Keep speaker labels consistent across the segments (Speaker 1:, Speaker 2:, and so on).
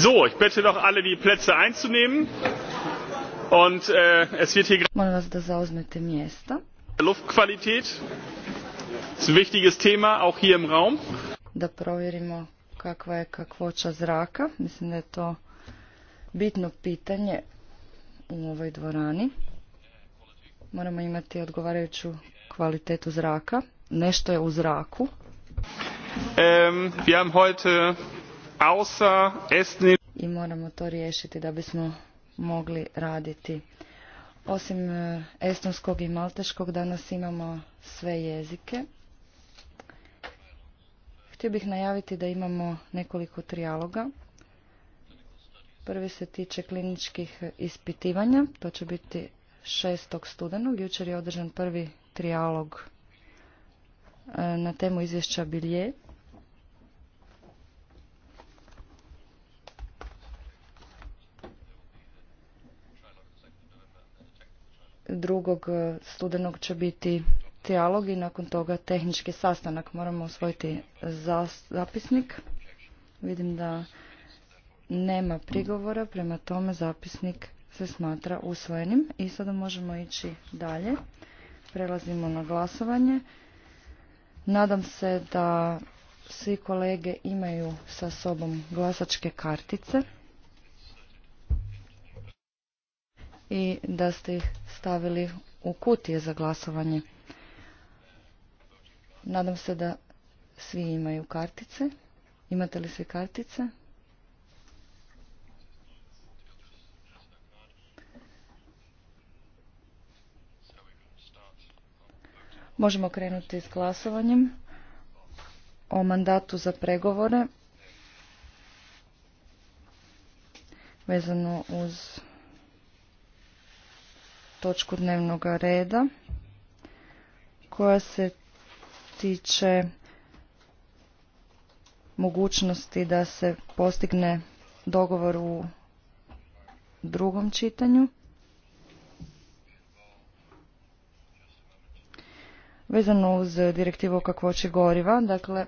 Speaker 1: So, ich bitte noch alle die Plätze einzunehmen. Und äh, es
Speaker 2: wird hier gerade vas da zauzmete mjesta.
Speaker 1: Luftqualität ist ein wichtiges Thema auch hier im Raum.
Speaker 2: Da provjerimo kakva je kakvoća zraka. Mislim da je to bitno pitanje u ovoj dvorani. Moramo imati odgovarajuću kvalitetu zraka. Nešto je u zraku.
Speaker 1: ähm, wir haben heute
Speaker 2: i moramo to riješiti da bismo mogli raditi. Osim e, estonskog i malteškog danas imamo sve jezike. Htio bih najaviti da imamo nekoliko trijaloga. Prvi se tiče kliničkih ispitivanja, to će biti 6. studenog. Jučer je održan prvi trijalog e, na temu izvješća bilje Drugog e, studenog će biti dijalog i nakon toga tehnički sastanak. Moramo usvojiti zapisnik. Vidim da nema prigovora, prema tome zapisnik se smatra usvojenim. I sada možemo ići dalje. Prelazimo na glasovanje. Nadam se da svi kolege imaju sa sobom glasačke kartice. i da ste ih stavili u kutije za glasovanje. Nadam se da svi imaju kartice. Imate li svi kartice? Možemo krenuti s glasovanjem o mandatu za pregovore vezano uz točku dnevnog reda koja se tiče mogućnosti da se postigne dogovor u drugom čitanju. Vezano uz direktivu o kakvoći goriva, dakle,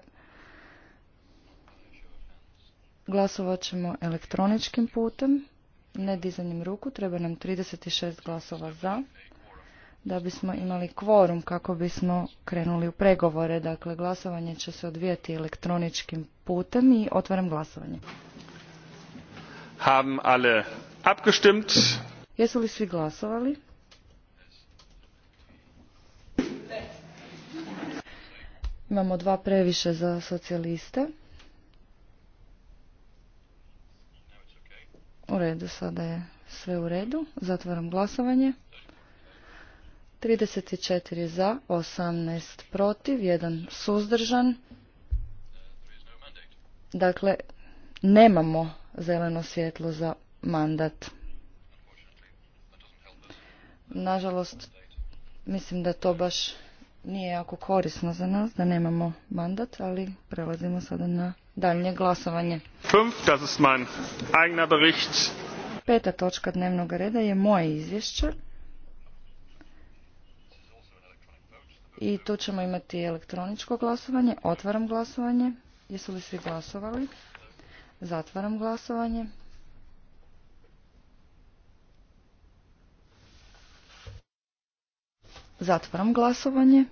Speaker 2: glasovat ćemo elektroničkim putem. Ne dizanjem ruku. Treba nam 36 glasova za da bismo imali kvorum kako bismo krenuli u pregovore. Dakle, glasovanje će se odvijati elektroničkim putem i otvaram glasovanje.
Speaker 1: Haben alle
Speaker 2: Jesu li svi glasovali? Imamo dva previše za socijaliste. U redu, sada je sve u redu. Zatvaram glasovanje. 34 za, 18 protiv, 1 suzdržan. Dakle, nemamo zeleno svjetlo za mandat. Nažalost, mislim da to baš nije jako korisno za nas, da nemamo mandat, ali prelazimo sada na daljnje glasovanje. Peta točka dnevnog reda je moje izvješće. I tu ćemo imati elektroničko glasovanje. Otvaram glasovanje. Jesu li svi glasovali? Zatvaram glasovanje. Zatvaram glasovanje.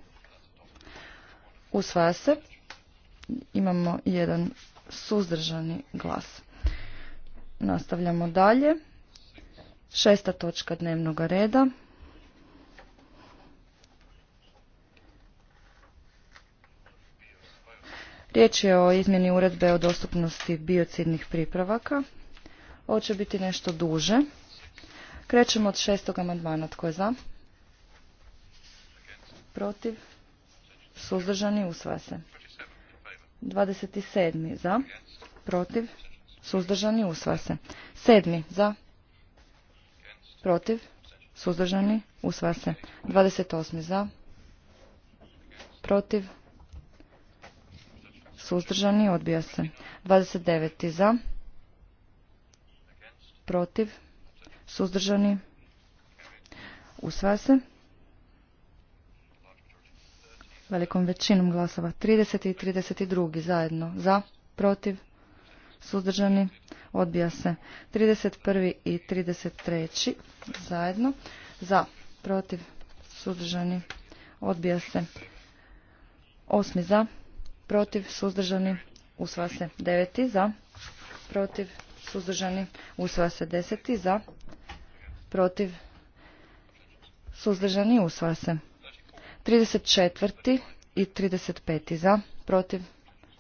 Speaker 2: Usvaja se imamo jedan suzdržani glas. Nastavljamo dalje. Šesta točka dnevnog reda. Riječ je o izmjeni uredbe o dostupnosti biocidnih pripravaka. Ovo će biti nešto duže. Krećemo od šestog amandmana. Tko je za? Protiv? Suzdržani? Usvaja se. 27. za, protiv, suzdržani, usvaja se. 7. za, protiv, suzdržani, usvaja se. 28. za, protiv, suzdržani, odbija se. 29. za, protiv, suzdržani, Usva se velikom većinom glasova. 30. i 32. zajedno. Za, protiv, suzdržani, odbija se. 31. i 33. zajedno. Za, protiv, suzdržani, odbija se. 8. za, protiv, suzdržani, usva se. 9. za, protiv, suzdržani, usva se. 10. za, protiv, suzdržani, usva se. 34. i 35. za, protiv,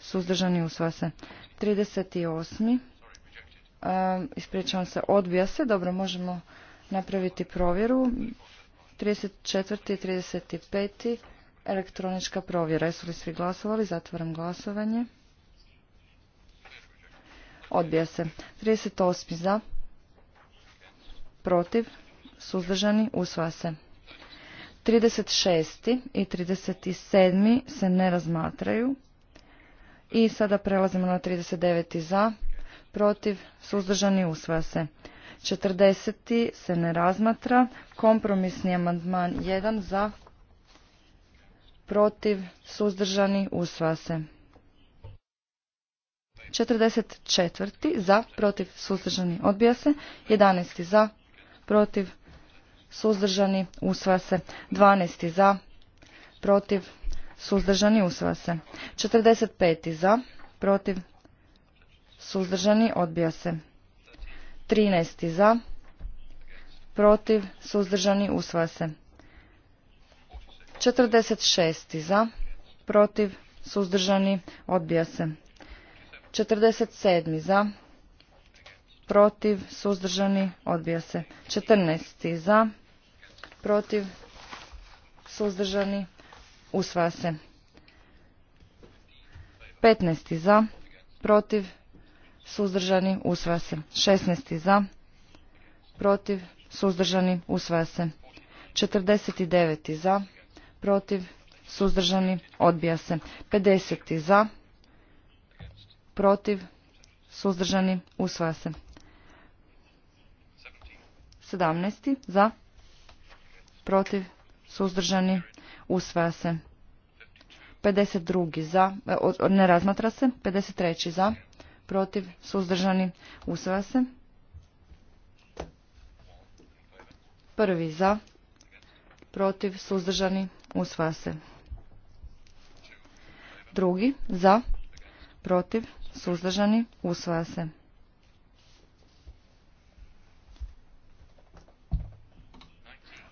Speaker 2: suzdržani usvaja se. 38. osam um, ispričavam se, odbija se. Dobro, možemo napraviti provjeru. 34. i 35. elektronička provjera. Jesu li svi glasovali? Zatvaram glasovanje. Odbija se. 38. za, protiv, suzdržani usvaja se. 36. i 37. se ne razmatraju. I sada prelazimo na 39. za, protiv, suzdržani, usvaja se. 40. se ne razmatra. Kompromisni amandman 1 za, protiv, suzdržani, usvaja se. 44. za, protiv, suzdržani, odbija se. 11. za, protiv, suzdržani, usvaja se. 12. za, protiv, suzdržani, usvaja se. 45. za, protiv, suzdržani, odbija se. 13. za, protiv, suzdržani, usvaja se. 46. za, protiv, suzdržani, odbija se. 47. za, protiv, suzdržani, odbija se. 14. za, protiv, suzdržani, usvaja se. 15. za, protiv, suzdržani, usvaja se. 16. za, protiv, suzdržani, usvaja se. 49. za, protiv, suzdržani, odbija se. 50. za, protiv, suzdržani, usvaja se. 17. Za. Protiv. Suzdržani. Usvaja se. 52. Za. E, ne razmatra se. 53. Za. Protiv. Suzdržani. Usvaja se. Prvi za. Protiv. Suzdržani. Usvaja se. Drugi za. Protiv. Suzdržani. Usvaja se.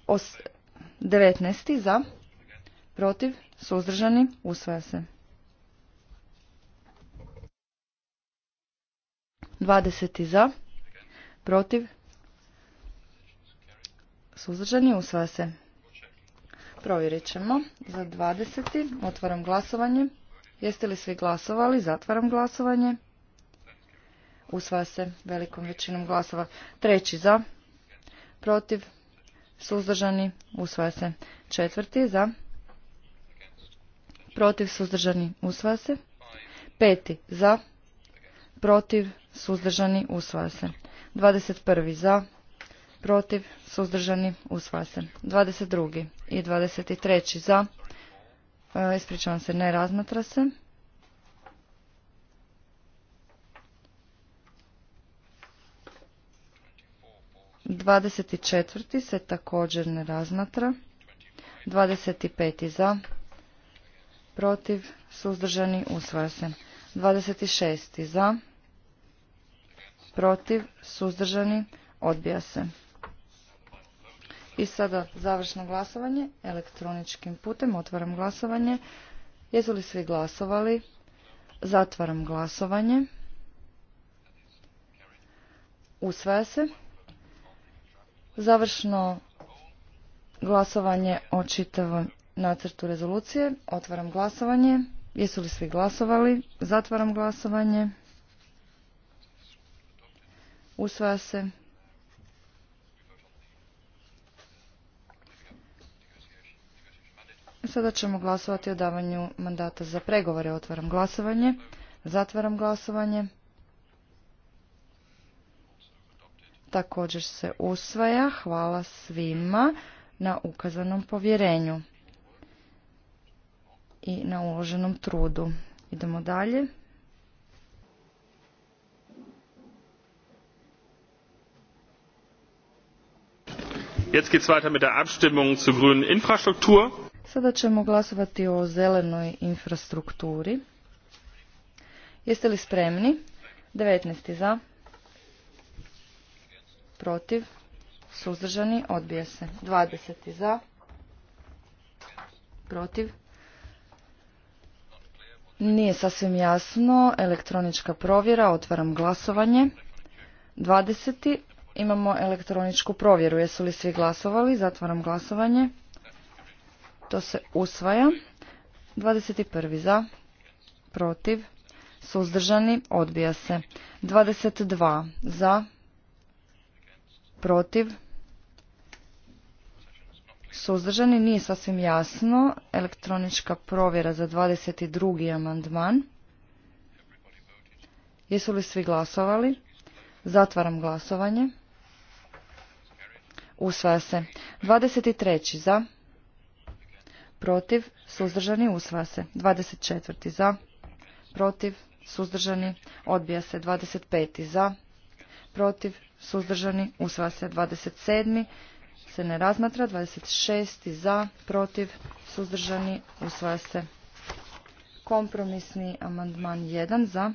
Speaker 2: 19. za, protiv, suzdržani, usvaja se. 20. za, protiv, suzdržani, usvaja se. Provjerit ćemo za 20. Otvaram glasovanje. Jeste li svi glasovali? Zatvaram glasovanje. Usvaja se velikom većinom glasova. Treći za, protiv, suzdržani, usvaja se. Četvrti za, protiv, suzdržani, usvaja se. Peti za, protiv, suzdržani, usvaja se. 21. za, protiv, suzdržani, usvaja se. 22. i 23. za, e, ispričavam se, ne razmatra se. 24. se također ne razmatra. 25. za. Protiv. Suzdržani. Usvaja se. 26. za. Protiv. Suzdržani. Odbija se. I sada završno glasovanje elektroničkim putem. Otvaram glasovanje. Jesu li svi glasovali? Zatvaram glasovanje. Usvaja se. Završno glasovanje o čitavom nacrtu rezolucije. Otvaram glasovanje. Jesu li svi glasovali? Zatvaram glasovanje. Usvaja se. Sada ćemo glasovati o davanju mandata za pregovore. Otvaram glasovanje. Zatvaram glasovanje. također se usvaja. Hvala svima na ukazanom povjerenju i na uloženom trudu. Idemo dalje.
Speaker 1: Jetzt geht's weiter mit der Abstimmung zur grünen Infrastruktur.
Speaker 2: Sada ćemo glasovati o zelenoj infrastrukturi. Jeste li spremni? 19. za protiv, suzdržani, odbija se. 20 za, protiv, nije sasvim jasno, elektronička provjera, otvaram glasovanje. 20. Imamo elektroničku provjeru, jesu li svi glasovali, zatvaram glasovanje. To se usvaja. 21. za, protiv, suzdržani, odbija se. 22. za, protiv, suzdržani, nije sasvim jasno, elektronička provjera za 22. amandman. Jesu li svi glasovali? Zatvaram glasovanje. Usvaja se. 23. za. Protiv. Suzdržani. Usvaja se. 24. za. Protiv. Suzdržani. Odbija se. 25. za. Protiv suzdržani, usvaja se 27. se ne razmatra, 26. za, protiv, suzdržani, usvaja se kompromisni amandman 1 za,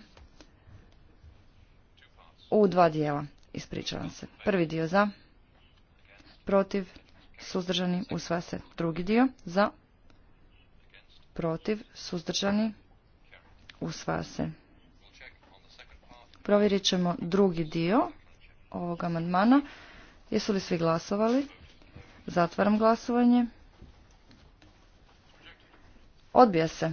Speaker 2: u dva dijela, ispričavam se. Prvi dio za, protiv, suzdržani, usvaja se drugi dio, za, protiv, suzdržani, usvaja se. Provjerit ćemo drugi dio ovog amandmana. Jesu li svi glasovali? Zatvaram glasovanje. Odbija se.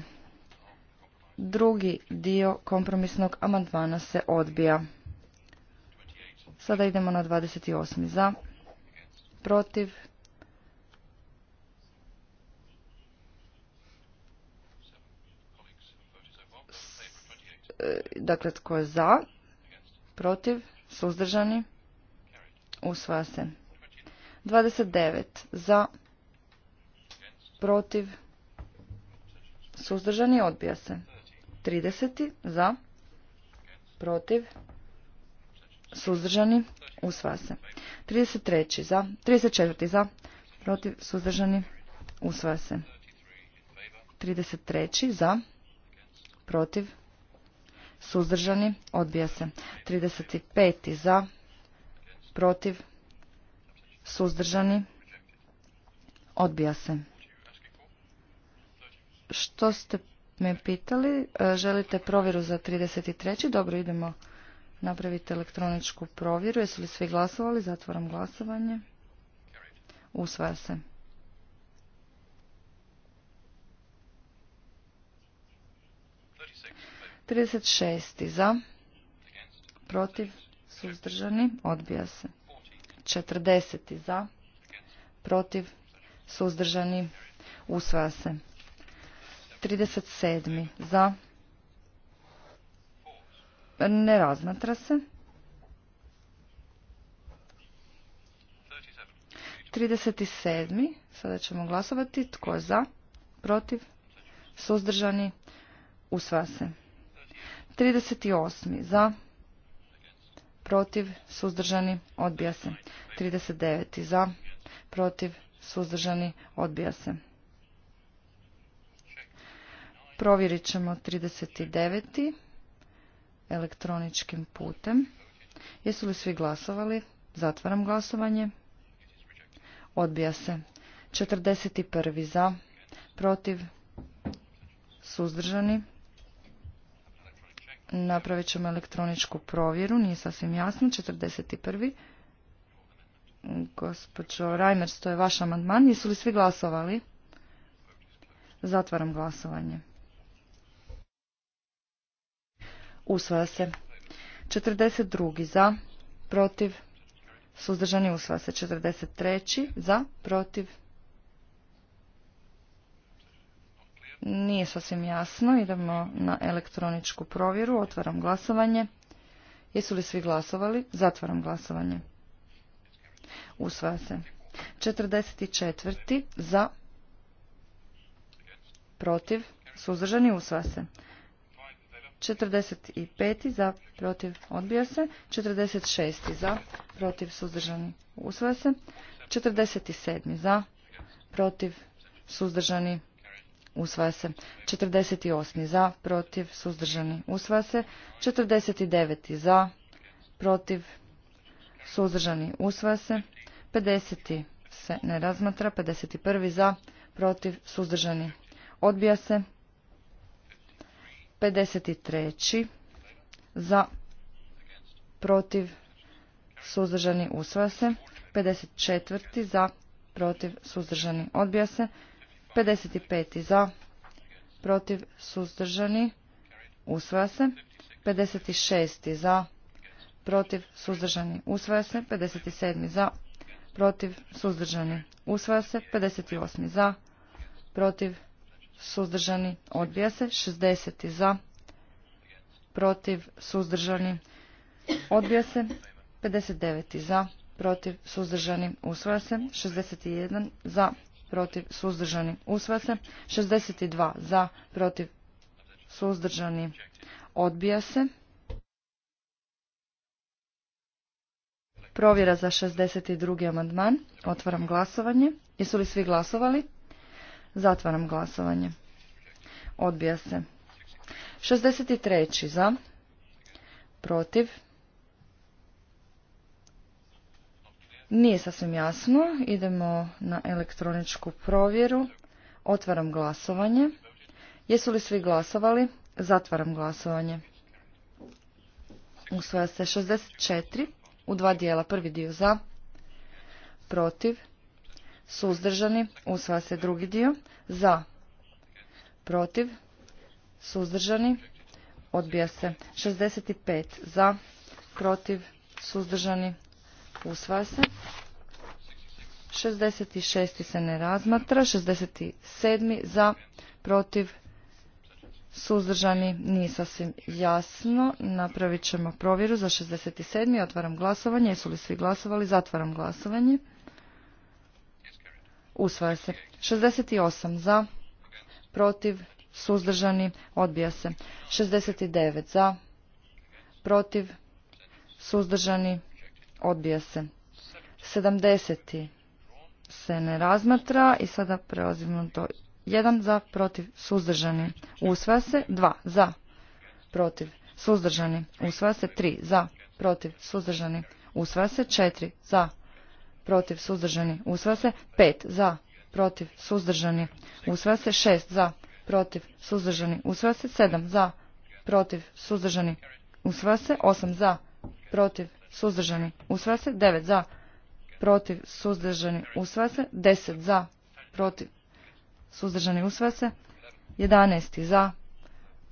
Speaker 2: Drugi dio kompromisnog amandmana se odbija. Sada idemo na 28. za, protiv, e, dakle tko je za, protiv, Suzdržani? Usvaja se. 29. Za? Protiv? Suzdržani? Odbija se. 30. Za? Protiv? Suzdržani? Usvaja se. 33. Za? 34. Za? Protiv? Suzdržani? Usvaja se. 33. Za? Protiv? suzdržani, odbija se. 35. za, protiv, suzdržani, odbija se. Što ste me pitali? E, želite provjeru za 33. Dobro, idemo napraviti elektroničku provjeru. Jesu li svi glasovali? Zatvoram glasovanje. Usvaja se. 36. za, protiv, suzdržani, odbija se. 40. za, protiv, suzdržani, usvaja se. 37. za, ne razmatra se. 37. Sada ćemo glasovati. Tko je za? Protiv? Suzdržani? Usvaja se. 38. za, protiv, suzdržani, odbija se. 39. za, protiv, suzdržani, odbija se. Provjerit ćemo 39. elektroničkim putem. Jesu li svi glasovali? Zatvaram glasovanje. Odbija se. 41. za, protiv, suzdržani, odbija se. Napravit ćemo elektroničku provjeru, nije sasvim jasno, 41. Gospođo Reimers, to je vaš amandman. Jesu li svi glasovali? Zatvaram glasovanje. Usvaja se. 42. za, protiv, suzdržani usvaja se. 43. za, protiv, Nije sasvim jasno. Idemo na elektroničku provjeru. Otvaram glasovanje. Jesu li svi glasovali? Zatvaram glasovanje. Usvaja se. 44. za protiv suzdržani usvaja se. 45. za protiv odbija se. 46. za protiv suzdržani usvaja se. 47. za protiv suzdržani usvaja se. 48. za, protiv, suzdržani, usvaja se. 49. za, protiv, suzdržani, usvaja se. 50. se ne razmatra. 51. za, protiv, suzdržani, odbija se. 53. za, protiv, suzdržani, usvaja se. 54. za, protiv, suzdržani, odbija se. 55. za, protiv, suzdržani, usvaja se. 56. za, protiv, suzdržani, usvaja se. 57. za, protiv, suzdržani, usvaja se. 58. za, protiv, suzdržani, odbija se. 60. za, protiv, suzdržani, odbija se. 59. za, protiv, suzdržani, usvaja se. 61. za, protiv, suzdržani, usvaja se. 62 za, protiv, suzdržani, odbija se. Provjera za 62. amandman. Otvaram glasovanje. Jesu li svi glasovali? Zatvaram glasovanje. Odbija se. 63. za, protiv, Nije sasvim jasno. Idemo na elektroničku provjeru. Otvaram glasovanje. Jesu li svi glasovali? Zatvaram glasovanje. Usvaja se 64 u dva dijela. Prvi dio za, protiv, suzdržani. Usvaja se drugi dio za, protiv, suzdržani. Odbija se 65 za, protiv, suzdržani usvaja se. 66. se ne razmatra. 67. za, protiv, suzdržani, nije sasvim jasno. Napravit ćemo provjeru za 67. Otvaram glasovanje. Jesu li svi glasovali? Zatvaram glasovanje. Usvaja se. 68. za, protiv, suzdržani, odbija se. 69. za, protiv, suzdržani, Odbija se. 70. se ne razmatra i sada prelazimo to 1 za protiv suzdržani. Usvaja se 2 za protiv suzdržani. Usvaja se 3 za protiv suzdržani. Usvaja se 4 za protiv suzdržani. Usvaja se 5 za protiv suzdržani. Usvaja se 6 za protiv suzdržani. Usvaja se 7 za protiv suzdržani. Usvaja se 8 za protiv suzdržani, usvaja se. 9 za, protiv, suzdržani, usvaja se. 10 za, protiv, suzdržani, usvaja se. 11 za,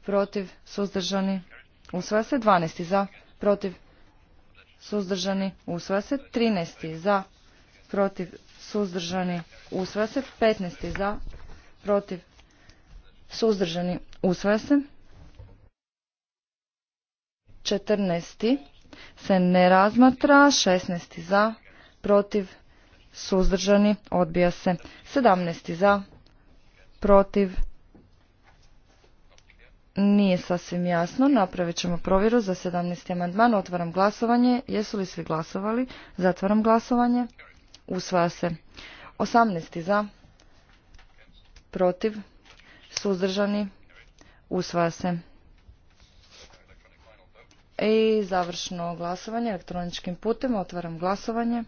Speaker 2: protiv, suzdržani, usvaja se. 12 za, protiv, suzdržani, usvaja se. 13 za, protiv, suzdržani, usvaja se. 15 za, protiv, suzdržani, usvaja se. 14 se ne razmatra. 16. za, protiv, suzdržani, odbija se. 17. za, protiv, nije sasvim jasno. Napravit ćemo provjeru za 17. amandman. Otvaram glasovanje. Jesu li svi glasovali? Zatvaram glasovanje. Usvaja se. 18. za, protiv, suzdržani, usvaja se. I završno glasovanje elektroničkim putem. Otvaram glasovanje.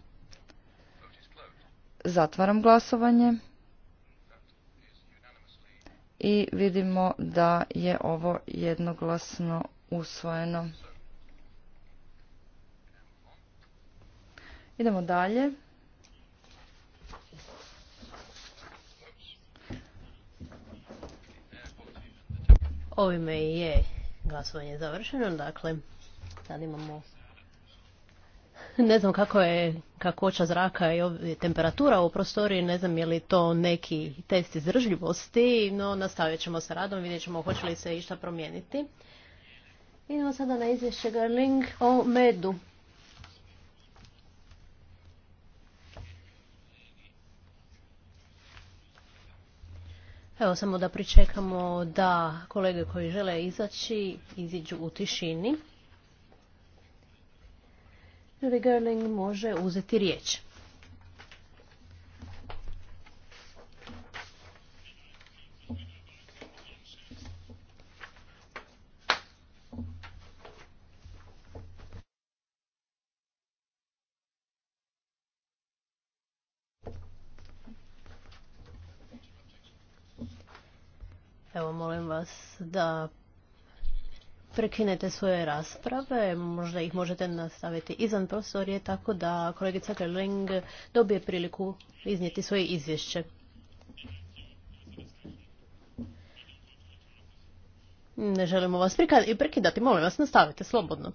Speaker 2: Zatvaram glasovanje. I vidimo da je ovo jednoglasno usvojeno. Idemo dalje.
Speaker 3: Ovime je glasovanje završeno, dakle Sad imamo... Ne znam kako je kakvoća zraka i temperatura u prostoriji, ne znam je li to neki test izdržljivosti, no nastavit ćemo sa radom, vidjet ćemo hoće li se išta promijeniti. Idemo sada na izvješće Garling o medu. Evo samo da pričekamo da kolege koji žele izaći iziđu u tišini. Julie može uzeti riječ. Evo, molim vas da prekinete svoje rasprave, možda ih možete nastaviti izvan prostorije, tako da kolegica Kerling dobije priliku iznijeti svoje izvješće. Ne želimo vas i prekidati, molim vas, nastavite slobodno.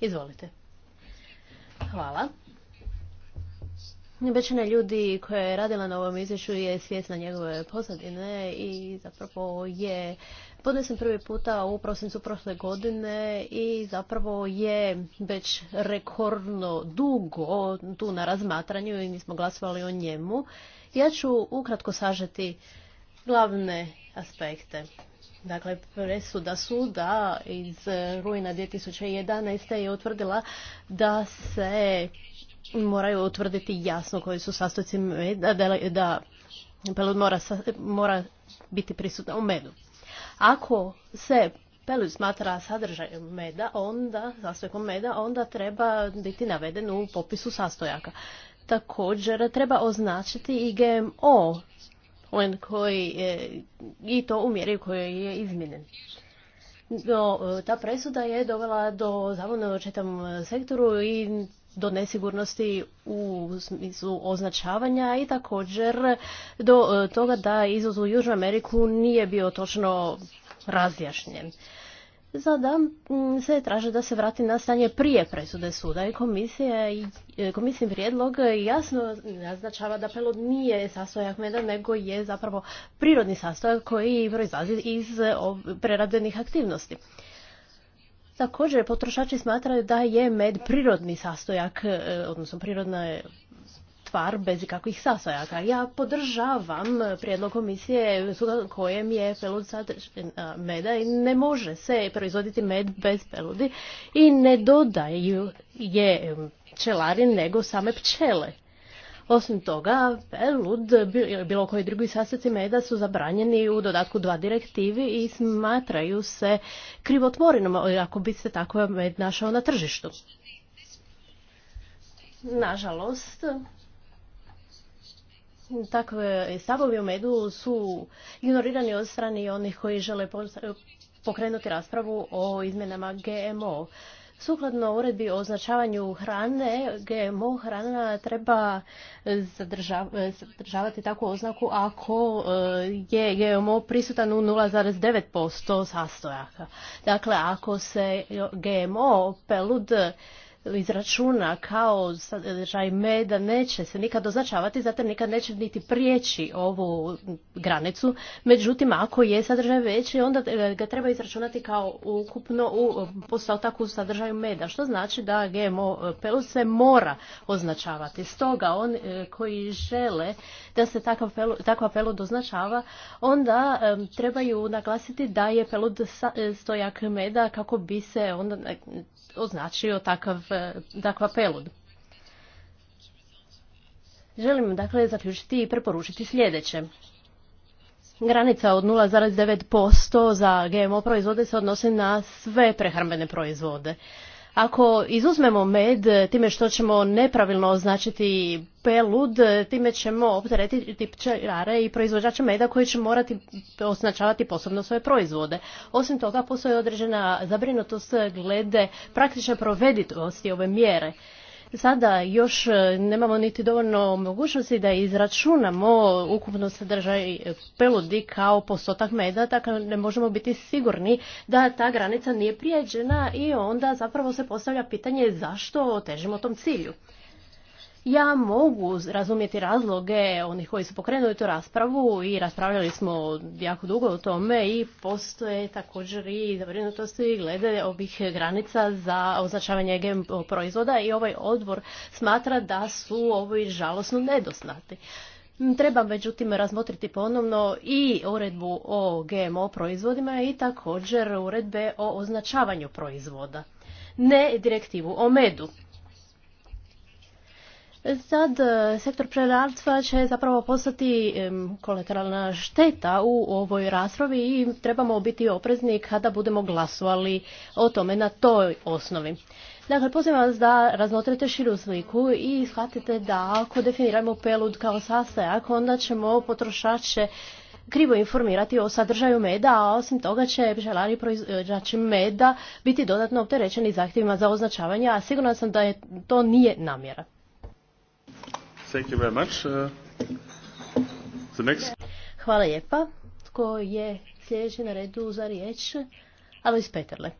Speaker 3: Izvolite. Hvala. Većina ljudi koja je radila na ovom izvješću je svjesna njegove pozadine i zapravo je podnesen prvi puta u prosincu prošle godine i zapravo je već rekordno dugo tu na razmatranju i nismo glasovali o njemu. Ja ću ukratko sažeti glavne aspekte. Dakle, presuda suda iz rujna 2011. je utvrdila da se moraju utvrditi jasno koji su sastojci meda, da, da pelud mora, mora biti prisutna u medu. Ako se pelud smatra sadržajem meda, onda, sastojkom meda, onda treba biti naveden u popisu sastojaka. Također treba označiti i GMO, koji je, i to u mjeri u kojoj je izmjenen. No, e, ta presuda je dovela do zavodnog u sektoru i do nesigurnosti u smislu označavanja i također do e, toga da izvoz u Južnu Ameriku nije bio točno razjašnjen. Sada se traže da se vrati na stanje prije presude suda i e, komisijin prijedlog jasno naznačava da pelod nije sastojak meda, nego je zapravo prirodni sastojak koji proizlazi iz preradenih aktivnosti. Također, potrošači smatraju da je med prirodni sastojak, e, odnosno prirodna je tvar bez ikakvih sastojaka. Ja podržavam prijedlog komisije kojem je pelud e, meda i ne može se proizvoditi med bez peludi i ne dodaju je pčelari nego same pčele. Osim toga, Lud ili bilo koji drugi sastojci meda su zabranjeni u dodatku dva direktivi i smatraju se krivotvorinom ako bi se tako med našao na tržištu. Nažalost, takve stavovi u medu su ignorirani od strane onih koji žele pokrenuti raspravu o izmjenama GMO. Sukladno uredbi o označavanju hrane, GMO hrana treba zadržavati takvu oznaku ako e, je GMO prisutan u 0,9% sastojaka. Dakle, ako se GMO pelud izračuna kao sadržaj meda neće se nikad označavati, zato nikad neće niti prijeći ovu granicu. Međutim, ako je sadržaj veći, onda ga treba izračunati kao ukupno u postotak u sadržaju meda, što znači da GMO pelus se mora označavati. Stoga, oni e, koji žele da se takav pelu, takva pelud označava, onda trebaju naglasiti da je pelud e, stojak meda kako bi se onda označio takav, e, takva pelud. Želim dakle zaključiti i preporučiti sljedeće. Granica od 0,9% za GMO proizvode se odnosi na sve prehrambene proizvode. Ako izuzmemo med e, time što ćemo nepravilno označiti pelud, e, time ćemo opteretiti pčelare i proizvođače meda koji će morati označavati posebno svoje proizvode. Osim toga, postoji određena zabrinutost glede praktične provedivosti ove mjere sada još e, nemamo niti dovoljno mogućnosti da izračunamo ukupno sadržaj peludi kao postotak meda, tako ne možemo biti sigurni da ta granica nije prijeđena i onda zapravo se postavlja pitanje zašto težimo tom cilju. Ja mogu razumjeti razloge onih koji su pokrenuli tu raspravu i raspravljali smo jako dugo o tome i postoje također i zabrinutosti glede ovih granica za označavanje GMO proizvoda i ovaj odbor smatra da su ovi žalosno nedostatni. Treba međutim razmotriti ponovno i uredbu o GMO proizvodima i također uredbe o označavanju proizvoda, ne direktivu o medu. Sad e, sektor preradstva će zapravo postati kolateralna šteta u ovoj raspravi i trebamo biti oprezni kada budemo glasovali o tome na toj osnovi. Dakle, pozivam vas da razmotrite širu sliku i shvatite da ako definiramo pelud kao sastajak, onda ćemo potrošače krivo informirati o sadržaju meda, a osim toga će pčelari proizvođači meda biti dodatno opterećeni zahtjevima za označavanje, a sigurno sam da je, to nije namjera.
Speaker 1: Uh,
Speaker 3: Hvala lijepa. Tko je sljedeći na redu za riječ? Alois Peterle.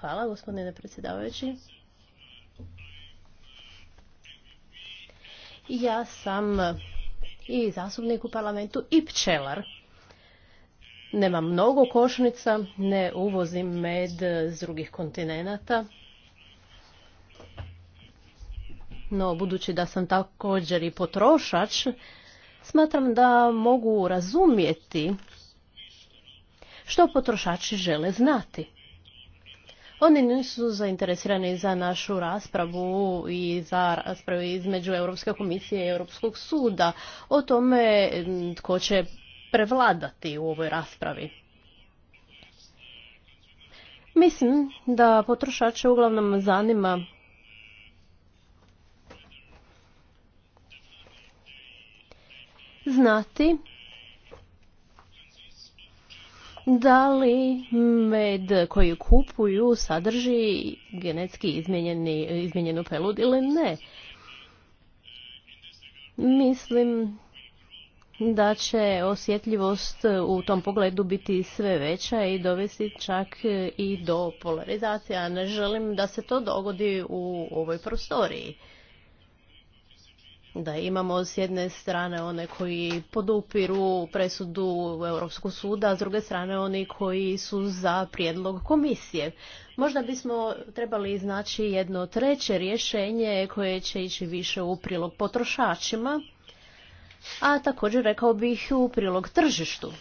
Speaker 3: Hvala, gospodine predsjedavajući. Ja sam i zastupnik u parlamentu i pčelar. Nemam mnogo košnica, ne uvozim med s drugih kontinenata. No, budući da sam također i potrošač, smatram da mogu razumjeti što potrošači žele znati. Oni nisu zainteresirani za našu raspravu i za raspravu između Europske komisije i Europskog suda o tome tko će prevladati u ovoj raspravi. Mislim da potrošače uglavnom zanima znati da li med koji kupuju sadrži genetski izmijenjeni, izmijenjenu pelud ili ne. Mislim da će osjetljivost u tom pogledu biti sve veća i dovesti čak i do polarizacije, a ne želim da se to dogodi u ovoj prostoriji da imamo s jedne strane one koji podupiru presudu Europskog suda, a s druge strane oni koji su za prijedlog komisije. Možda bismo trebali iznaći jedno treće rješenje koje će ići više u prilog potrošačima, a također rekao bih u prilog tržištu.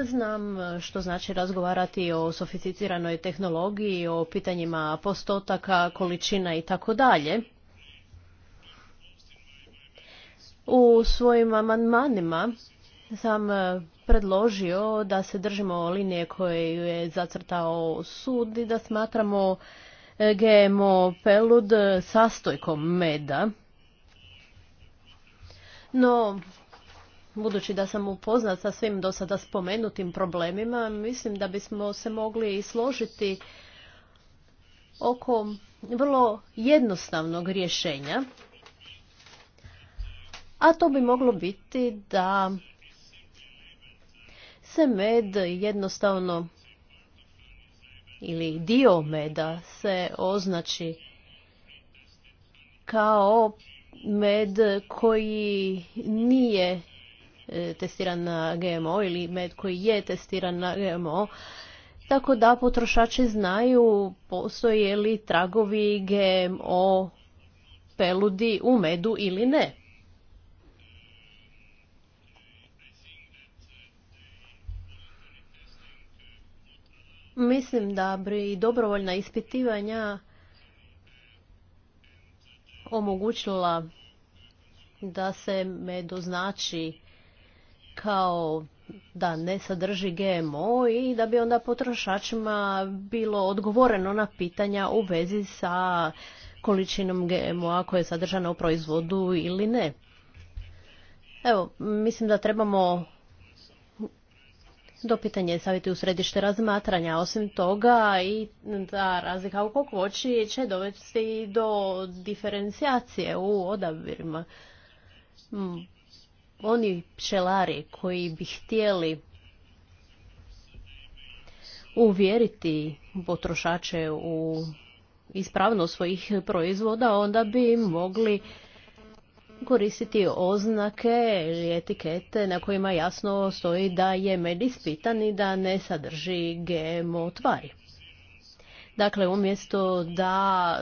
Speaker 3: Znam e, što znači razgovarati o sofisticiranoj tehnologiji, o pitanjima postotaka, količina i tako dalje. U svojim amandmanima sam e, predložio da se držimo linije koje je zacrtao sud i da smatramo e, GMO pelud sastojkom meda. No, Budući da sam upoznat sa svim do sada spomenutim problemima, mislim da bismo se mogli i složiti oko vrlo jednostavnog rješenja, a to bi moglo biti da se med jednostavno ili dio meda se označi kao med koji nije E, testiran na GMO ili med koji je testiran na GMO, tako da potrošači znaju postoje li tragovi GMO peludi u medu ili ne. Mislim da bi dobrovoljna ispitivanja omogućila da se med označi kao da ne sadrži GMO i da bi onda potrošačima bilo odgovoreno na pitanja u vezi sa količinom GMO-a koja je sadržana u proizvodu ili ne. Evo, mislim da trebamo do pitanje staviti u središte razmatranja. Osim toga i da razlika u kokoći će dovesti do diferencijacije u odabirima. Mm, oni pčelari koji bi htjeli uvjeriti potrošače u ispravnost svojih proizvoda, onda bi mogli koristiti oznake ili etikete na kojima jasno stoji da je med ispitan i da ne sadrži GMO tvari. Dakle, umjesto da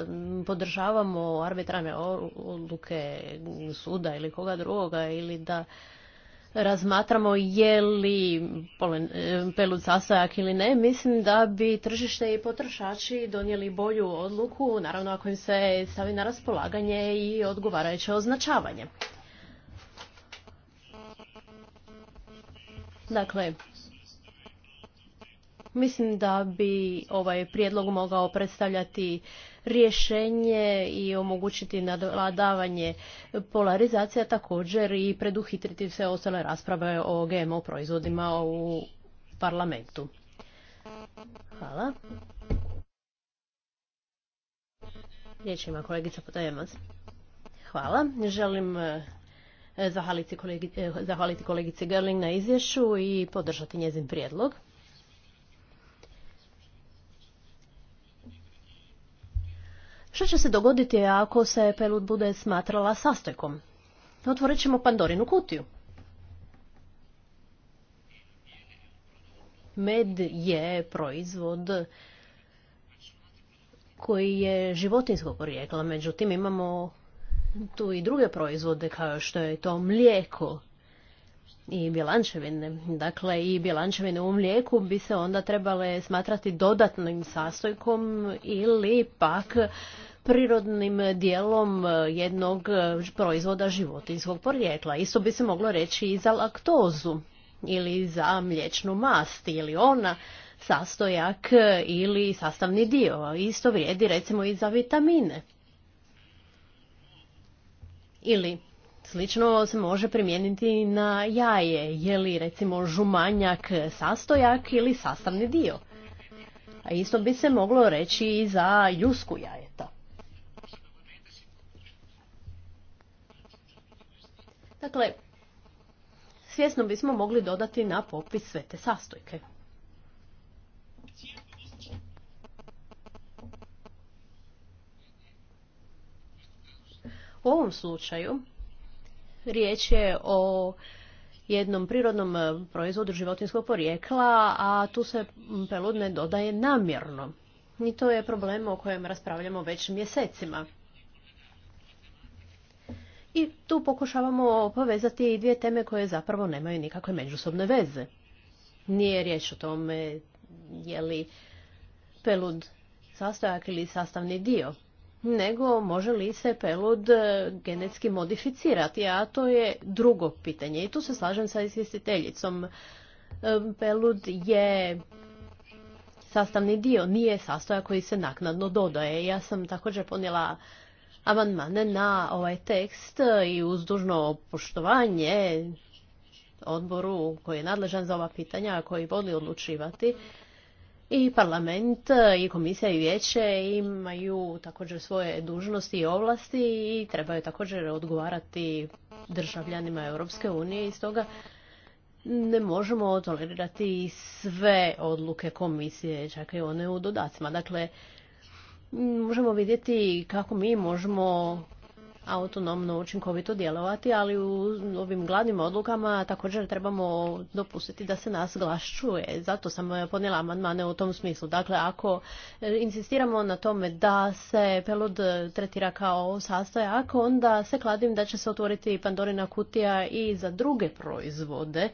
Speaker 3: podržavamo arbitrane odluke suda ili koga drugoga ili da razmatramo je li e, sastojak ili ne, mislim da bi tržište i potrošači donijeli bolju odluku, naravno ako im se stavi na raspolaganje i odgovarajuće označavanje. Dakle, Mislim da bi ovaj prijedlog mogao predstavljati rješenje i omogućiti nadladavanje polarizacija također i preduhitriti sve ostale rasprave o GMO proizvodima u parlamentu. Hvala. Riječ ima kolegica Potajemac. Hvala. Želim e, e, zahvaliti kolegici Gerling na izvješću i podržati njezin prijedlog. Što će se dogoditi ako se Pelut bude smatrala sastekom? Otvorit ćemo Pandorinu kutiju. Med je proizvod koji je životinskog porijekla, međutim imamo tu i druge proizvode kao što je to mlijeko i bjelančevine. Dakle, i bjelančevine u mlijeku bi se onda trebale smatrati dodatnim sastojkom ili pak prirodnim dijelom e, jednog e, proizvoda životinskog porijekla. Isto bi se moglo reći i za laktozu ili za mliječnu mast ili ona sastojak e, ili sastavni dio. Isto vrijedi recimo i za vitamine. Ili Slično se može primijeniti na jaje, je li recimo žumanjak sastojak ili sastavni dio. A isto bi se moglo reći i za ljusku jajeta. Dakle, svjesno bismo mogli dodati na popis sve te sastojke. U ovom slučaju Riječ je o jednom prirodnom e, proizvodu životinskog porijekla, a tu se pelud ne dodaje namjerno. I to je problem o kojem raspravljamo već mjesecima. I tu pokušavamo povezati i dvije teme koje zapravo nemaju nikakve međusobne veze. Nije riječ o tome je li pelud sastojak ili sastavni dio nego može li se pelud e, genetski modificirati, a to je drugo pitanje. I tu se slažem sa izvjestiteljicom. E, pelud je sastavni dio, nije sastoja koji se naknadno dodaje. Ja sam također ponijela amandmane na ovaj tekst i uz dužno poštovanje odboru koji je nadležan za ova pitanja, koji voli odlučivati, i parlament i komisija i vijeće imaju također svoje dužnosti i ovlasti i trebaju također odgovarati državljanima Europske unije i stoga ne možemo tolerirati sve odluke komisije, čak i one u dodacima. Dakle, možemo vidjeti kako mi možemo autonomno učinkovito djelovati, ali u ovim glavnim odlukama također trebamo dopustiti da se nas glas Zato sam e, ponijela amandmane u tom smislu. Dakle, ako e, insistiramo na tome da se pelud tretira kao sastojak, onda se kladim da će se otvoriti pandorina kutija i za druge proizvode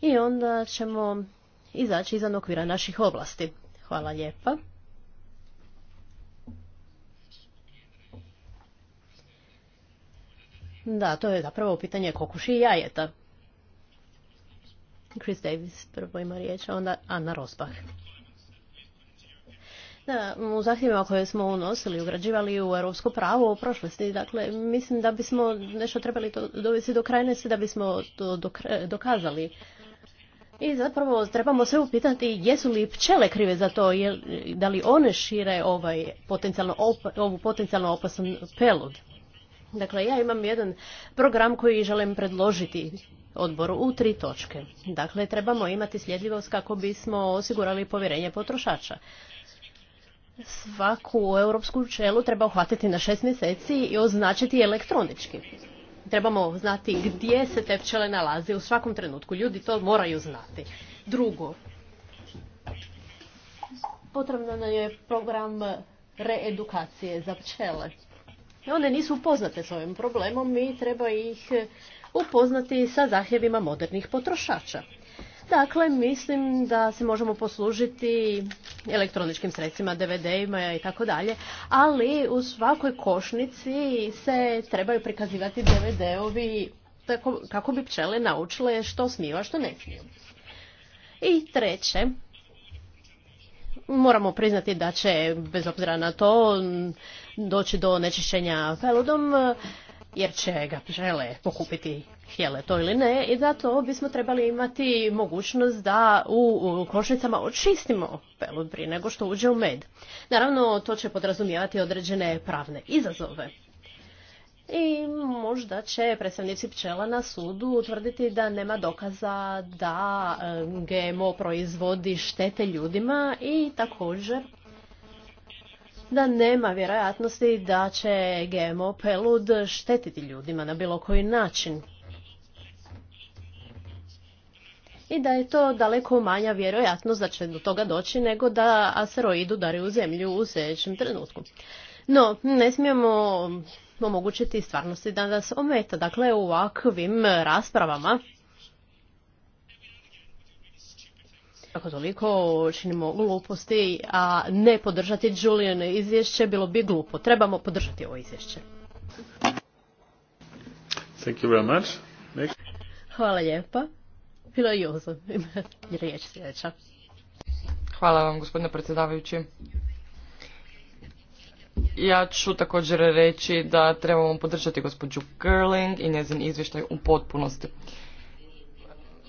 Speaker 3: i onda ćemo izaći izvan okvira naših oblasti. Hvala lijepa. Da, to je zapravo pitanje kokuši i jajeta. Chris Davis prvo ima riječ, a onda Anna Rosbach. Da, u zahtjevima koje smo unosili, ugrađivali u europsko pravo u prošlosti, dakle, mislim da bismo nešto trebali to dovesti do krajnosti, da bismo to dokazali. I zapravo trebamo se upitati jesu li pčele krive za to, da li one šire ovaj potencijalno ovu potencijalno opasan pelud. Dakle, ja imam jedan program koji želim predložiti odboru u tri točke. Dakle, trebamo imati sljedljivost kako bismo osigurali povjerenje potrošača. Svaku europsku čelu treba uhvatiti na šest mjeseci i označiti elektronički. Trebamo znati gdje se te pčele nalaze u svakom trenutku. Ljudi to moraju znati. Drugo, potrebno nam je program reedukacije za pčele one nisu upoznate s ovim problemom i treba ih e, upoznati sa zahtjevima modernih potrošača. Dakle, mislim da se možemo poslužiti elektroničkim sredstvima, DVD-ima i tako dalje, ali u svakoj košnici se trebaju prikazivati DVD-ovi kako bi pčele naučile što smiju, a što ne smiju. I treće, moramo priznati da će, bez obzira na to, doći do onečišćenja peludom eh, jer će ga žele pokupiti htjele to ili ne i zato bismo trebali imati mogućnost da u košnicama očistimo pelud prije nego što uđe u med. Naravno, to će podrazumijevati određene pravne izazove. I možda će predstavnici pčela na sudu utvrditi da nema dokaza da eh, GMO proizvodi štete ljudima i također da nema vjerojatnosti da će GMO pelud štetiti ljudima na bilo koji način. I da je to daleko manja vjerojatnost da će do toga doći nego da asteroid udari u zemlju u sljedećem trenutku. No, ne smijemo omogućiti stvarnosti da nas ometa. Dakle, u ovakvim raspravama ako toliko činimo gluposti, a ne podržati Julijane izvješće, bilo bi glupo. Trebamo podržati ovo izvješće.
Speaker 1: Thank you very much. Next.
Speaker 4: Hvala lijepa. Bilo je Jozo, riječ sljedeća. Hvala vam, gospodine predsjedavajući. Ja ću također reći da trebamo podržati gospođu Gerling i njezin izvještaj u potpunosti.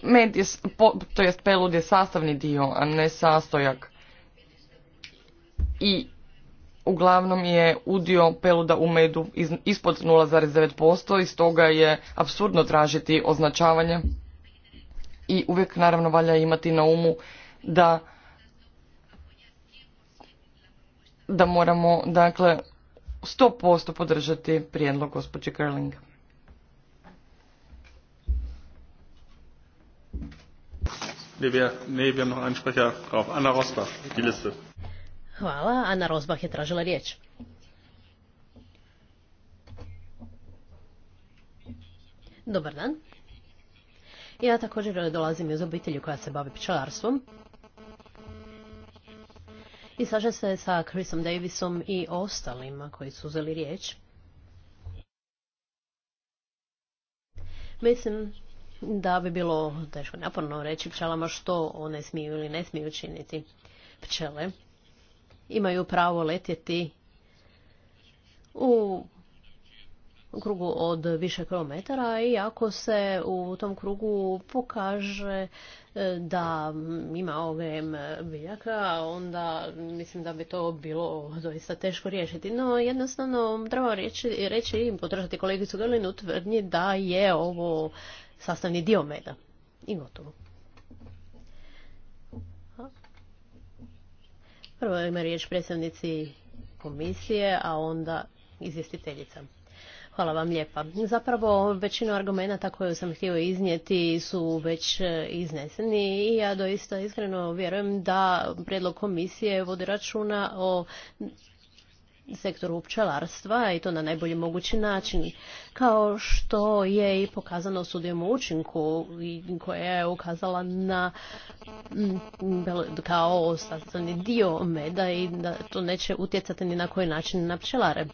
Speaker 4: Med je, to pelud je sastavni dio, a ne sastojak. I uglavnom je udio peluda u medu ispod 0,9% i stoga je apsurdno tražiti označavanje i uvijek naravno valja imati na umu da da moramo dakle 100% podržati prijedlog gospođe Kerlinga.
Speaker 1: Ne, ne, noch einen Anna Rosbach,
Speaker 3: Hvala. Ana Rosbach je tražila riječ. Dobar dan. Ja također dolazim iz obitelji koja se bavi pčelarstvom. I slažem se sa Chrisom Davisom i ostalima koji su uzeli riječ. Mislim da bi bilo teško naporno reći pčelama što one smiju ili ne smiju činiti. Pčele imaju pravo letjeti u krugu od više kilometara i ako se u tom krugu pokaže e, da ima OGM biljaka, onda mislim da bi to bilo doista teško riješiti. No jednostavno treba reći, i podržati kolegicu Galinu tvrdnji da je ovo sastavni dio meda. I gotovo. Prvo ima riječ predstavnici komisije, a onda izvjestiteljica. Hvala vam lijepa. Zapravo većinu argumenta koje sam htio iznijeti su već e, izneseni i ja doista iskreno vjerujem da predlog komisije vodi računa o sektoru pčelarstva i to na najbolji mogući način. Kao što je i pokazano sudijom učinku koja je ukazala na mm, kao sastavni dio meda i da to neće utjecati ni na koji način na pčelare.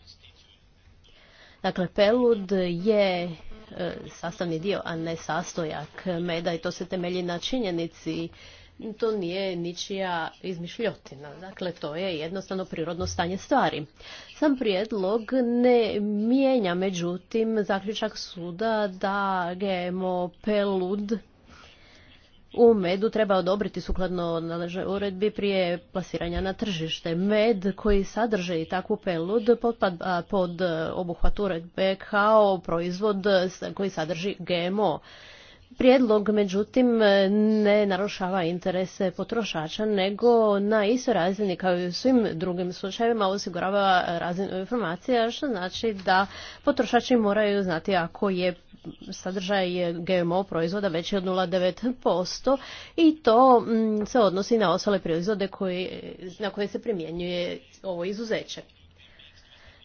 Speaker 3: Dakle, pelud je e, sastavni dio, a ne sastojak meda i to se temelji na činjenici to nije ničija izmišljotina. Dakle, to je jednostavno prirodno stanje stvari. Sam prijedlog ne mijenja, međutim, zaključak suda da GMO pelud u medu treba odobriti sukladno naleže uredbi prije plasiranja na tržište. Med koji sadrže i takvu pelud pod obuhvat uredbe kao proizvod koji sadrži GMO prijedlog međutim ne narušava interese potrošača nego na istoj razini kao i u svim drugim slučajevima osigurava razinu informacija što znači da potrošači moraju znati ako je sadržaj GMO proizvoda veći od 0,9% i to mm, se odnosi na ostale proizvode na koje se primjenjuje ovo izuzeće.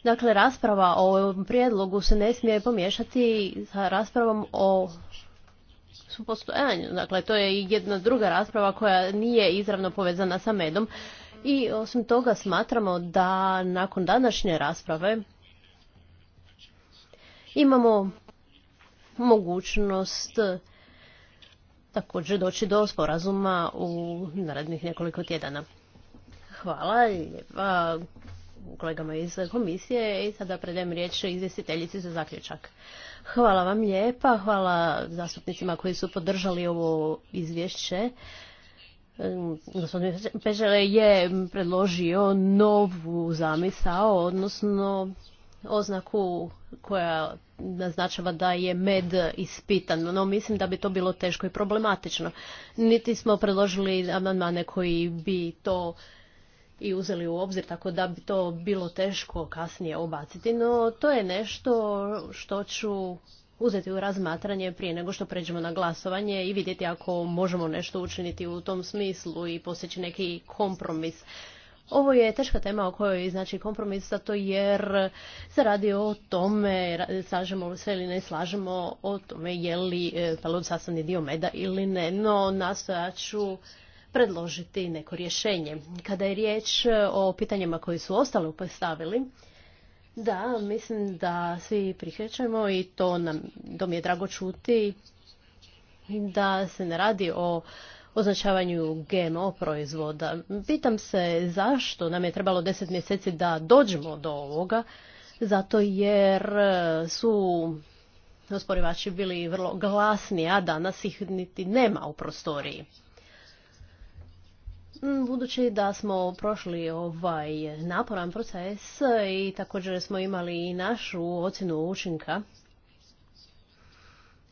Speaker 3: Dakle, rasprava o ovom prijedlogu se ne smije pomiješati sa raspravom o postojanju. Dakle, to je jedna druga rasprava koja nije izravno povezana sa medom. I osim toga smatramo da nakon današnje rasprave imamo mogućnost također doći do sporazuma u narednih nekoliko tjedana. Hvala kolegama iz komisije i sada predajem riječ izvjestiteljici za zaključak. Hvala vam lijepa, hvala zastupnicima koji su podržali ovo izvješće. Mm, gospodin Pežele je predložio novu zamisao, odnosno oznaku koja naznačava da je med ispitan, no mislim da bi to bilo teško i problematično. Niti smo predložili amandmane koji bi to i uzeli u obzir, tako da bi to bilo teško kasnije obaciti, no to je nešto što ću uzeti u razmatranje prije nego što pređemo na glasovanje i vidjeti ako možemo nešto učiniti u tom smislu i postići neki kompromis. Ovo je teška tema o kojoj znači kompromis zato jer se radi o tome, slažemo sve se ili ne slažemo o tome je li e, palud sastavni dio meda ili ne, no nastojat ću predložiti neko rješenje. Kada je riječ e, o pitanjima koji su ostali postavili, da, mislim da svi prihrećemo i to nam, to mi je drago čuti da se ne radi o označavanju GMO proizvoda. Pitam se zašto nam je trebalo deset mjeseci da dođemo do ovoga, zato jer e, su osporivači bili vrlo glasni, a danas ih niti nema u prostoriji. Mm, budući da smo prošli ovaj naporan proces i također smo imali i našu ocjenu učinka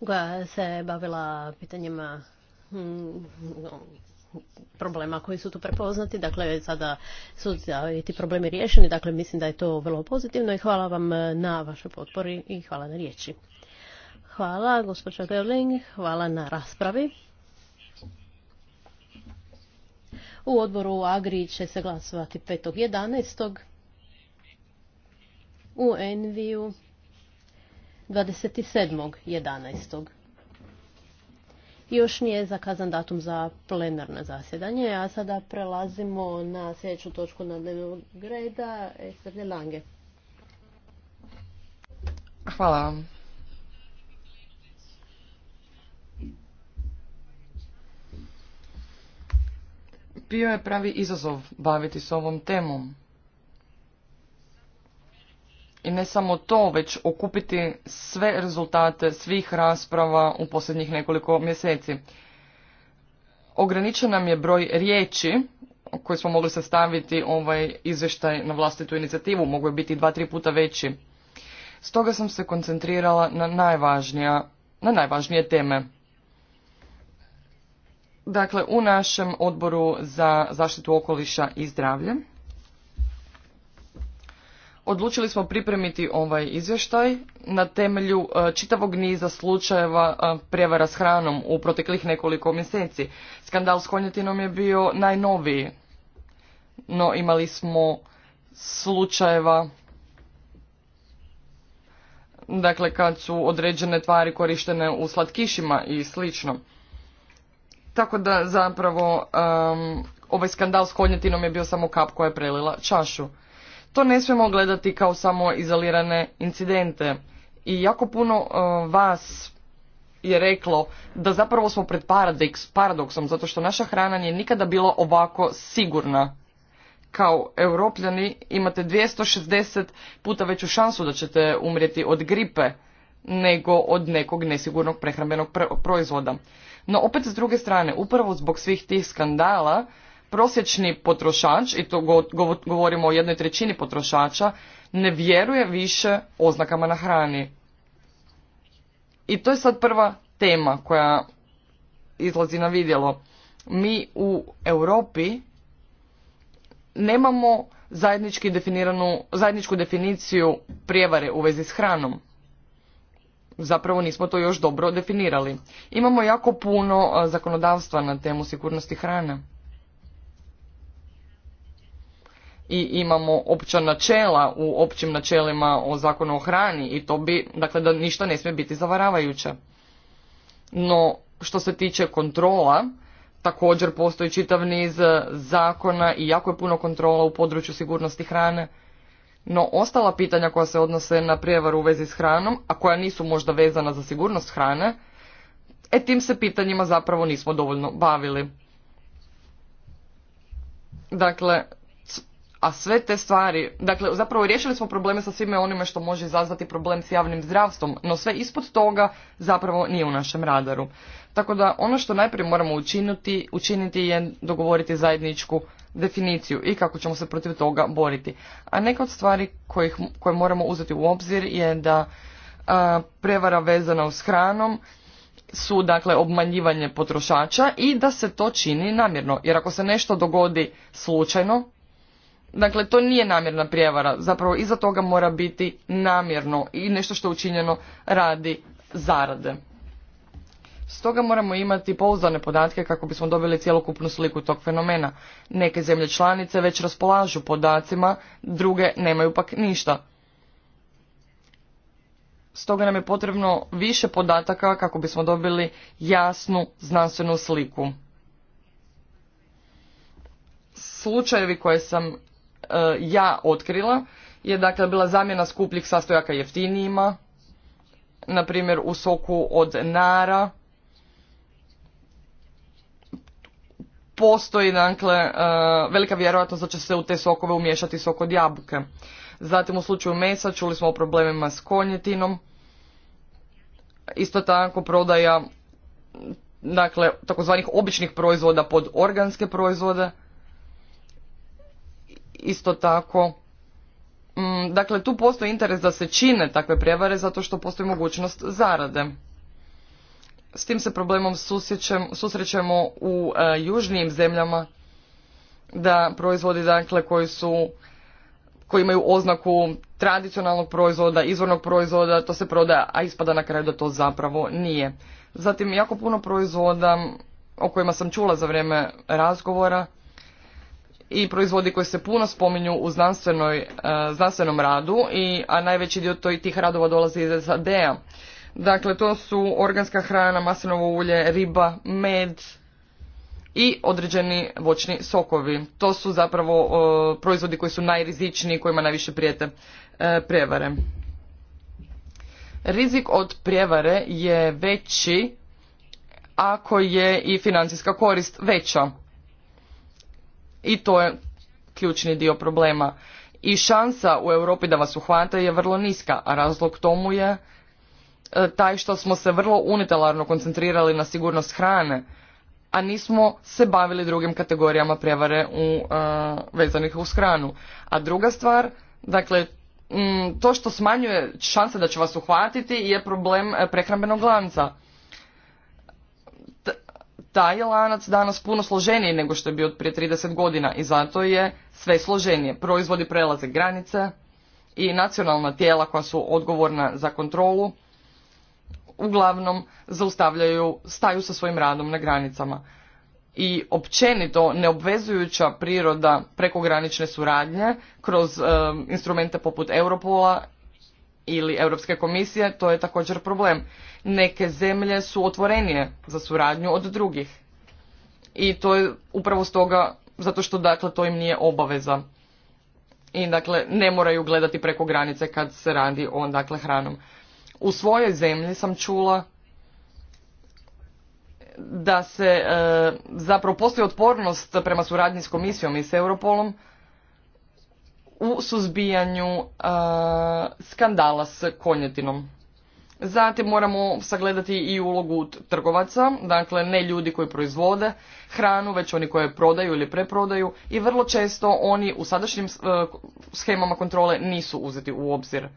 Speaker 3: koja se bavila pitanjima mm, problema koji su tu prepoznati. Dakle, sada su ti problemi riješeni. Dakle, mislim da je to vrlo pozitivno i hvala vam na vašoj potpori i hvala na riječi. Hvala, gospođa Gerling, hvala na raspravi. U odboru Agri će se glasovati 5.11. U Enviju 27.11. Još nije zakazan datum za plenarno zasjedanje, a sada prelazimo na sljedeću točku na dnevnog reda. Lange.
Speaker 2: Hvala vam.
Speaker 4: bio je pravi izazov baviti s ovom temom. I ne samo to, već okupiti sve rezultate svih rasprava u posljednjih nekoliko mjeseci. Ograničen nam je broj riječi koji smo mogli sastaviti ovaj izvještaj na vlastitu inicijativu, mogu je biti dva, tri puta veći. Stoga sam se koncentrirala na na najvažnije teme. Dakle, u našem odboru za zaštitu okoliša i zdravlje odlučili smo pripremiti ovaj izvještaj na temelju e, čitavog niza slučajeva e, prijevara s hranom u proteklih nekoliko mjeseci. Skandal s konjetinom je bio najnoviji, no imali smo slučajeva dakle kad su određene tvari korištene u slatkišima i slično. Tako da zapravo ovaj skandal s konjetinom je bio samo kap koja je prelila čašu. To ne smijemo gledati kao samo izolirane incidente. I jako puno vas je reklo da zapravo smo pred paradoksom, zato što naša hrana nije nikada bila ovako sigurna. Kao europljani imate 260 puta veću šansu da ćete umrijeti od gripe nego od nekog nesigurnog prehrambenog proizvoda. No opet s druge strane, upravo zbog svih tih skandala, prosječni potrošač, i to govorimo o jednoj trećini potrošača, ne vjeruje više oznakama na hrani. I to je sad prva tema koja izlazi na vidjelo. Mi u Europi nemamo zajednički definiranu, zajedničku definiciju prijevare u vezi s hranom zapravo nismo to još dobro definirali. Imamo jako puno e, zakonodavstva na temu sigurnosti hrane. I imamo opća načela u općim načelima o zakonu o hrani i to bi, dakle da ništa ne smije biti zavaravajuće. No, što se tiče kontrola, također postoji čitav niz zakona i jako je puno kontrola u području sigurnosti hrane no, ostala pitanja koja se odnose na prijevaru u vezi s hranom, a koja nisu možda vezana za sigurnost hrane, e tim se pitanjima zapravo nismo dovoljno bavili. Dakle, a sve te stvari, dakle zapravo riješili smo probleme sa svime onime što može izazvati problem s javnim zdravstvom, no sve ispod toga zapravo nije u našem radaru. Tako da ono što najprije moramo učiniti, učiniti je dogovoriti zajedničku definiciju i kako ćemo se protiv toga boriti. A neka od stvari kojih, koje moramo uzeti u obzir je da a, prevara vezana s hranom su dakle obmanjivanje potrošača i da se to čini namjerno. Jer ako se nešto dogodi slučajno, dakle to nije namjerna prijevara, zapravo iza toga mora biti namjerno i nešto što je učinjeno radi zarade. Stoga moramo imati pouzdane podatke kako bismo dobili cjelokupnu sliku tog fenomena. Neke zemlje članice već raspolažu podacima, druge nemaju pak ništa. Stoga nam je potrebno više podataka kako bismo dobili jasnu znanstvenu sliku. Slučajevi koje sam e, ja otkrila je dakle bila zamjena skupljih sastojaka jeftinijima, na primjer u soku od nara, postoji dakle e, velika vjerojatnost da će se u te sokove umiješati sok od jabuke. Zatim u slučaju mesa čuli smo o problemima s konjetinom. Isto tako prodaja dakle takozvanih običnih proizvoda pod organske proizvode. Isto tako mm, dakle tu postoji interes da se čine takve prijevare zato što postoji mogućnost zarade s tim se problemom susrećemo u e, južnijim zemljama da proizvodi dakle koji su koji imaju oznaku tradicionalnog proizvoda, izvornog proizvoda, to se prodaje, a ispada na kraju da to zapravo nije. Zatim jako puno proizvoda o kojima sam čula za vrijeme razgovora i proizvodi koji se puno spominju u znanstvenoj, e, znanstvenom radu, i, a najveći dio to i tih radova dolazi iz SAD-a. Dakle, to su organska hrana, maslinovo ulje, riba, med i određeni voćni sokovi. To su zapravo e, proizvodi koji su najrizičniji, kojima najviše prijete e, prijevare. Rizik od prijevare je veći ako je i financijska korist veća. I to je ključni dio problema. I šansa u Europi da vas uhvate je vrlo niska, a razlog tomu je E, taj što smo se vrlo unitelarno koncentrirali na sigurnost hrane, a nismo se bavili drugim kategorijama prevare u, e, vezanih uz hranu. A druga stvar, dakle, to što smanjuje šanse da će vas uhvatiti je problem e, prehrambenog lanca. taj je lanac danas puno složeniji nego što je bio prije 30 godina i zato je sve složenije. Proizvodi prelaze granice i nacionalna tijela koja su odgovorna za kontrolu uglavnom zaustavljaju, staju sa svojim radom na granicama. I općenito neobvezujuća priroda prekogranične suradnje kroz e, instrumente poput Europola ili Europske komisije, to je također problem. Neke zemlje su otvorenije za suradnju od drugih. I to je upravo stoga zato što dakle to im nije obaveza. I dakle ne moraju gledati preko granice kad se radi o dakle hranom. U svojoj zemlji sam čula da se e, zapravo postoji otpornost prema suradnji s komisijom i s Europolom u suzbijanju e, skandala s konjetinom. Zatim moramo sagledati i ulogu trgovaca, dakle ne ljudi koji proizvode hranu, već oni koje prodaju ili preprodaju i vrlo često oni u sadašnjim e, schemama kontrole nisu uzeti u obzir.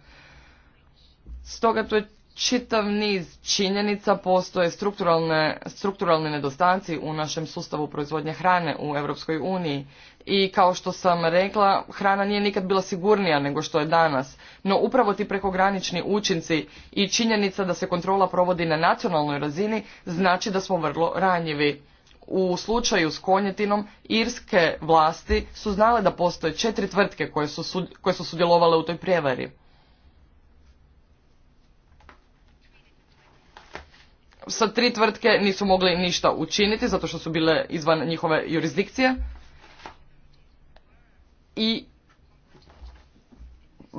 Speaker 4: Stoga tu je čitav niz činjenica, postoje strukturalne nedostanci u našem sustavu proizvodnje hrane u Europskoj uniji. I kao što sam rekla, hrana nije nikad bila sigurnija nego što je danas. No upravo ti prekogranični učinci i činjenica da se kontrola provodi na nacionalnoj razini znači da smo vrlo ranjivi. U slučaju s konjetinom, irske vlasti su znale da postoje četiri tvrtke koje su, koje su sudjelovale u toj prijevari. sa tri tvrtke nisu mogli ništa učiniti zato što su bile izvan njihove jurisdikcije i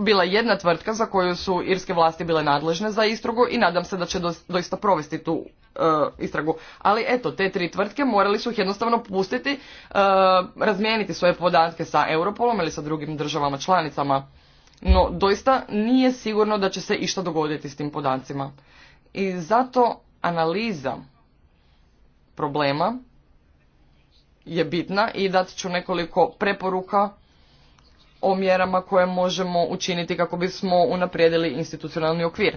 Speaker 4: bila jedna tvrtka za koju su irske vlasti bile nadležne za istragu i nadam se da će doista provesti tu e, istragu. Ali eto, te tri tvrtke morali su ih jednostavno pustiti, e, razmijeniti svoje podatke sa Europolom ili sa drugim državama članicama. No, doista nije sigurno da će se išta dogoditi s tim podacima. I zato analiza problema je bitna i dat ću nekoliko preporuka o mjerama koje možemo učiniti kako bismo unaprijedili institucionalni okvir.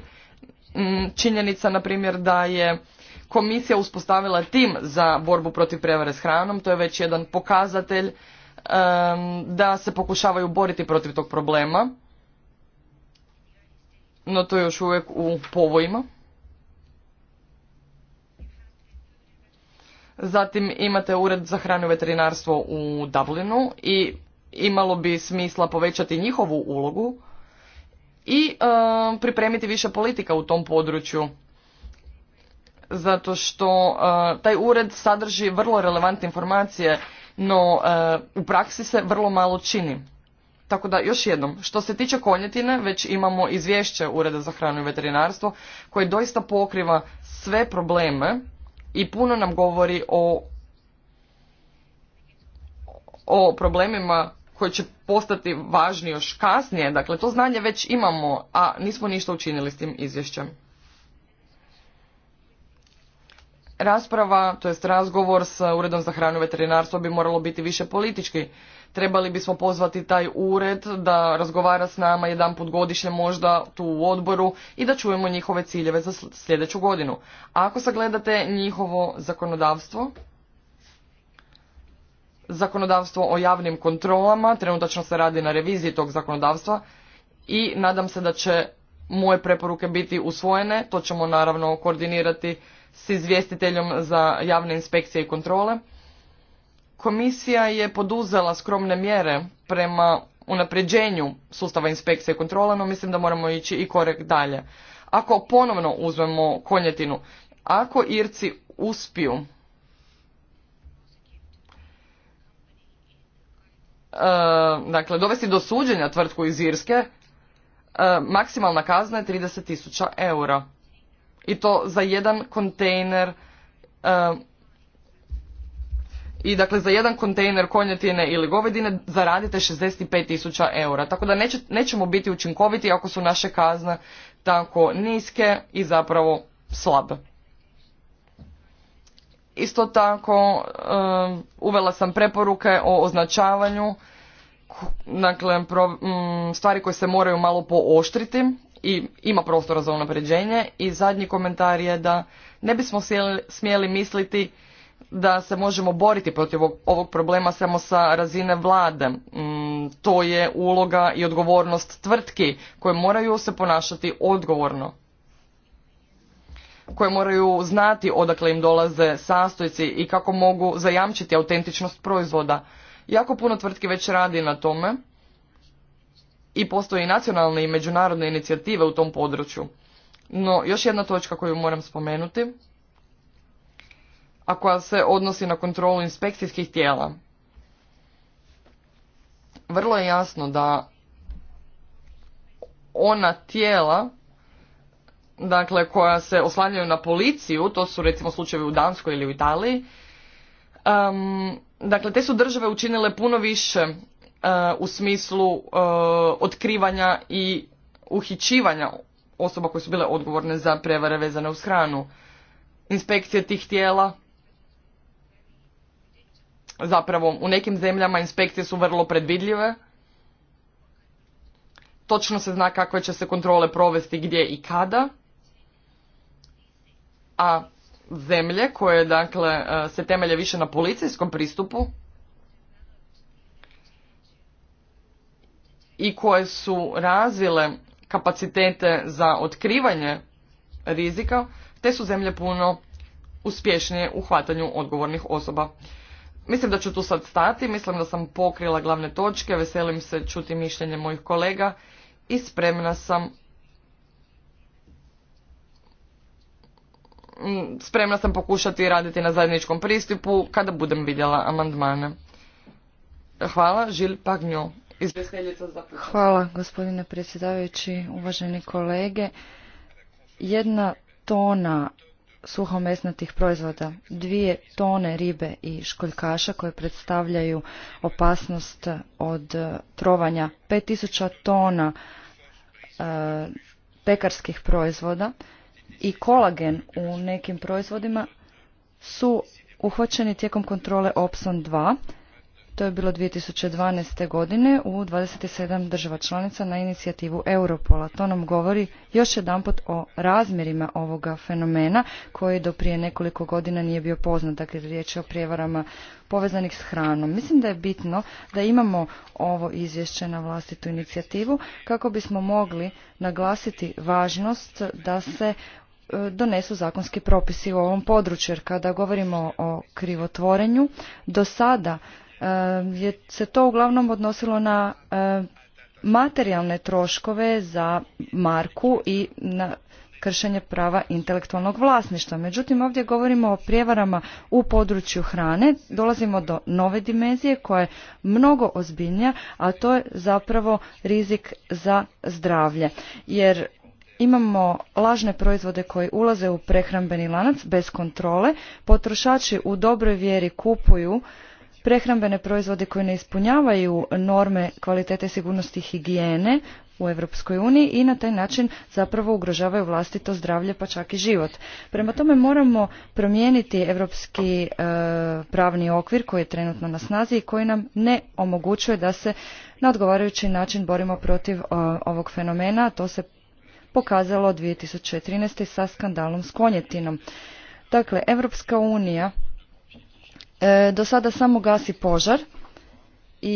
Speaker 4: Mm, činjenica, na primjer, da je komisija uspostavila tim za borbu protiv prevare s hranom, to je već jedan pokazatelj da se pokušavaju boriti protiv tog problema, no to je još uvijek u povojima. Zatim imate ured za hranu i veterinarstvo u Dublinu i imalo bi smisla povećati njihovu ulogu i e, pripremiti više politika u tom području zato što e, taj ured sadrži vrlo relevantne informacije no e, u praksi se vrlo malo čini tako da još jednom što se tiče konjetine već imamo izvješće ureda za hranu i veterinarstvo koje doista pokriva sve probleme i puno nam govori o, o problemima koji će postati važni još kasnije. Dakle, to znanje već imamo, a nismo ništa učinili s tim izvješćem. Rasprava, to jest razgovor s Uredom za hranu i veterinarstvo bi moralo biti više politički Trebali bismo pozvati taj ured da razgovara s nama jedan put godišnje možda tu u odboru i da čujemo njihove ciljeve za sljedeću godinu. ako sagledate njihovo zakonodavstvo, zakonodavstvo o javnim kontrolama, trenutačno se radi na reviziji tog zakonodavstva i nadam se da će moje preporuke biti usvojene, to ćemo naravno koordinirati s izvjestiteljom za javne inspekcije i kontrole Komisija je poduzela skromne mjere prema unapređenju sustava inspekcije i kontrola, no mislim da moramo ići i korek dalje. Ako ponovno uzmemo konjetinu, ako Irci uspiju e, dakle, dovesti do suđenja tvrtku iz Irske, e, maksimalna kazna je 30.000 eura. I to za jedan kontejner e, i dakle za jedan kontejner konjetine ili govedine zaradite 65 tisuća eura. Tako da nećemo biti učinkoviti ako su naše kazne tako niske i zapravo slabe. Isto tako uvela sam preporuke o označavanju, dakle mm, stvari koje se moraju malo pooštriti i ima prostora za unapređenje. I zadnji komentar je da ne bismo smjeli misliti da se možemo boriti protiv ovog problema samo sa razine vlade. Mm, to je uloga i odgovornost tvrtki koje moraju se ponašati odgovorno koje moraju znati odakle im dolaze sastojci i kako mogu zajamčiti autentičnost proizvoda. Jako puno tvrtki već radi na tome i postoje i nacionalne i međunarodne inicijative u tom području. No, još jedna točka koju moram spomenuti a koja se odnosi na kontrolu inspekcijskih tijela. Vrlo je jasno da ona tijela dakle koja se oslanjaju na policiju, to su recimo slučajevi u Danskoj ili u Italiji, um, dakle te su države učinile puno više eh, u smislu eh, otkrivanja i uhićivanja osoba koje su bile odgovorne za prevare vezane uz hranu. Inspekcije tih tijela zapravo u nekim zemljama inspekcije su vrlo predvidljive. Točno se zna kakve će se kontrole provesti gdje i kada. A zemlje koje dakle e, se temelje više na policijskom pristupu i koje su razvile kapacitete za otkrivanje rizika, te su zemlje puno uspješnije u hvatanju odgovornih osoba. Mislim da ću tu sad stati, mislim da sam pokrila glavne točke, veselim se čuti mišljenje mojih kolega i spremna sam spremna sam pokušati raditi na zajedničkom pristupu kada budem vidjela amandmane. Hvala, Žil Pagnjo. Hvala, gospodine
Speaker 2: predsjedavajući, uvaženi kolege. Jedna tona suhomesnatih proizvoda, dvije tone ribe i školjkaša koje predstavljaju opasnost od e, trovanja, 5000 tona e, pekarskih proizvoda i kolagen u nekim proizvodima su uhvaćeni tijekom kontrole Opson 2 to je bilo 2012. godine u 27 država članica na inicijativu Europola. To nam govori još jedanput o razmjerima ovoga fenomena koji do prije nekoliko godina nije bio poznat, dakle riječ je o prijevarama povezanih s hranom. Mislim da je bitno da imamo ovo izvješće na vlastitu inicijativu kako bismo mogli naglasiti važnost da se e, donesu zakonski propisi u ovom području jer kada govorimo o krivotvorenju do sada E, je se to uglavnom odnosilo na e, materijalne troškove za marku i na kršenje prava intelektualnog vlasništva. Međutim, ovdje govorimo o prijevarama u području hrane, dolazimo do nove dimenzije koja je mnogo ozbiljnija, a to je zapravo rizik za zdravlje. Jer imamo lažne proizvode koji ulaze u prehrambeni lanac bez kontrole, potrošači u dobroj vjeri kupuju prehrambene proizvode koji ne ispunjavaju norme kvalitete sigurnosti higijene u Europskoj uniji i na taj način zapravo ugrožavaju vlastito zdravlje pa čak i život. Prema tome moramo promijeniti europski e, pravni okvir koji je trenutno na snazi i koji nam ne omogućuje da se na odgovarajući način borimo protiv e, ovog fenomena, to se pokazalo 2013. sa skandalom s konjetinom. Dakle, Europska unija E, do sada samo gasi požar i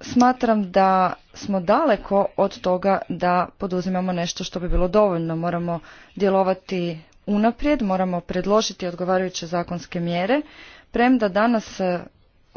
Speaker 2: smatram da smo daleko od toga da poduzimamo nešto što bi bilo dovoljno. Moramo djelovati unaprijed, moramo predložiti odgovarajuće zakonske mjere, premda danas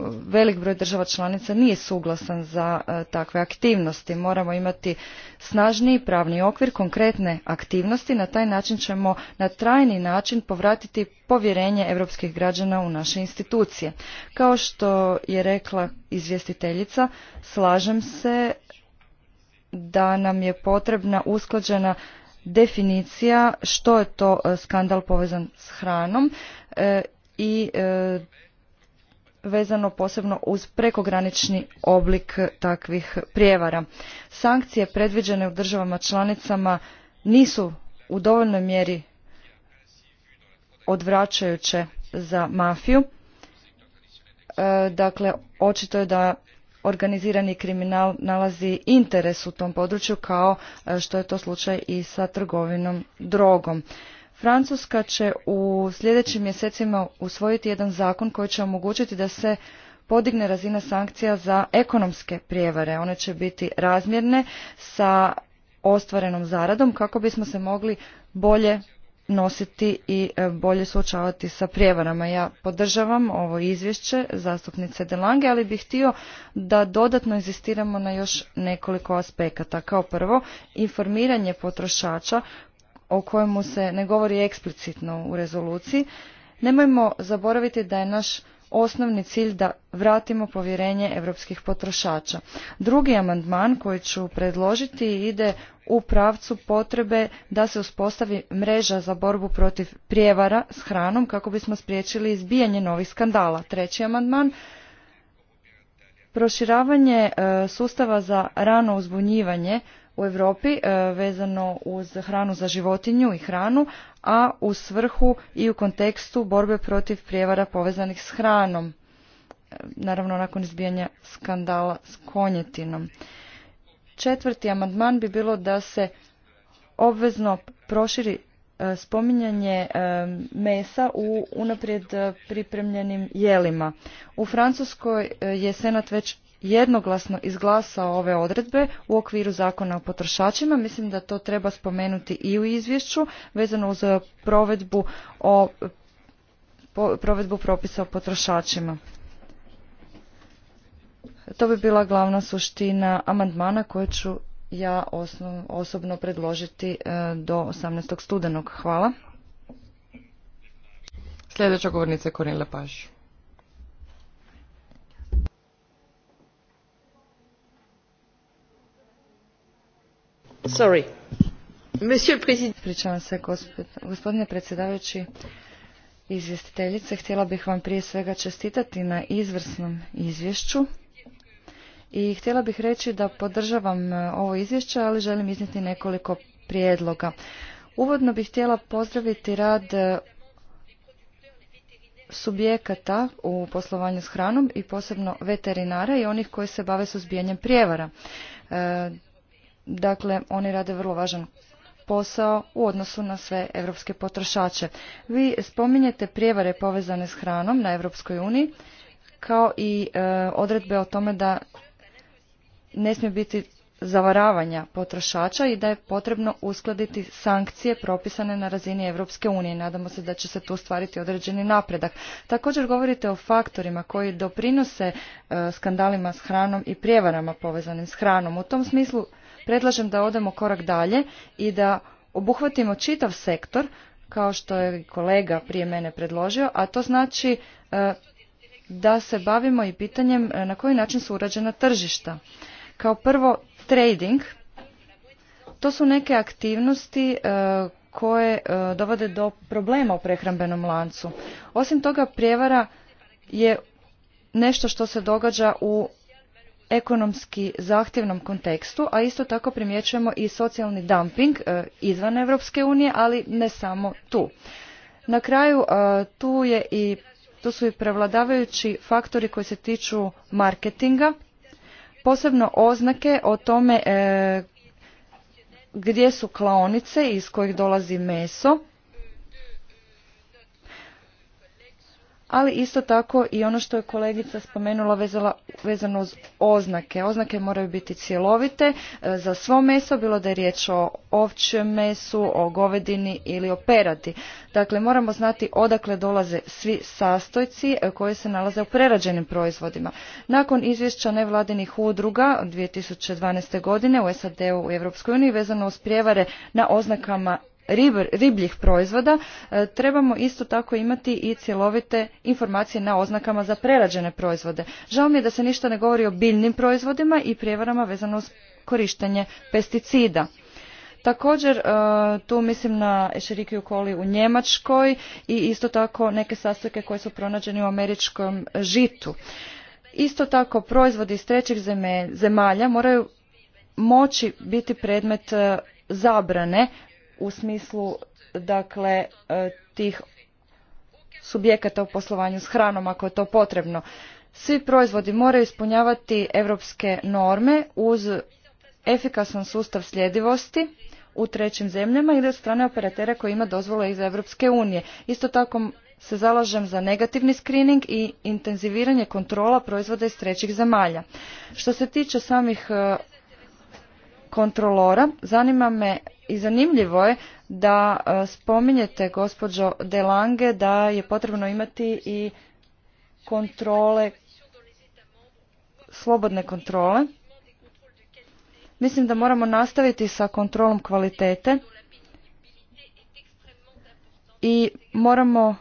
Speaker 2: velik broj država članica nije suglasan za e, takve aktivnosti. Moramo imati snažniji pravni okvir, konkretne aktivnosti. Na taj način ćemo na trajni način povratiti povjerenje europskih građana u naše institucije. Kao što je rekla izvjestiteljica, slažem se da nam je potrebna usklađena definicija što je to e, skandal povezan s hranom e, i vezano posebno uz prekogranični oblik takvih prijevara. Sankcije predviđene u državama članicama nisu u dovoljnoj mjeri odvraćajuće za mafiju. E, dakle, očito je da organizirani kriminal nalazi interes u tom području kao e, što je to slučaj i sa trgovinom drogom. Francuska će u sljedećim mjesecima usvojiti jedan zakon koji će omogućiti da se podigne razina sankcija za ekonomske prijevare. One će biti razmjerne sa ostvarenom zaradom kako bismo se mogli bolje nositi i e, bolje suočavati sa prijevarama. Ja podržavam ovo izvješće zastupnice Delange, ali bih htio da dodatno inzistiramo na još nekoliko aspekata. Kao prvo, informiranje potrošača o kojemu se ne govori eksplicitno u rezoluciji, nemojmo zaboraviti da je naš osnovni cilj da vratimo povjerenje europskih potrošača. Drugi amandman koji ću predložiti ide u pravcu potrebe da se uspostavi mreža za borbu protiv prijevara s hranom kako bismo spriječili izbijanje novih skandala. Treći amandman proširavanje e, sustava za rano uzbunjivanje u Europi e, vezano uz hranu za životinju i hranu, a u svrhu i u kontekstu borbe protiv prijevara povezanih s hranom. E, naravno, nakon izbijanja skandala s konjetinom. Četvrti amandman bi bilo da se obvezno proširi e, spominjanje mesa u unaprijed pripremljenim jelima. U Francuskoj je Senat već jednoglasno izglasao ove odredbe u okviru zakona o potrošačima. Mislim da to treba spomenuti i u izvješću vezano uz provedbu, o, provedbu propisa o potrošačima. To bi bila glavna suština amandmana koje ću ja osobno predložiti e, do 18. studenog. Hvala.
Speaker 4: Sljedeća govornica je Korin Lepaš.
Speaker 2: gospodine predsjedavajući izvjestiteljice. Htjela bih vam prije svega čestitati na izvrsnom izvješću i htjela bih reći da podržavam e, ovo izvješće, ali želim iznijeti nekoliko prijedloga. Uvodno bih htjela pozdraviti rad e, subjekata u poslovanju s hranom i posebno veterinara i onih koji se bave suzbijanjem prijevara. E, Dakle, oni rade vrlo važan posao u odnosu na sve europske potrošače. Vi spominjete prijevare povezane s hranom na Europskoj uniji kao i e, odredbe o tome da ne smije biti zavaravanja potrošača i da je potrebno uskladiti sankcije propisane na razini Europske unije. Nadamo se da će se tu ostvariti određeni napredak. Također govorite o faktorima koji doprinose e, skandalima s hranom i prijevarama povezanim s hranom. U tom smislu predlažem da odemo korak dalje i da obuhvatimo čitav sektor kao što je kolega prije mene predložio, a to znači e, da se bavimo i pitanjem e, na koji način su urađena tržišta. Kao prvo, trading. To su neke aktivnosti e, koje dovode do problema u prehrambenom lancu. Osim toga, prijevara je nešto što se događa u ekonomski zahtjevnom kontekstu, a isto tako primjećujemo i socijalni dumping e, izvan Europske unije, ali ne samo tu. Na kraju e, tu je i tu su i prevladavajući faktori koji se tiču marketinga, posebno oznake o tome e, gdje su klaonice iz kojih dolazi meso, ali isto tako i ono što je kolegica spomenula vezano uz oznake. Oznake moraju biti cjelovite e, za svo meso, bilo da je riječ o ovčjem mesu, o govedini ili o peradi. Dakle, moramo znati odakle dolaze svi sastojci e, koji se nalaze u prerađenim proizvodima. Nakon izvješća nevladinih udruga 2012. godine u SAD-u u EU vezano uz prijevare na oznakama ribljih proizvoda, e, trebamo isto tako imati i cjelovite informacije na oznakama za prerađene proizvode. Žao mi je da se ništa ne govori o biljnim proizvodima i prijevarama vezano uz korištenje pesticida. Također e, tu mislim na u Koli u Njemačkoj i isto tako neke sastojke koje su pronađeni u američkom žitu. Isto tako proizvodi iz trećih zemalja moraju moći biti predmet e, zabrane u smislu dakle e, tih subjekata u poslovanju s hranom ako je to potrebno. Svi proizvodi moraju ispunjavati europske norme uz efikasan sustav sljedivosti u trećim zemljama ili od strane operatera koji ima dozvole iz Europske unije. Isto tako se zalažem za negativni screening i intenziviranje kontrola proizvoda iz trećih zemalja. Što se tiče samih e, kontrolora. Zanima me i zanimljivo je da e, spominjete gospođo Lange, da je potrebno imati i kontrole, slobodne kontrole. Mislim da moramo nastaviti sa kontrolom kvalitete i moramo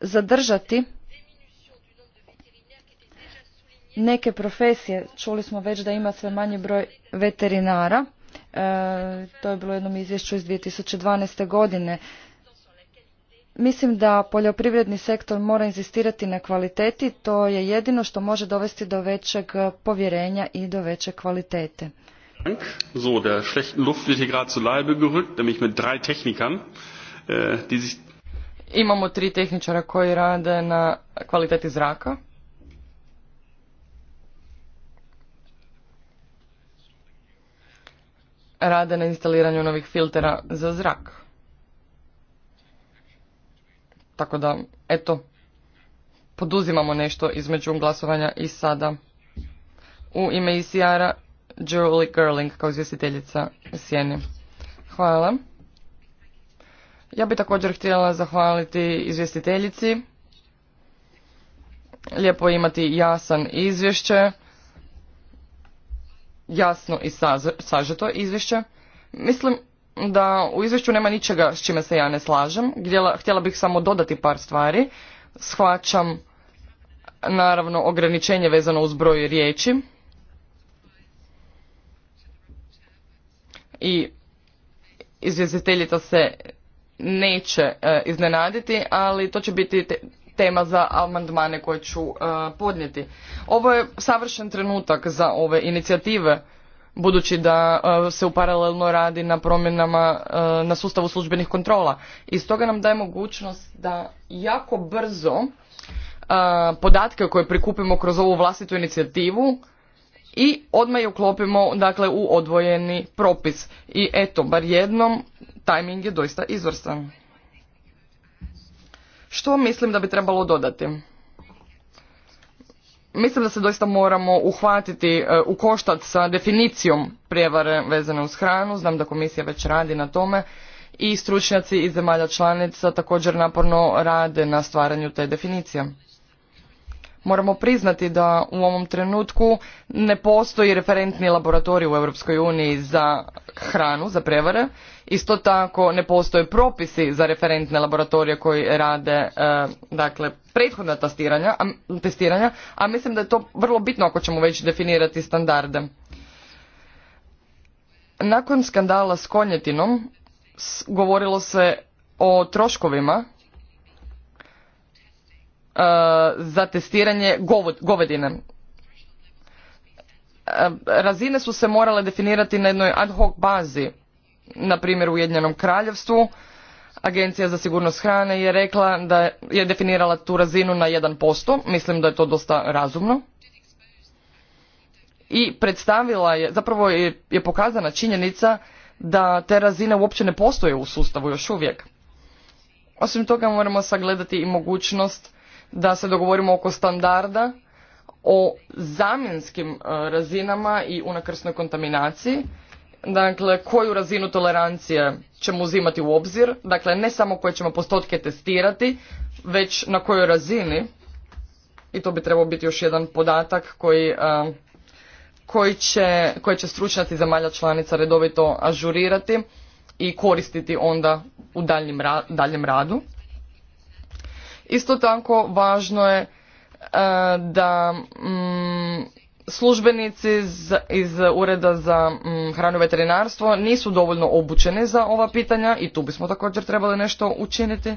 Speaker 2: zadržati neke profesije. Čuli smo već da ima sve manji broj veterinara. E, to je bilo jednom izvješću iz 2012. godine. Mislim da poljoprivredni sektor mora inzistirati na kvaliteti, to je jedino što može dovesti do većeg povjerenja i do veće kvalitete.
Speaker 4: Imamo tri tehničara koji rade na kvaliteti zraka. rade na instaliranju novih filtera za zrak. Tako da, eto, poduzimamo nešto između glasovanja i sada. U ime ICR-a e Julie Gerling kao izvjestiteljica sjene. Hvala. Ja bi također htjela zahvaliti izvjestiteljici. Lijepo imati jasan izvješće jasno i sažeto izvješće. Mislim da u izvješću nema ničega s čime se ja ne slažem. Htjela, htjela bih samo dodati par stvari. Shvaćam naravno ograničenje vezano uz broj riječi. I izvjestiteljica se neće e, iznenaditi, ali to će biti te, tema za amandmane koje ću e, podnijeti. Ovo je savršen trenutak za ove inicijative budući da e, se u paralelno radi na promjenama e, na sustavu službenih kontrola. I stoga nam daje mogućnost da jako brzo podatke koje prikupimo kroz ovu vlastitu inicijativu i odmah je uklopimo dakle, u odvojeni propis. I eto, bar jednom, tajming je doista izvrstan. Što mislim da bi trebalo dodati? Mislim da se doista moramo uhvatiti e, u koštac sa definicijom prijevare vezane uz hranu. Znam da komisija već radi na tome i stručnjaci iz zemalja članica također naporno rade na stvaranju te definicije. Moramo priznati da u ovom trenutku ne postoji referentni laboratorij u Europskoj uniji za hranu, za prevare. Isto tako ne postoje propisi za referentne laboratorije koji rade e, dakle, prethodna testiranja, a mislim da je to vrlo bitno ako ćemo već definirati standarde. Nakon skandala s konjetinom govorilo se o troškovima E, za testiranje govedine. E, razine su se morale definirati na jednoj ad hoc bazi, na primjer u Ujedinjenom kraljevstvu. Agencija za sigurnost hrane je rekla da je definirala tu razinu na 1%, mislim da je to dosta razumno. I predstavila je, zapravo je, je pokazana činjenica da te razine uopće ne postoje u sustavu još uvijek. Osim toga moramo sagledati i mogućnost da se dogovorimo oko standarda, o zamjenskim e, razinama i unakrsnoj kontaminaciji. Dakle, koju razinu tolerancije ćemo uzimati u obzir, dakle ne samo koje ćemo postotke testirati, već na kojoj razini, i to bi trebao biti još jedan podatak koji, e, koji će, koje će stručnjaci zemalja članica redovito ažurirati i koristiti onda u daljnjem, daljem radu. Isto tako važno je e, da mm, službenici iz, Ureda za mm, hranu i veterinarstvo nisu dovoljno obučeni za ova pitanja i tu bismo također trebali nešto učiniti.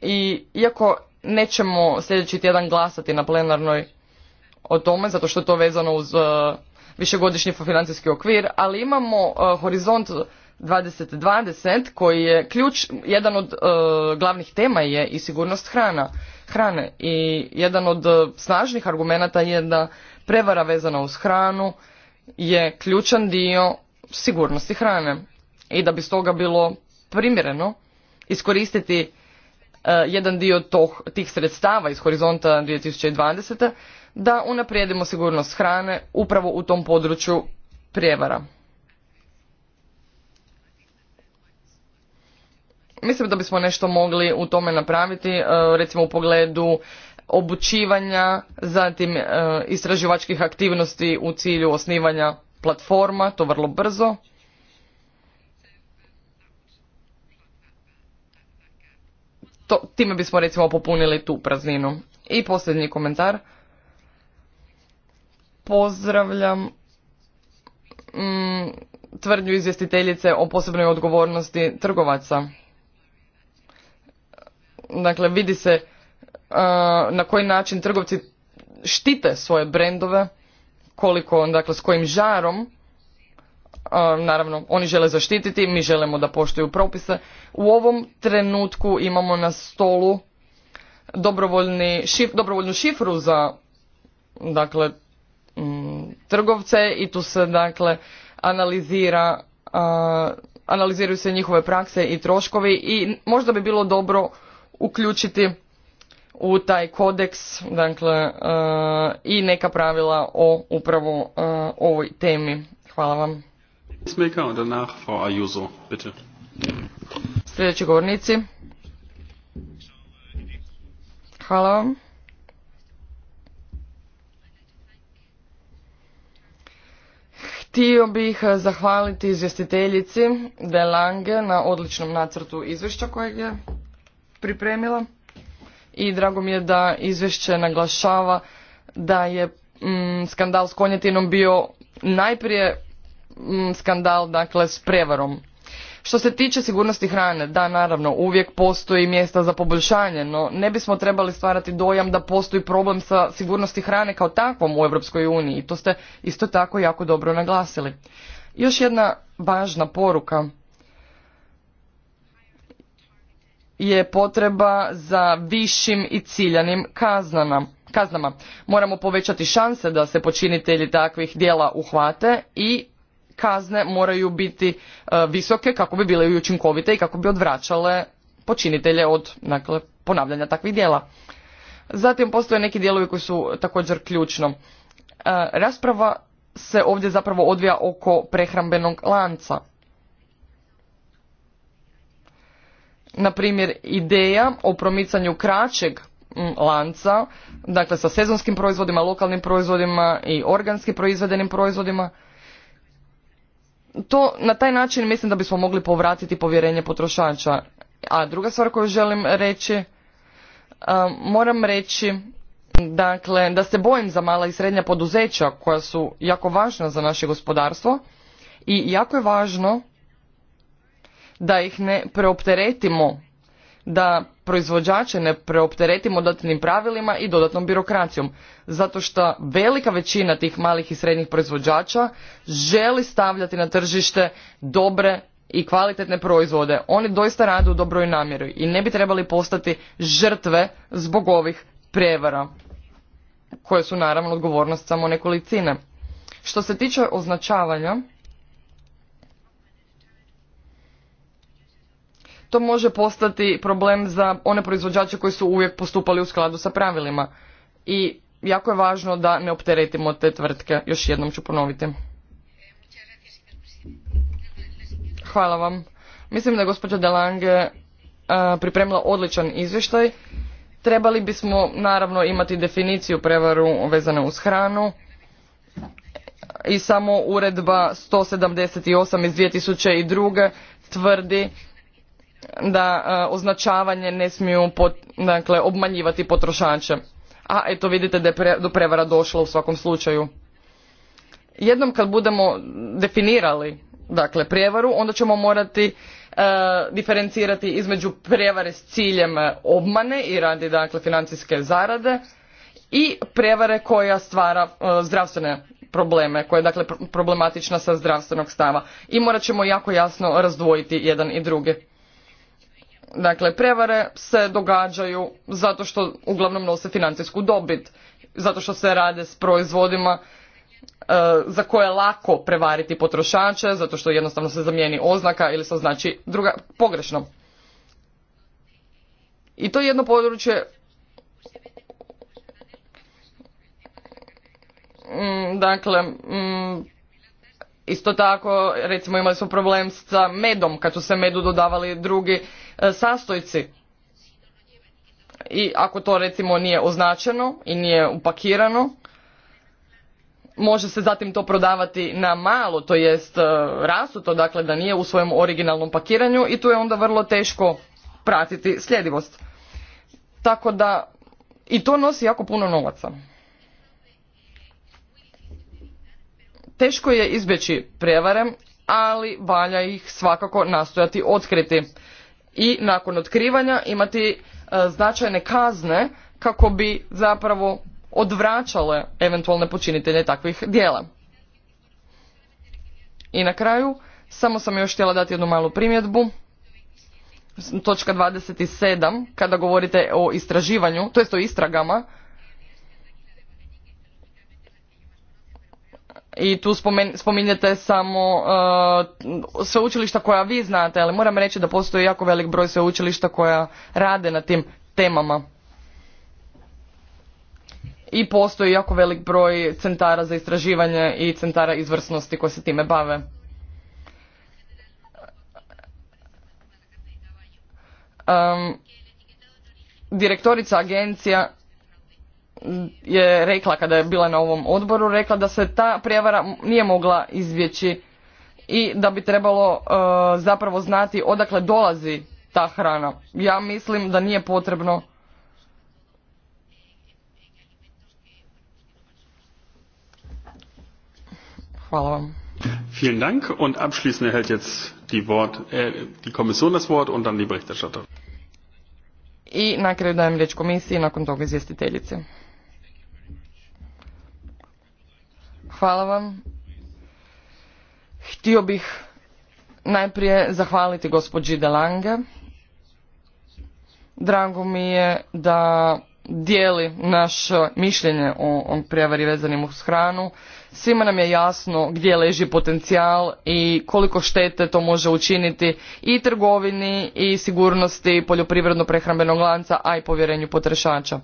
Speaker 4: I iako nećemo sljedeći tjedan glasati na plenarnoj o tome, zato što je to vezano uz e, višegodišnji financijski okvir, ali imamo e, horizont 2020 koji je ključ, jedan od e, glavnih tema je i sigurnost hrana, hrane i jedan od e, snažnih argumenata je da prevara vezana uz hranu je ključan dio sigurnosti hrane i da bi stoga bilo primjereno iskoristiti e, jedan dio toh, tih sredstava iz horizonta 2020 da unaprijedimo sigurnost hrane upravo u tom području prijevara. Mislim da bismo nešto mogli u tome napraviti, e, recimo u pogledu obučivanja, zatim e, istraživačkih aktivnosti u cilju osnivanja platforma, to vrlo brzo. time bismo recimo popunili tu prazninu. I posljednji komentar. Pozdravljam mm, tvrdnju izvjestiteljice o posebnoj odgovornosti trgovaca. Dakle, vidi se uh, na koji način trgovci štite svoje brendove, koliko, dakle, s kojim žarom, uh, naravno, oni žele zaštititi, mi želimo da poštuju propise. U ovom trenutku imamo na stolu dobrovoljni, šif, dobrovoljnu šifru za, dakle, mm, trgovce i tu se, dakle, analizira, uh, analiziraju se njihove prakse i troškovi i možda bi bilo dobro uključiti u taj kodeks dakle, eh, i neka pravila o upravo eh, ovoj temi. Hvala vam. Sljedeći govornici. Hvala vam. Htio bih zahvaliti izvjestiteljici De Lange na odličnom nacrtu izvješća kojeg je pripremila i drago mi je da izvješće naglašava da je mm, skandal s konjetinom bio najprije mm, skandal dakle s prevarom. Što se tiče sigurnosti hrane, da naravno uvijek postoji mjesta za poboljšanje, no ne bismo trebali stvarati dojam da postoji problem sa sigurnosti hrane kao takvom u Europskoj uniji i to ste isto tako jako dobro naglasili. Još jedna važna poruka je potreba za višim i ciljanim kaznama. kaznama. Moramo povećati šanse da se počinitelji takvih djela uhvate i kazne moraju biti e, visoke kako bi bile učinkovite i kako bi odvraćale počinitelje od dakle, ponavljanja takvih djela. Zatim postoje neki dijelovi koji su također ključno. E, rasprava se ovdje zapravo odvija oko prehrambenog lanca. na primjer ideja o promicanju kraćeg lanca, dakle sa sezonskim proizvodima, lokalnim proizvodima i organski proizvedenim proizvodima. To na taj način mislim da bismo mogli povratiti povjerenje potrošača. A druga stvar koju želim reći, moram reći dakle da se bojim za mala i srednja poduzeća koja su jako važna za naše gospodarstvo i jako je važno da ih ne preopteretimo, da proizvođače ne preopteretimo dodatnim pravilima i dodatnom birokracijom. Zato što velika većina tih malih i srednjih proizvođača želi stavljati na tržište dobre i kvalitetne proizvode. Oni doista rade u dobroj namjeri i ne bi trebali postati žrtve zbog ovih prevara koje su naravno odgovornost samo nekolicine. Što se tiče označavanja, to može postati problem za one proizvođače koji su uvijek postupali u skladu sa pravilima. I jako je važno da ne opteretimo te tvrtke. Još jednom ću ponoviti. Hvala vam. Mislim da je gospođa Delange e, pripremila odličan izvještaj. Trebali bismo naravno imati definiciju prevaru vezane uz hranu i samo uredba 178 iz 2002. tvrdi da e, označavanje ne smiju dakle, obmanjivati potrošače. A eto vidite da je do prevara došlo u svakom slučaju. Jednom kad budemo definirali dakle, prijevaru, onda ćemo morati e, diferencirati između prevare s ciljem e, obmane i radi dakle, financijske zarade i prevare koja stvara zdravstvene probleme, koja je dakle problematična sa zdravstvenog stava. I morat ćemo jako jasno razdvojiti jedan i drugi. Dakle, prevare se događaju zato što uglavnom nose financijsku dobit, zato što se rade s proizvodima e, za koje je lako prevariti potrošače, zato što jednostavno se zamijeni oznaka ili se znači druga, pogrešno. I to je jedno područje mm, dakle, mm, Isto tako, recimo imali smo problem sa medom, kad su se medu dodavali drugi e, sastojci. I ako to recimo nije označeno i nije upakirano, može se zatim to prodavati na malo, to jest e, rasuto, dakle da nije u svojem originalnom pakiranju i tu je onda vrlo teško pratiti sljedivost. Tako da i to nosi jako puno novaca. Teško je izbjeći prijevare, ali valja ih svakako nastojati otkriti i nakon otkrivanja imati e, značajne kazne kako bi zapravo odvraćale eventualne počinitelje takvih djela. I na kraju, samo sam još htjela dati jednu malu primjedbu. Točka 27, kada govorite o istraživanju, to jest o istragama, i tu spominjete samo uh, sveučilišta koja vi znate, ali moram reći da postoji jako velik broj sveučilišta koja rade na tim temama. I postoji jako velik broj centara za istraživanje i centara izvrsnosti koji se time bave. Um, direktorica agencija je rekla kada je bila na ovom odboru, rekla da se ta prijevara nije mogla izbjeći i da bi trebalo e, zapravo znati odakle dolazi ta hrana. Ja mislim da nije potrebno Hvala vam.
Speaker 1: Vielen Dank und abschließend erhält jetzt die, Wort, äh, die Kommission das Wort und dann die Berichterstatter.
Speaker 4: I na kraju dajem riječ komisiji nakon toga izvjestiteljice. Hvala vam. Htio bih najprije zahvaliti gospođi Lange. Drago mi je da dijeli naše mišljenje o, o prijevari vezanim uz hranu. Svima nam je jasno gdje leži potencijal i koliko štete to može učiniti i trgovini i sigurnosti poljoprivredno prehrambenog lanca, a i povjerenju potrošača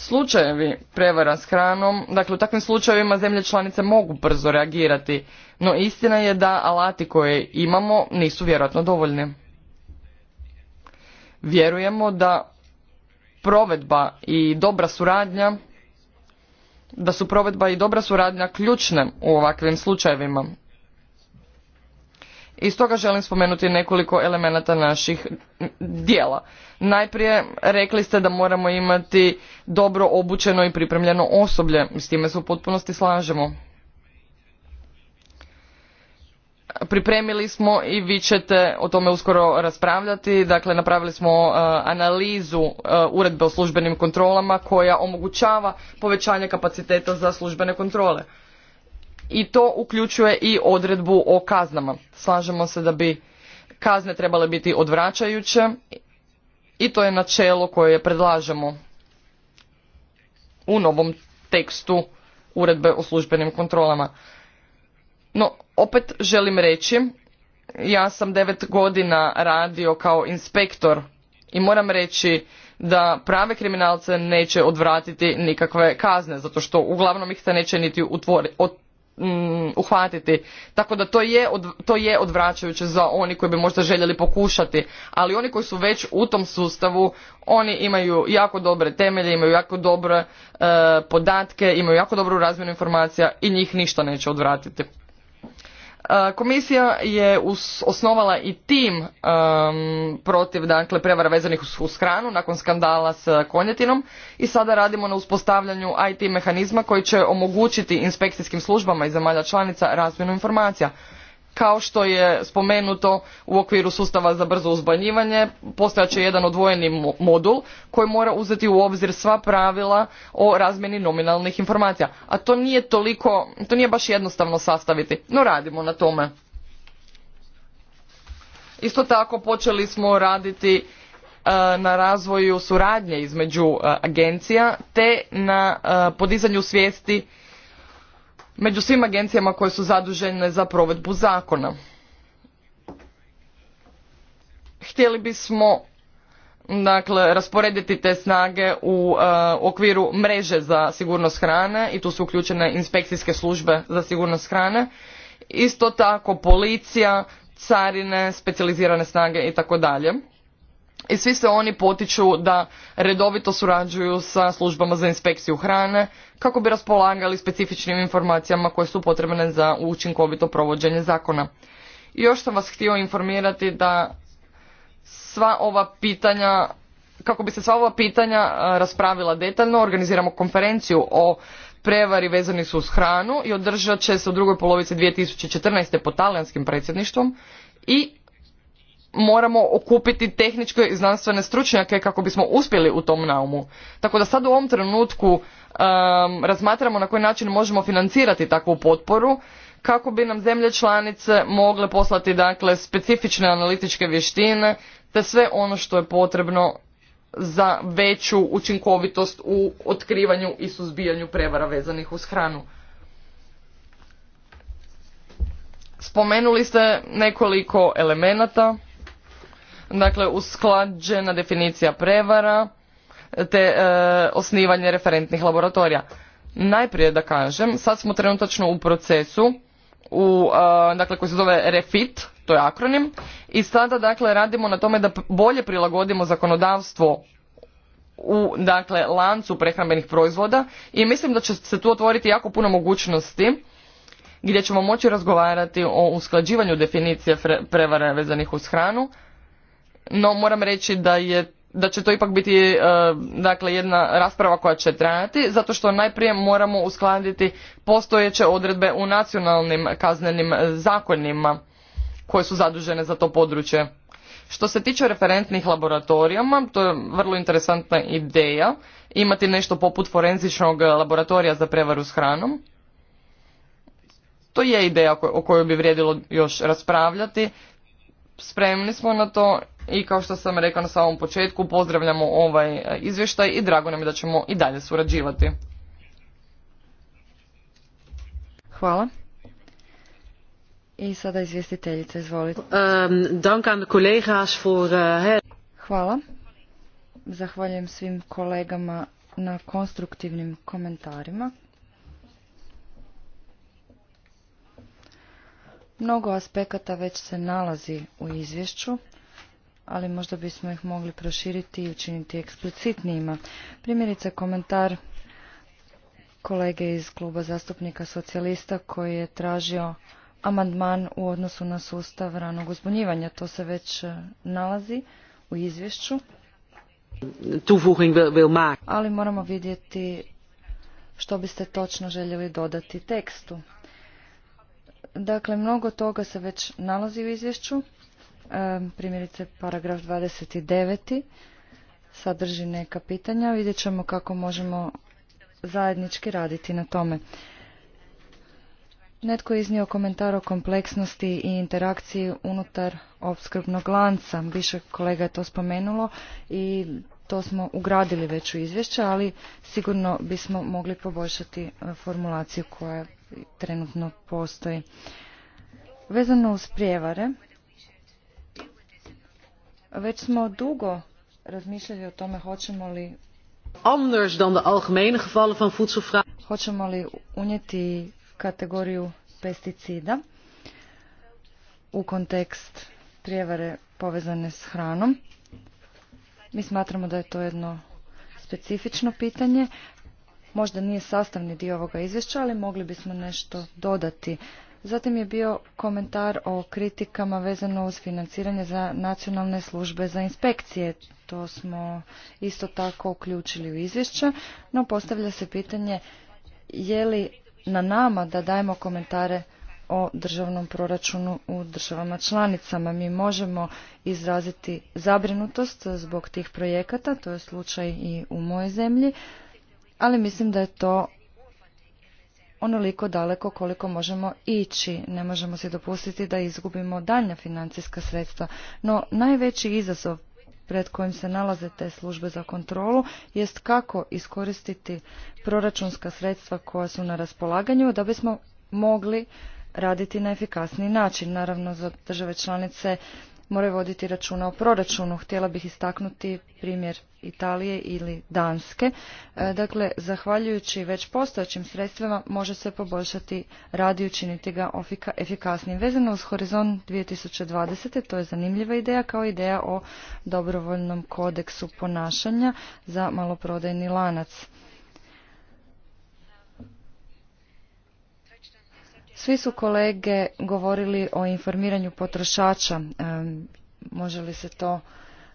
Speaker 4: slučajevi prevara s hranom, dakle u takvim slučajevima zemlje članice mogu brzo reagirati, no istina je da alati koje imamo nisu vjerojatno dovoljni. Vjerujemo da provedba i dobra suradnja da su provedba i dobra suradnja ključne u ovakvim slučajevima i stoga želim spomenuti nekoliko elemenata naših dijela. Najprije rekli ste da moramo imati dobro obučeno i pripremljeno osoblje, s time se u potpunosti slažemo. Pripremili smo i vi ćete o tome uskoro raspravljati, dakle napravili smo e, analizu e, uredbe o službenim kontrolama koja omogućava povećanje kapaciteta za službene kontrole i to uključuje i odredbu o kaznama. Slažemo se da bi kazne trebale biti odvraćajuće i to je načelo koje predlažemo u novom tekstu uredbe o službenim kontrolama. No, opet želim reći, ja sam devet godina radio kao inspektor i moram reći da prave kriminalce neće odvratiti nikakve kazne, zato što uglavnom ih se neće niti utvori, Mm, uhvatiti tako da to je, od, to je odvraćajuće za oni koji bi možda željeli pokušati ali oni koji su već u tom sustavu oni imaju jako dobre temelje imaju jako dobre e, podatke imaju jako dobru razmjenu informacija i njih ništa neće odvratiti E, komisija je osnovala i tim e, protiv dakle, prevara vezanih uz, uz hranu nakon skandala s konjetinom i sada radimo na uspostavljanju IT mehanizma koji će omogućiti inspekcijskim službama iz zemalja članica razmjenu informacija kao što je spomenuto u okviru sustava za brzo uzbanjivanje postojat će jedan odvojeni modul koji mora uzeti u obzir sva pravila o razmjeni nominalnih informacija a to nije toliko to nije baš jednostavno sastaviti no radimo na tome isto tako počeli smo raditi e, na razvoju suradnje između e, agencija te na e, podizanju svijesti među svim agencijama koje su zadužene za provedbu zakona. Htjeli bismo dakle rasporediti te snage uh, u okviru mreže za sigurnost hrane i tu su uključene inspekcijske službe za sigurnost hrane isto tako policija carine specijalizirane snage i tako dalje i svi se oni potiču da redovito surađuju sa službama za inspekciju hrane kako bi raspolagali specifičnim informacijama koje su potrebne za učinkovito provođenje zakona. I još sam vas htio informirati da sva ova pitanja, kako bi se sva ova pitanja raspravila detaljno, organiziramo konferenciju o prevari vezani su uz hranu i održat će se u drugoj polovici 2014. pod talijanskim predsjedništvom i moramo okupiti tehničke i znanstvene stručnjake kako bismo uspjeli u tom naumu. Tako da sad u ovom trenutku razmatramo na koji način možemo financirati takvu potporu kako bi nam zemlje članice mogle poslati dakle specifične analitičke vještine te sve ono što je potrebno za veću učinkovitost u otkrivanju i suzbijanju prevara vezanih uz hranu. Spomenuli ste nekoliko elemenata dakle usklađena definicija prevara te e, osnivanje referentnih laboratorija. Najprije da kažem, sad smo trenutačno u procesu u, e, dakle, koji se zove REFIT, to je akronim, i sada dakle, radimo na tome da bolje prilagodimo zakonodavstvo u dakle, lancu prehrambenih proizvoda i mislim da će se tu otvoriti jako puno mogućnosti gdje ćemo moći razgovarati o usklađivanju definicije prevara vezanih uz hranu, no moram reći da je da će to ipak biti e, dakle jedna rasprava koja će trajati zato što najprije moramo uskladiti postojeće odredbe u nacionalnim kaznenim zakonima koje su zadužene za to područje. Što se tiče referentnih laboratorijama, to je vrlo interesantna ideja imati nešto poput forenzičnog laboratorija za prevaru s hranom. To je ideja o kojoj bi vrijedilo još raspravljati. Spremni smo na to i kao što sam rekao na samom početku pozdravljamo ovaj e, izvještaj i drago nam je da ćemo i dalje surađivati.
Speaker 2: Hvala. I sada izvjestiteljica, izvolite. Ehm, dank eh, Hvala. Zahvaljujem svim kolegama na konstruktivnim komentarima. Mnogo aspekata već se nalazi u izvješću ali možda bismo ih mogli proširiti i učiniti eksplicitnijima. Primjerice komentar kolege iz kluba zastupnika socijalista koji je tražio amandman u odnosu na sustav ranog uzbunjivanja. To se već e, nalazi u izvješću. Ali moramo vidjeti što biste točno željeli dodati tekstu. Dakle, mnogo toga se već nalazi u izvješću, primjerice paragraf 29. sadrži neka pitanja. Vidjet ćemo kako možemo zajednički raditi na tome. Netko je iznio komentar o kompleksnosti i interakciji unutar opskrbnog lanca. Više kolega je to spomenulo i to smo ugradili već u izvješće, ali sigurno bismo mogli poboljšati e, formulaciju koja trenutno postoji. Vezano uz prijevare, već smo dugo razmišljali o tome hoćemo li anders dan de algemene gevallen van Hoćemo li unijeti kategoriju pesticida u kontekst prijevare povezane s hranom? Mi smatramo da je to jedno specifično pitanje. Možda nije sastavni dio ovoga izvješća, ali mogli bismo nešto dodati Zatim je bio komentar o kritikama vezano uz financiranje za nacionalne službe za inspekcije. To smo isto tako uključili u izvješće, no postavlja se pitanje je li na nama da dajemo komentare o državnom proračunu u državama članicama. Mi možemo izraziti zabrinutost zbog tih projekata, to je slučaj i u mojoj zemlji, ali mislim da je to onoliko daleko koliko možemo ići. Ne možemo se dopustiti da izgubimo daljnja financijska sredstva. No najveći izazov pred kojim se nalaze te službe za kontrolu jest kako iskoristiti proračunska sredstva koja su na raspolaganju da bismo mogli raditi na efikasniji način. Naravno za države članice moraju voditi računa o proračunu. Htjela bih istaknuti primjer Italije ili Danske. E, dakle, zahvaljujući već postojećim sredstvima može se poboljšati rad i učiniti ga efikasnijim. Vezano uz Horizon 2020. to je zanimljiva ideja kao ideja o dobrovoljnom kodeksu ponašanja za maloprodajni lanac. Svi su kolege govorili o informiranju potrošača. Može li se to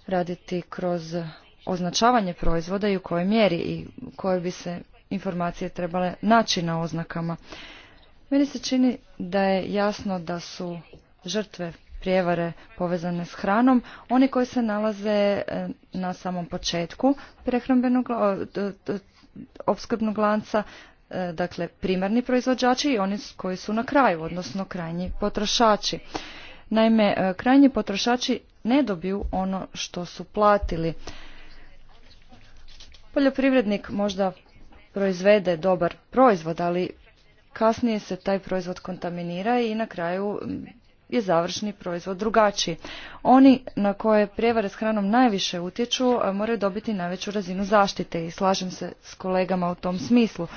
Speaker 2: raditi kroz označavanje proizvoda i u kojoj mjeri i koje bi se informacije trebale naći na oznakama. Meni se čini da je jasno da su žrtve prijevare povezane s hranom, oni koji se nalaze e, na samom početku prehrambenog opskrbnog lanca, E, dakle primarni proizvođači i oni koji su na kraju, odnosno krajnji potrošači. Naime, e, krajnji potrošači ne dobiju ono što su platili. Poljoprivrednik možda proizvede dobar proizvod, ali kasnije se taj proizvod kontaminira i na kraju je završni proizvod drugačiji. Oni na koje prijevare s hranom najviše utječu moraju dobiti najveću razinu zaštite i slažem se s kolegama u tom smislu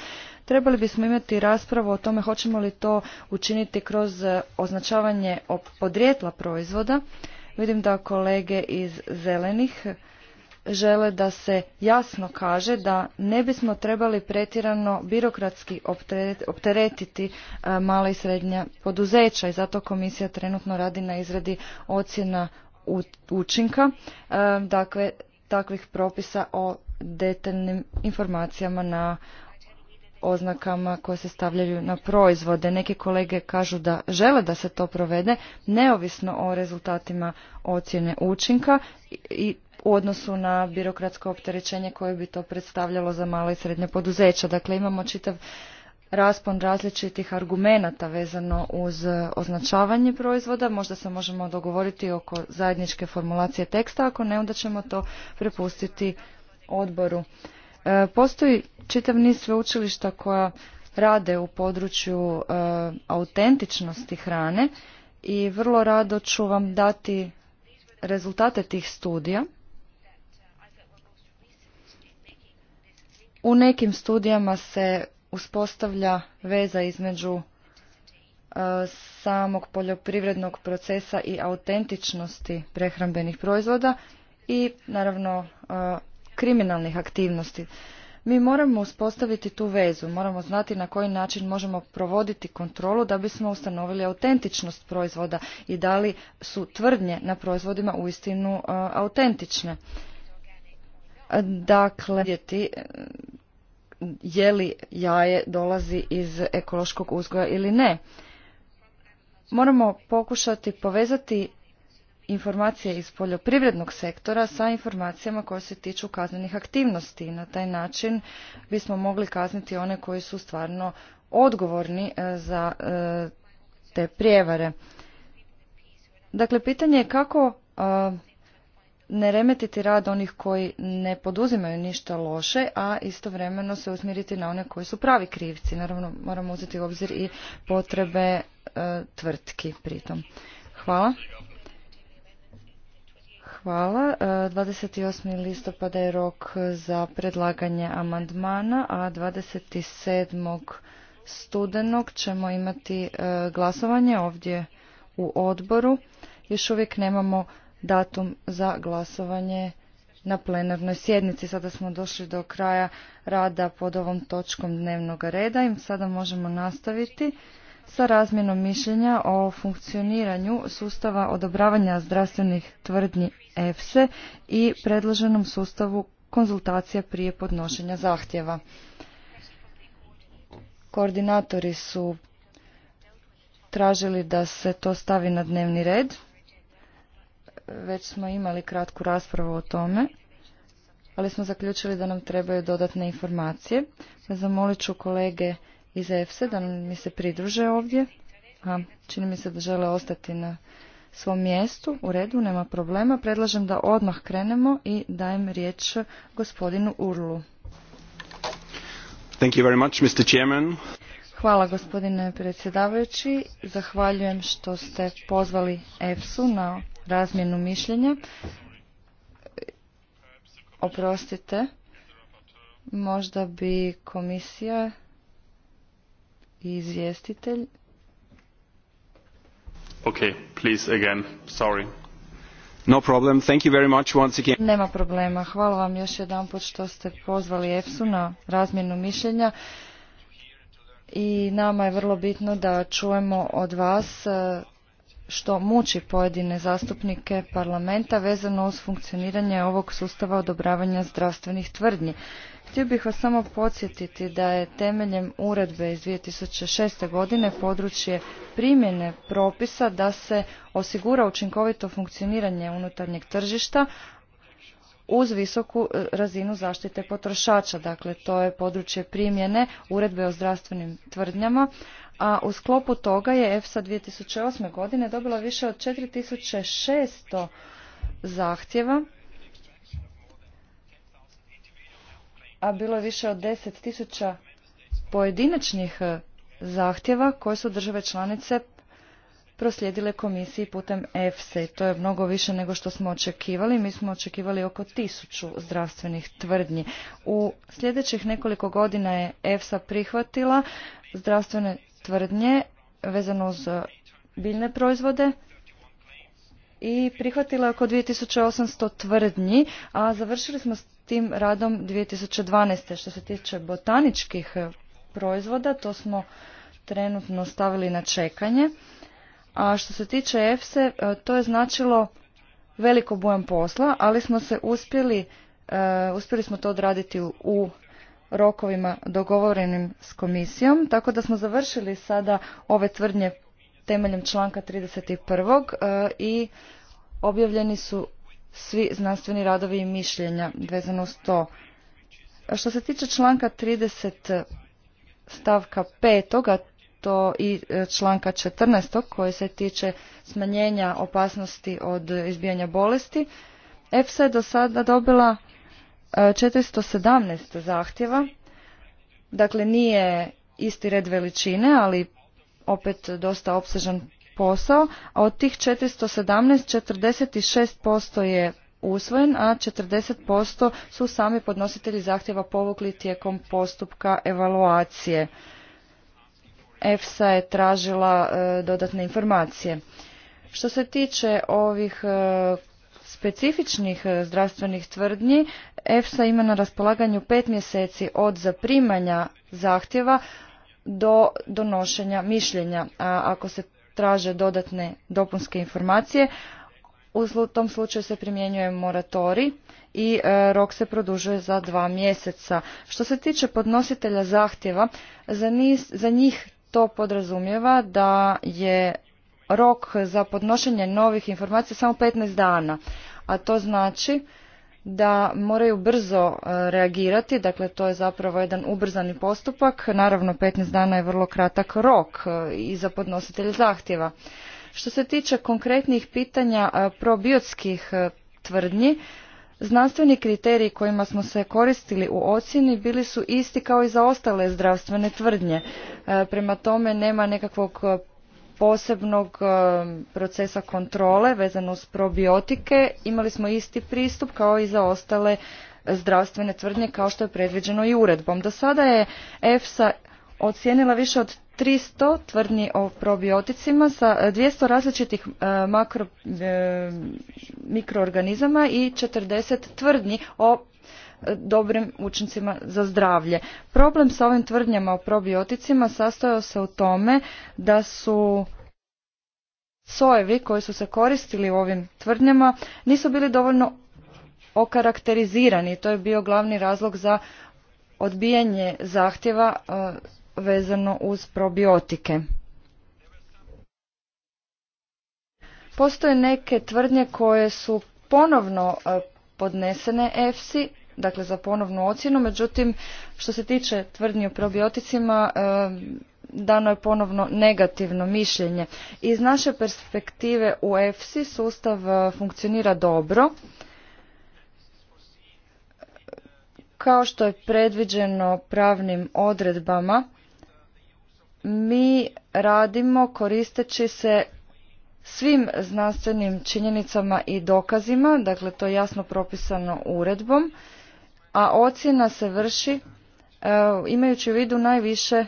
Speaker 2: trebali bismo imati raspravu o tome hoćemo li to učiniti kroz e, označavanje podrijetla proizvoda. Vidim da kolege iz zelenih žele da se jasno kaže da ne bismo trebali pretjerano birokratski opteretiti e, mala i srednja poduzeća i zato komisija trenutno radi na izradi ocjena učinka e, dakle, takvih propisa o detaljnim informacijama na oznakama koje se stavljaju na proizvode. Neki kolege kažu da žele da se to provede neovisno o rezultatima ocjene učinka i u odnosu na birokratsko opterećenje koje bi to predstavljalo za mala i srednje poduzeća. Dakle, imamo čitav raspon različitih argumenata vezano uz označavanje proizvoda. Možda se možemo dogovoriti oko zajedničke formulacije teksta, ako ne, onda ćemo to prepustiti odboru. E, postoji čitav niz sveučilišta koja rade u području e, autentičnosti hrane i vrlo rado ću vam dati rezultate tih studija. U nekim studijama se uspostavlja veza između e, samog poljoprivrednog procesa i autentičnosti prehrambenih proizvoda i naravno kriminalnih aktivnosti. Mi moramo uspostaviti tu vezu, moramo znati na koji način možemo provoditi kontrolu da bismo ustanovili autentičnost proizvoda i da li su tvrdnje na proizvodima uistinu e, autentične. Dakle, vidjeti e, je li jaje dolazi iz ekološkog uzgoja ili ne. Moramo pokušati povezati informacije iz poljoprivrednog sektora sa informacijama koje se tiču kaznenih aktivnosti na taj način bismo mogli kazniti one koji su stvarno odgovorni e, za e, te prijevare. Dakle, pitanje je kako e, ne remetiti rad onih koji ne poduzimaju ništa loše, a istovremeno se usmjeriti na one koji su pravi krivci. Naravno, moramo uzeti u obzir i potrebe tvrtki pritom. Hvala. Hvala. 28. E, listopada je rok za predlaganje amandmana, a 27. studenog ćemo imati e, glasovanje ovdje u odboru. Još uvijek nemamo datum za glasovanje na plenarnoj sjednici. Sada smo došli do kraja rada pod ovom točkom dnevnog reda i sada možemo nastaviti sa razmjenom mišljenja o funkcioniranju sustava odobravanja zdravstvenih tvrdnji EFSE i predloženom sustavu konzultacija prije podnošenja zahtjeva. Koordinatori su tražili da se to stavi na dnevni red. Već smo imali kratku raspravu o tome, ali smo zaključili da nam trebaju dodatne informacije. Zamolit ću kolege iz EFSE da mi se pridruže ovdje. A, čini mi se da žele ostati na svom mjestu. U redu, nema problema. Predlažem da odmah krenemo i dajem riječ gospodinu Urlu.
Speaker 1: Thank you very much, Mr. Chairman.
Speaker 2: Hvala gospodine predsjedavajući. Zahvaljujem što ste pozvali EFSU na razmjenu mišljenja. Oprostite, možda bi komisija izvjestitelj.
Speaker 1: ok please again. Sorry. No problem. Thank you very much once again.
Speaker 2: Nema problema. Hvala vam još jedanput što ste pozvali EFSU na razmjenu mišljenja. I nama je vrlo bitno da čujemo od vas što muči pojedine zastupnike parlamenta vezano uz funkcioniranje ovog sustava odobravanja zdravstvenih tvrdnji. Htio bih vas samo podsjetiti da je temeljem uredbe iz 2006. godine područje primjene propisa da se osigura učinkovito funkcioniranje unutarnjeg tržišta, uz visoku e, razinu zaštite potrošača. Dakle, to je područje primjene uredbe o zdravstvenim tvrdnjama, a u sklopu toga je EFSA 2008. godine dobila više od 4600 zahtjeva, a bilo je više od 10.000 pojedinačnih e, zahtjeva koje su države članice proslijedile komisiji putem EFSE. To je mnogo više nego što smo očekivali. Mi smo očekivali oko tisuću zdravstvenih tvrdnji. U sljedećih nekoliko godina je EFSA prihvatila zdravstvene tvrdnje vezano uz e, biljne proizvode i prihvatila oko 2800 tvrdnji, a završili smo s tim radom 2012. Što se tiče botaničkih e, proizvoda, to smo trenutno stavili na čekanje. A što se tiče EFSE, e, to je značilo veliko bujan posla, ali smo se uspjeli, e, uspjeli smo to odraditi u, rokovima dogovorenim s komisijom, tako da smo završili sada ove tvrdnje temeljem članka 31. E, i objavljeni su svi znanstveni radovi i mišljenja vezano s to. što se tiče članka 30 stavka 5 to i e, članka 14. koji se tiče smanjenja opasnosti od izbijanja bolesti. EFSA je do sada dobila 417 e, zahtjeva, dakle nije isti red veličine, ali opet dosta opsežan posao, a od tih 417, 46% je usvojen, a 40% su sami podnositelji zahtjeva povukli tijekom postupka evaluacije EFSA je tražila e, dodatne informacije. Što se tiče ovih e, specifičnih e, zdravstvenih tvrdnji, EFSA ima na raspolaganju pet mjeseci od zaprimanja zahtjeva do donošenja mišljenja. A ako se traže dodatne dopunske informacije, u tom slučaju se primjenjuje moratori i rok se produžuje za dva mjeseca. Što se tiče podnositelja zahtjeva, za, za njih to podrazumijeva da je rok za podnošenje novih informacija samo 15 dana, a to znači da moraju brzo e, reagirati, dakle to je zapravo jedan ubrzani postupak, naravno 15 dana je vrlo kratak rok e, i za podnositelj zahtjeva. Što se tiče konkretnih pitanja e, probiotskih tvrdnji, Znanstveni kriteriji kojima smo se koristili u ocjeni bili su isti kao i za ostale zdravstvene tvrdnje. E, prema tome nema nekakvog e, posebnog e, procesa kontrole vezano uz probiotike. Imali smo isti pristup kao i za ostale zdravstvene tvrdnje kao što je predviđeno i uredbom. Do sada je EFSA ocijenila više od 300 tvrdnji o probioticima sa 200 e, različitih e, makro, e, mikroorganizama i 40 tvrdnji o dobrim učincima za zdravlje. Problem sa ovim tvrdnjama o probioticima sastojao se u tome da su sojevi koji su se koristili u ovim tvrdnjama nisu bili dovoljno okarakterizirani. To je bio glavni razlog za odbijanje zahtjeva vezano uz probiotike. Postoje neke tvrdnje koje su ponovno e, podnesene EFSI, dakle za ponovnu ocjenu, međutim što se tiče tvrdnji o probioticima e, dano je ponovno negativno mišljenje. Iz naše perspektive u EFSI sustav e, funkcionira dobro. Kao što je predviđeno pravnim odredbama, mi radimo koristeći se svim znanstvenim činjenicama i dokazima, dakle to je jasno propisano uredbom, a ocjena se vrši e, imajući u vidu najviše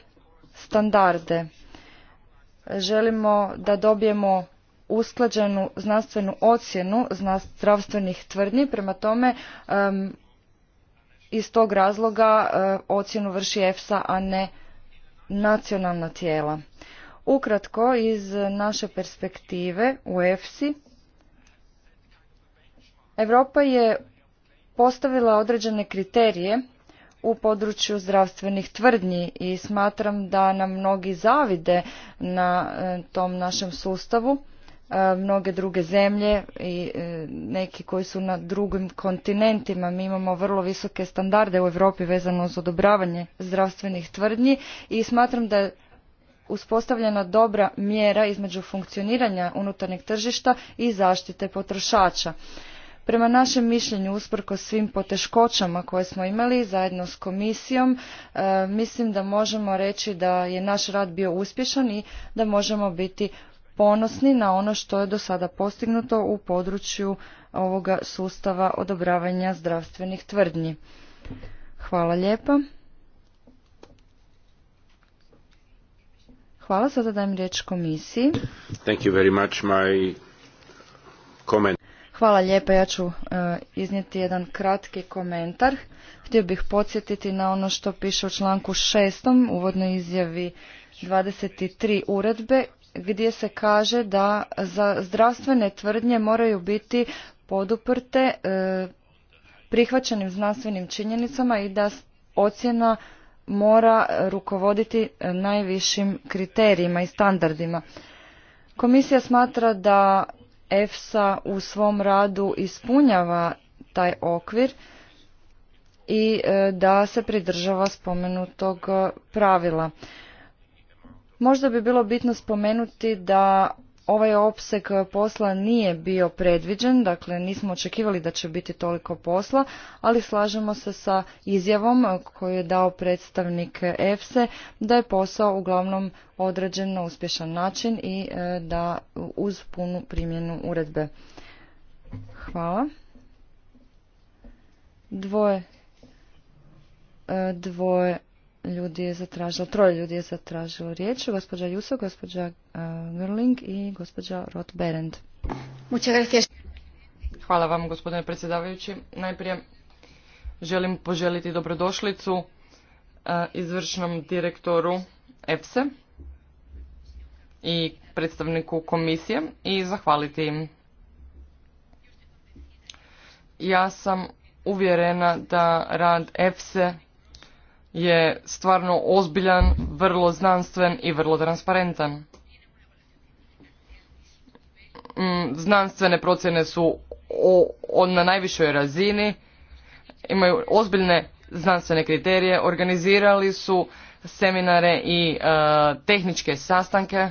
Speaker 2: standarde. Želimo da dobijemo usklađenu znanstvenu ocjenu zdravstvenih tvrdnji, prema tome iz tog razloga e, ocjenu vrši EFSA, a ne nacionalna tijela. Ukratko, iz naše perspektive u EFSI, Europa je postavila određene kriterije u području zdravstvenih tvrdnji i smatram da nam mnogi zavide na e, tom našem sustavu E, mnoge druge zemlje i e, neki koji su na drugim kontinentima. Mi imamo vrlo visoke standarde u Europi vezano uz odobravanje zdravstvenih tvrdnji i smatram da je uspostavljena dobra mjera između funkcioniranja unutarnjeg tržišta i zaštite potrošača. Prema našem mišljenju, usprko svim poteškoćama koje smo imali zajedno s komisijom, e, mislim da možemo reći da je naš rad bio uspješan i da možemo biti ponosni na ono što je do sada postignuto u području ovoga sustava odobravanja zdravstvenih tvrdnji. Hvala lijepa. Hvala, sada dajem riječ komisiji. Thank
Speaker 1: you very much, my comment.
Speaker 2: Hvala lijepa, ja ću e, iznijeti jedan kratki komentar. Htio bih podsjetiti na ono što piše u članku šestom uvodnoj izjavi 23 uredbe gdje se kaže da za zdravstvene tvrdnje moraju biti poduprte e, prihvaćenim znanstvenim činjenicama i da ocjena mora rukovoditi e, najvišim kriterijima i standardima. Komisija smatra da EFSA u svom radu ispunjava taj okvir i e, da se pridržava spomenutog pravila. Možda bi bilo bitno spomenuti da ovaj opseg posla nije bio predviđen, dakle nismo očekivali da će biti toliko posla, ali slažemo se sa izjavom koju je dao predstavnik EFSE da je posao uglavnom određen na uspješan način i e, da uz punu primjenu uredbe. Hvala. Dvoje, e, dvoje ljudi je zatražilo, troje ljudi je zatražilo riječ, gospođa Juso, gospođa uh, Gerling i gospođa Roth Berend.
Speaker 4: Hvala vam gospodine predsjedavajući. Najprije želim poželiti dobrodošlicu uh, izvršnom direktoru EFSE i predstavniku komisije i zahvaliti im. Ja sam uvjerena da rad EFSE je stvarno ozbiljan, vrlo znanstven i vrlo transparentan. Mm, znanstvene procjene su na najvišoj razini, imaju ozbiljne znanstvene kriterije, organizirali su seminare i e, tehničke sastanke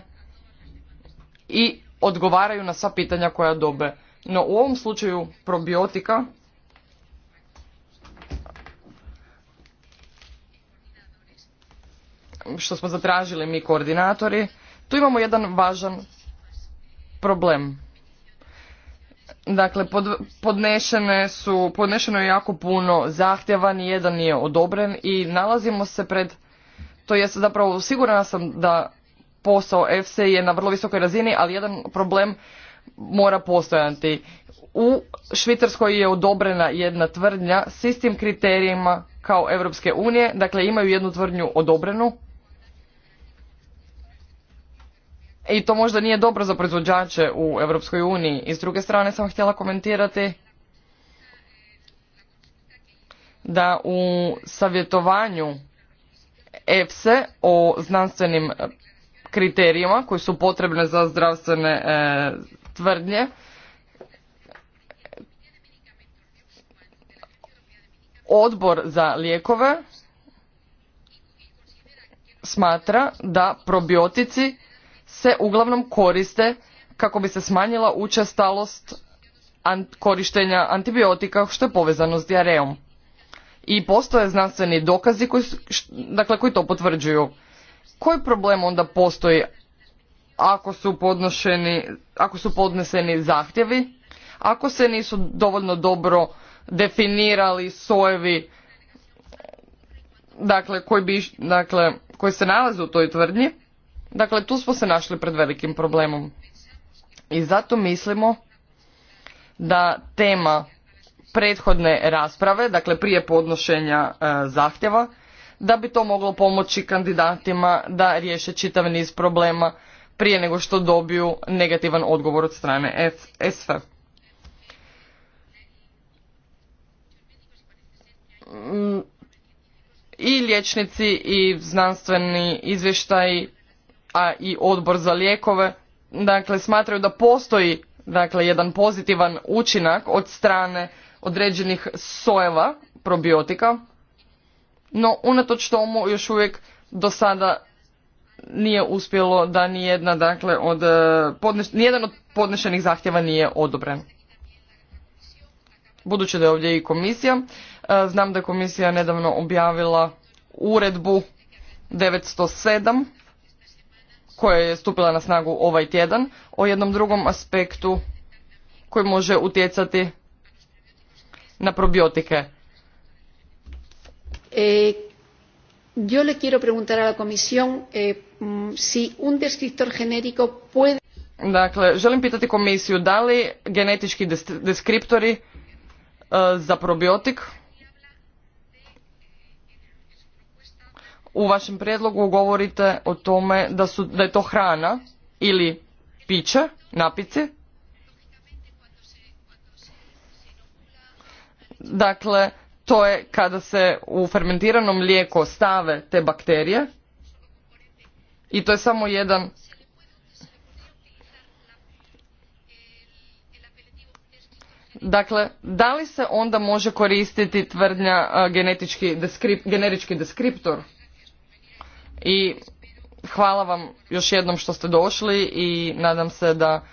Speaker 4: i odgovaraju na sva pitanja koja dobe. No u ovom slučaju probiotika što smo zatražili mi koordinatori, tu imamo jedan važan problem. Dakle, pod, su, podnešeno je jako puno zahtjeva, nijedan nije odobren i nalazimo se pred, to jest zapravo sigurna sam da posao EFSE je na vrlo visokoj razini, ali jedan problem mora postojati. U Švicarskoj je odobrena jedna tvrdnja s istim kriterijima kao Europske unije, dakle imaju jednu tvrdnju odobrenu, i to možda nije dobro za proizvođače u Europskoj uniji. I s druge strane sam htjela komentirati da u savjetovanju EFSE o znanstvenim kriterijima koji su potrebne za zdravstvene e, tvrdnje Odbor za lijekove smatra da probiotici se uglavnom koriste kako bi se smanjila učestalost korištenja antibiotika što je povezano s dijarejom. I postoje znanstveni dokazi koji, dakle, koji to potvrđuju. Koji problem onda postoji ako su, podnošeni, ako su podneseni zahtjevi, ako se nisu dovoljno dobro definirali sojevi dakle, koji, bi, dakle, koji se nalaze u toj tvrdnji, Dakle, tu smo se našli pred velikim problemom. I zato mislimo da tema prethodne rasprave, dakle prije podnošenja e, zahtjeva, da bi to moglo pomoći kandidatima da riješe čitav niz problema prije nego što dobiju negativan odgovor od strane SF. Mm, I liječnici i znanstveni izvještaji a i odbor za lijekove, dakle smatraju da postoji dakle jedan pozitivan učinak od strane određenih sojeva probiotika, no unatoč tomu još uvijek do sada nije uspjelo da nijedna, dakle, od, e, podneš, nijedan od podnešenih zahtjeva nije odobren. Budući da je ovdje i komisija, e, znam da je komisija nedavno objavila uredbu 907 koja je stupila na snagu ovaj tjedan o jednom drugom aspektu koji može utjecati na probiotike.
Speaker 3: E, yo le quiero preguntar a la comisión eh, mm, si un descriptor genérico puede...
Speaker 4: Dakle, želim pitati komisiju da li genetički deskriptori eh, za probiotik u vašem prijedlogu govorite o tome da, su, da je to hrana ili piće, napici. Dakle, to je kada se u fermentiranom mlijeko stave te bakterije i to je samo jedan Dakle, da li se onda može koristiti tvrdnja genetički generički deskriptor? I hvala vam još jednom što ste došli i nadam se da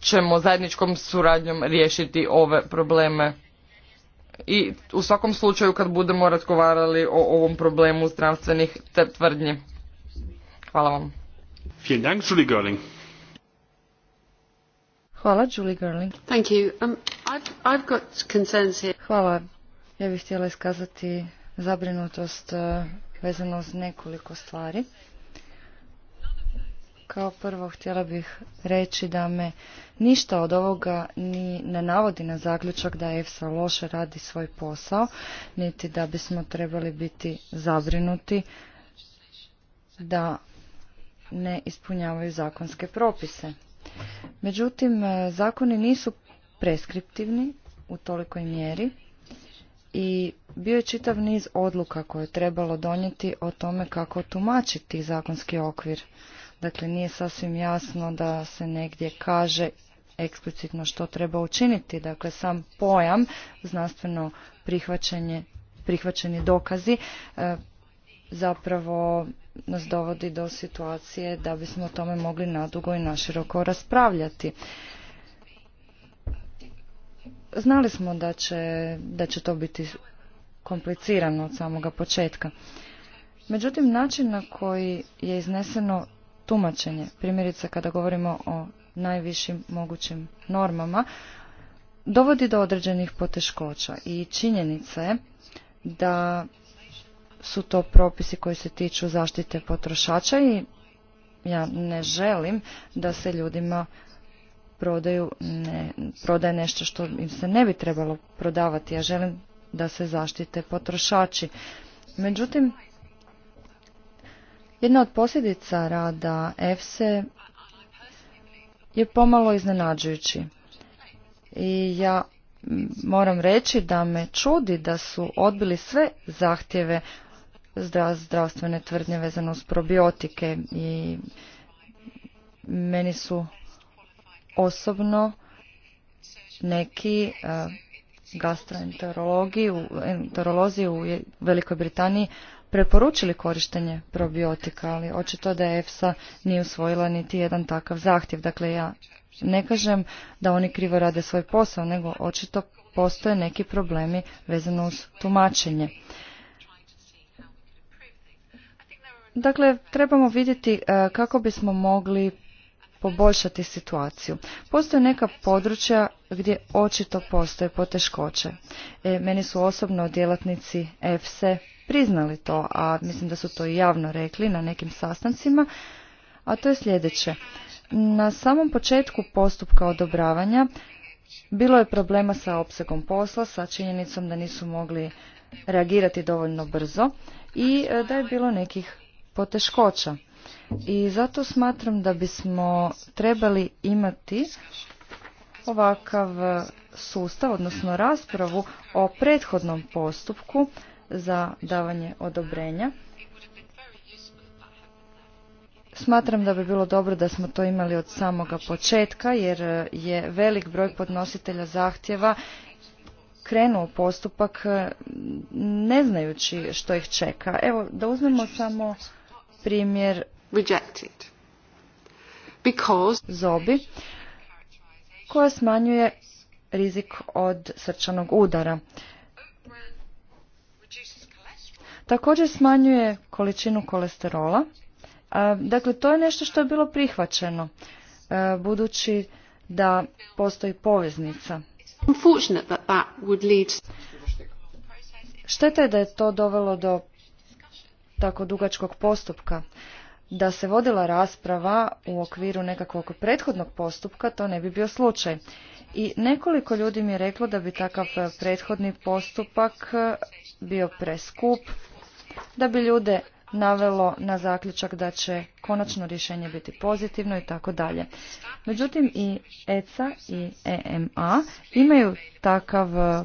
Speaker 4: ćemo zajedničkom suradnjom riješiti ove probleme. I u svakom slučaju kad budemo razgovarali o ovom problemu zdravstvenih te tvrdnji. Hvala vam.
Speaker 2: Hvala, Julie um, Hvala. Ja bih htjela iskazati zabrinutost vezano uz nekoliko stvari. Kao prvo htjela bih reći da me ništa od ovoga ni ne navodi na zaključak da EFSA loše radi svoj posao, niti da bismo trebali biti zabrinuti da ne ispunjavaju zakonske propise. Međutim, zakoni nisu preskriptivni u tolikoj mjeri i bio je čitav niz odluka koje je trebalo donijeti o tome kako tumačiti zakonski okvir. Dakle, nije sasvim jasno da se negdje kaže eksplicitno što treba učiniti. Dakle, sam pojam, znanstveno prihvaćeni dokazi, e, zapravo nas dovodi do situacije da bismo o tome mogli nadugo i naširoko raspravljati. Znali smo da će, da će to biti komplicirano od samoga početka. Međutim, način na koji je izneseno tumačenje, primjerice kada govorimo o najvišim mogućim normama, dovodi do određenih poteškoća i činjenica je da su to propisi koji se tiču zaštite potrošača i ja ne želim da se ljudima prodaju, ne, prodaje nešto što im se ne bi trebalo prodavati. Ja želim da se zaštite potrošači. Međutim, jedna od posljedica rada EFSE je pomalo iznenađujući. I ja moram reći da me čudi da su odbili sve zahtjeve zdravstvene tvrdnje vezano uz probiotike i meni su osobno neki e, gastroenterolozi u Velikoj Britaniji preporučili korištenje probiotika, ali očito da je EFSA nije usvojila niti jedan takav zahtjev. Dakle, ja ne kažem da oni krivo rade svoj posao, nego očito postoje neki problemi vezano uz tumačenje. Dakle, trebamo vidjeti e, kako bismo mogli poboljšati situaciju. Postoje neka područja gdje očito postoje poteškoće. E, meni su osobno djelatnici EFSE priznali to, a mislim da su to i javno rekli na nekim sastancima, a to je sljedeće. Na samom početku postupka odobravanja bilo je problema sa opsegom posla, sa činjenicom da nisu mogli reagirati dovoljno brzo i e, da je bilo nekih poteškoća. I zato smatram da bismo trebali imati ovakav sustav, odnosno raspravu o prethodnom postupku za davanje odobrenja. Smatram da bi bilo dobro da smo to imali od samoga početka jer je velik broj podnositelja zahtjeva krenuo postupak ne znajući što ih čeka. Evo da uzmemo samo primjer Because... Zobi koja smanjuje rizik od srčanog udara. Također smanjuje količinu kolesterola. E, dakle, to je nešto što je bilo prihvaćeno, e, budući da postoji poveznica. Šteta je da je to dovelo do tako dugačkog postupka da se vodila rasprava u okviru nekakvog prethodnog postupka, to ne bi bio slučaj. I nekoliko ljudi mi je reklo da bi takav e, prethodni postupak e, bio preskup, da bi ljude navelo na zaključak da će konačno rješenje biti pozitivno i tako dalje. Međutim i ECA i EMA imaju takav e,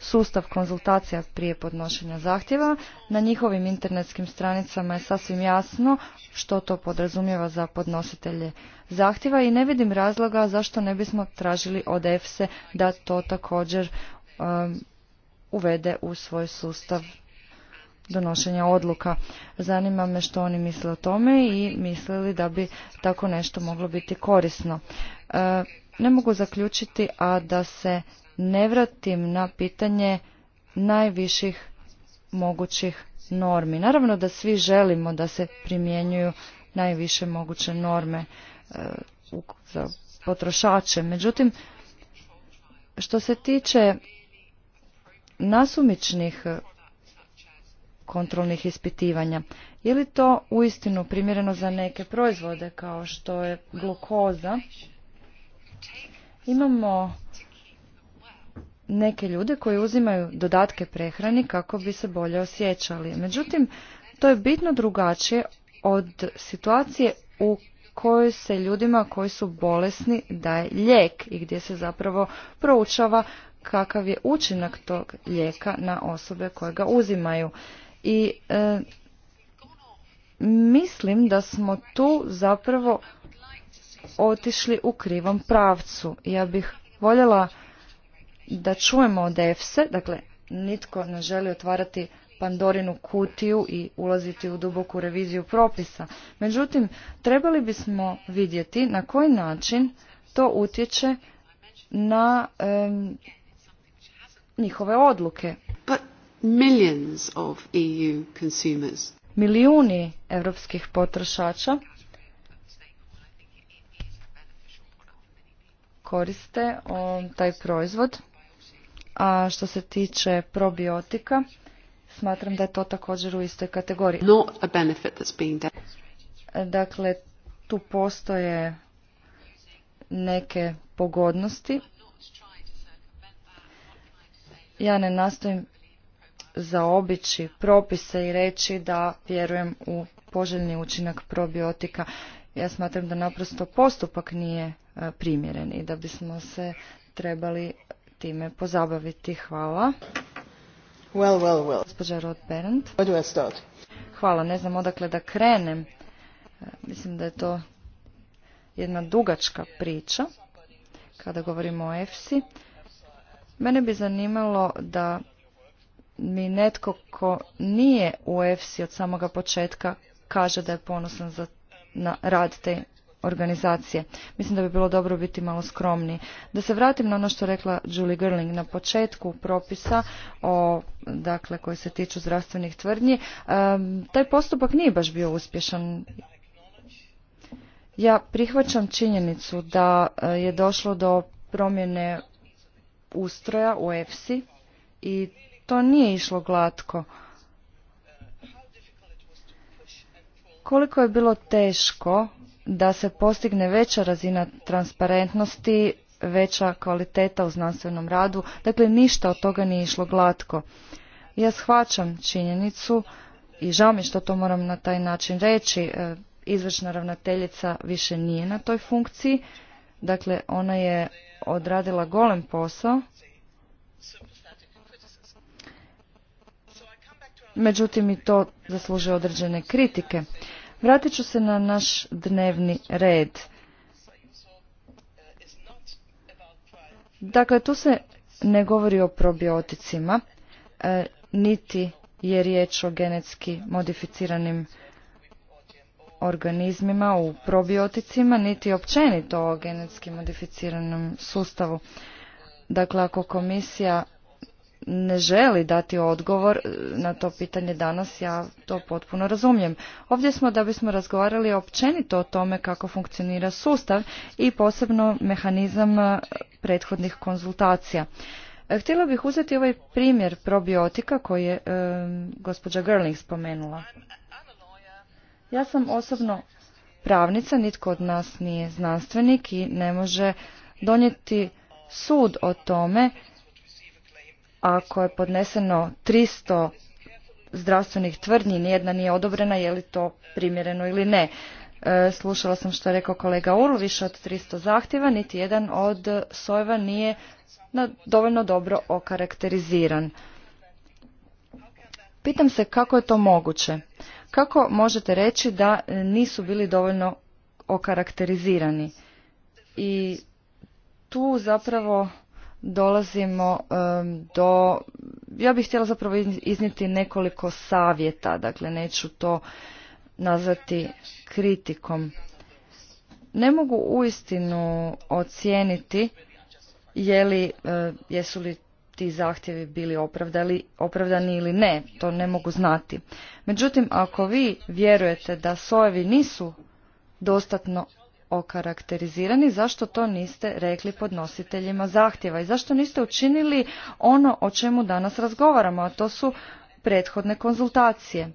Speaker 2: sustav konzultacija prije podnošenja zahtjeva. Na njihovim internetskim stranicama je sasvim jasno što to podrazumijeva za podnositelje zahtjeva i ne vidim razloga zašto ne bismo tražili od EFSE da to također um, uvede u svoj sustav donošenja odluka. Zanima me što oni misle o tome i mislili da bi tako nešto moglo biti korisno. E, ne mogu zaključiti, a da se ne vratim na pitanje najviših mogućih normi. Naravno da svi želimo da se primjenjuju najviše moguće norme e, za potrošače. Međutim, što se tiče nasumičnih kontrolnih ispitivanja, je li to uistinu primjereno za neke proizvode kao što je glukoza? Imamo neke ljude koji uzimaju dodatke prehrani kako bi se bolje osjećali. Međutim, to je bitno drugačije od situacije u kojoj se ljudima koji su bolesni daje lijek i gdje se zapravo proučava kakav je učinak tog lijeka na osobe koje ga uzimaju. I e, mislim da smo tu zapravo otišli u krivom pravcu. Ja bih voljela da čujemo od EFSE, dakle nitko ne želi otvarati Pandorinu kutiju i ulaziti u duboku reviziju propisa. Međutim, trebali bismo vidjeti na koji način to utječe na njihove odluke. E Milijuni europskih potrošača koriste taj proizvod a što se tiče probiotika, smatram da je to također u istoj kategoriji. Dakle, tu postoje neke pogodnosti. Ja ne nastojim zaobići propise i reći da vjerujem u poželjni učinak probiotika. Ja smatram da naprosto postupak nije e, primjeren i da bismo se trebali time pozabaviti. Hvala. Well, well, well. Gospođa Rod Berend. Hvala, ne znam odakle da krenem. E, mislim da je to jedna dugačka priča kada govorimo o EFSI. Mene bi zanimalo da mi netko ko nije u EFSI od samoga početka kaže da je ponosan za, na rad te organizacije. Mislim da bi bilo dobro biti malo skromni. Da se vratim na ono što rekla Julie Gerling na početku propisa o, dakle, koji se tiču zdravstvenih tvrdnji. taj postupak nije baš bio uspješan. Ja prihvaćam činjenicu da e, je došlo do promjene ustroja u EFSI i to nije išlo glatko. Koliko je bilo teško da se postigne veća razina transparentnosti, veća kvaliteta u znanstvenom radu. Dakle, ništa od toga nije išlo glatko. Ja shvaćam činjenicu i žao mi što to moram na taj način reći. E, izvršna ravnateljica više nije na toj funkciji. Dakle, ona je odradila golem posao. Međutim, i to zaslužuje određene kritike. Vratit ću se na naš dnevni red. Dakle, tu se ne govori o probioticima, e, niti je riječ o genetski modificiranim organizmima u probioticima, niti općenito o genetski modificiranom sustavu. Dakle, ako komisija ne želi dati odgovor e, na to pitanje danas, ja to potpuno razumijem. Ovdje smo da bismo razgovarali općenito o tome kako funkcionira sustav i posebno mehanizam e, prethodnih konzultacija. E, htjela bih uzeti ovaj primjer probiotika koji je gospođa Gerling spomenula. Ja sam osobno pravnica, nitko od nas nije znanstvenik i ne može donijeti sud o tome ako je podneseno 300 zdravstvenih tvrdnji, nijedna nije odobrena, je li to primjereno ili ne. E, slušala sam što je rekao kolega Uru, više od 300 zahtjeva, niti jedan od sojeva nije dovoljno dobro okarakteriziran. Pitam se kako je to moguće. Kako možete reći da nisu bili dovoljno okarakterizirani? I tu zapravo dolazimo do, ja bih htjela zapravo iznijeti nekoliko savjeta, dakle neću to nazvati kritikom. Ne mogu uistinu ocijeniti je li, e, jesu li ti zahtjevi bili opravdali, opravdani ili ne, to ne mogu znati. Međutim, ako vi vjerujete da sojevi nisu dostatno okarakterizirani, zašto to niste rekli podnositeljima zahtjeva i zašto niste učinili ono o čemu danas razgovaramo, a to su prethodne konzultacije.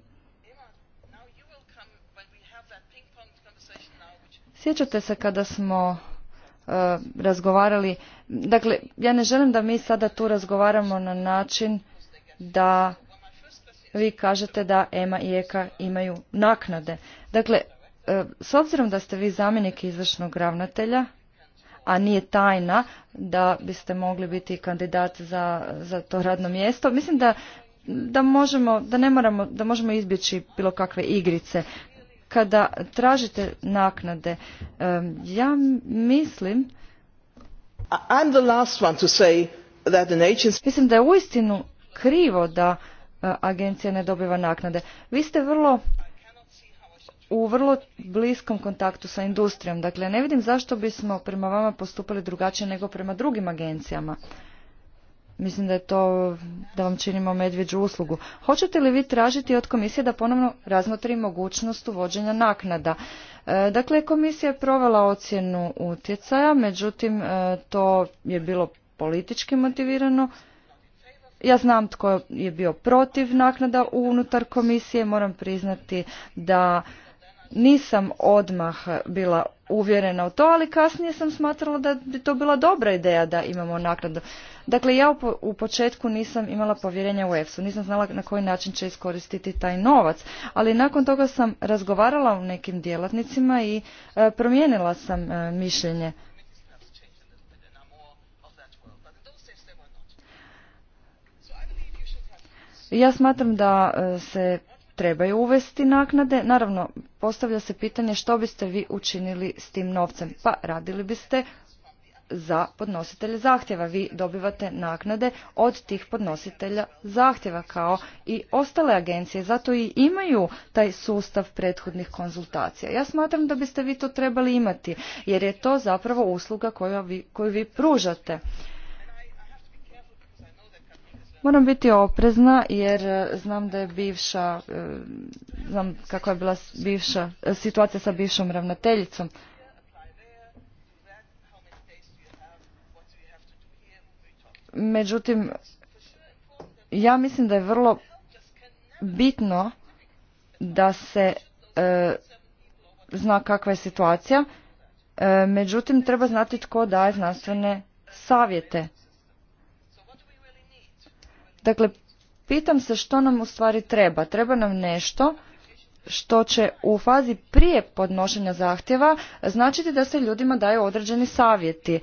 Speaker 2: Sjećate se kada smo e, razgovarali, dakle ja ne želim da mi sada tu razgovaramo na način da vi kažete da EMA i EKA imaju naknade. Dakle, E, s obzirom da ste vi zamjenik izvršnog ravnatelja, a nije tajna da biste mogli biti kandidat za, za to radno mjesto, mislim da da možemo, da ne moramo, da možemo izbjeći bilo kakve igrice. Kada tražite naknade, e, ja mislim I'm the last one to say that an agency... Mislim da je uistinu krivo da e, agencija ne dobiva naknade. Vi ste vrlo u vrlo bliskom kontaktu sa industrijom. Dakle, ne vidim zašto bismo prema vama postupali drugačije nego prema drugim agencijama. Mislim da je to, da vam činimo medvjeđu uslugu. Hoćete li vi tražiti od komisije da ponovno razmotri mogućnost uvođenja naknada? E, dakle, komisija je provela ocjenu utjecaja, međutim, e, to je bilo politički motivirano. Ja znam tko je bio protiv naknada unutar komisije, moram priznati da nisam odmah bila uvjerena u to, ali kasnije sam smatrala da bi to bila dobra ideja da imamo naknadu. Dakle, ja u početku nisam imala povjerenja u EFSU, nisam znala na koji način će iskoristiti taj novac, ali nakon toga sam razgovarala u nekim djelatnicima i e, promijenila sam e, mišljenje. Ja smatram da e, se trebaju uvesti naknade. Naravno, postavlja se pitanje što biste vi učinili s tim novcem. Pa radili biste za podnositelje zahtjeva. Vi dobivate naknade od tih podnositelja zahtjeva kao i ostale agencije. Zato i imaju taj sustav prethodnih konzultacija. Ja smatram da biste vi to trebali imati jer je to zapravo usluga koju vi, pružate. Moram biti oprezna jer e, znam da je bivša, e, znam kakva je bila bivša, e, situacija sa bivšom ravnateljicom. Međutim, ja mislim da je vrlo bitno da se zna kakva je situacija. međutim, treba znati tko daje znanstvene savjete Dakle, pitam se što nam u stvari treba. Treba nam nešto što će u fazi prije podnošenja zahtjeva značiti da se ljudima daju određeni savjeti.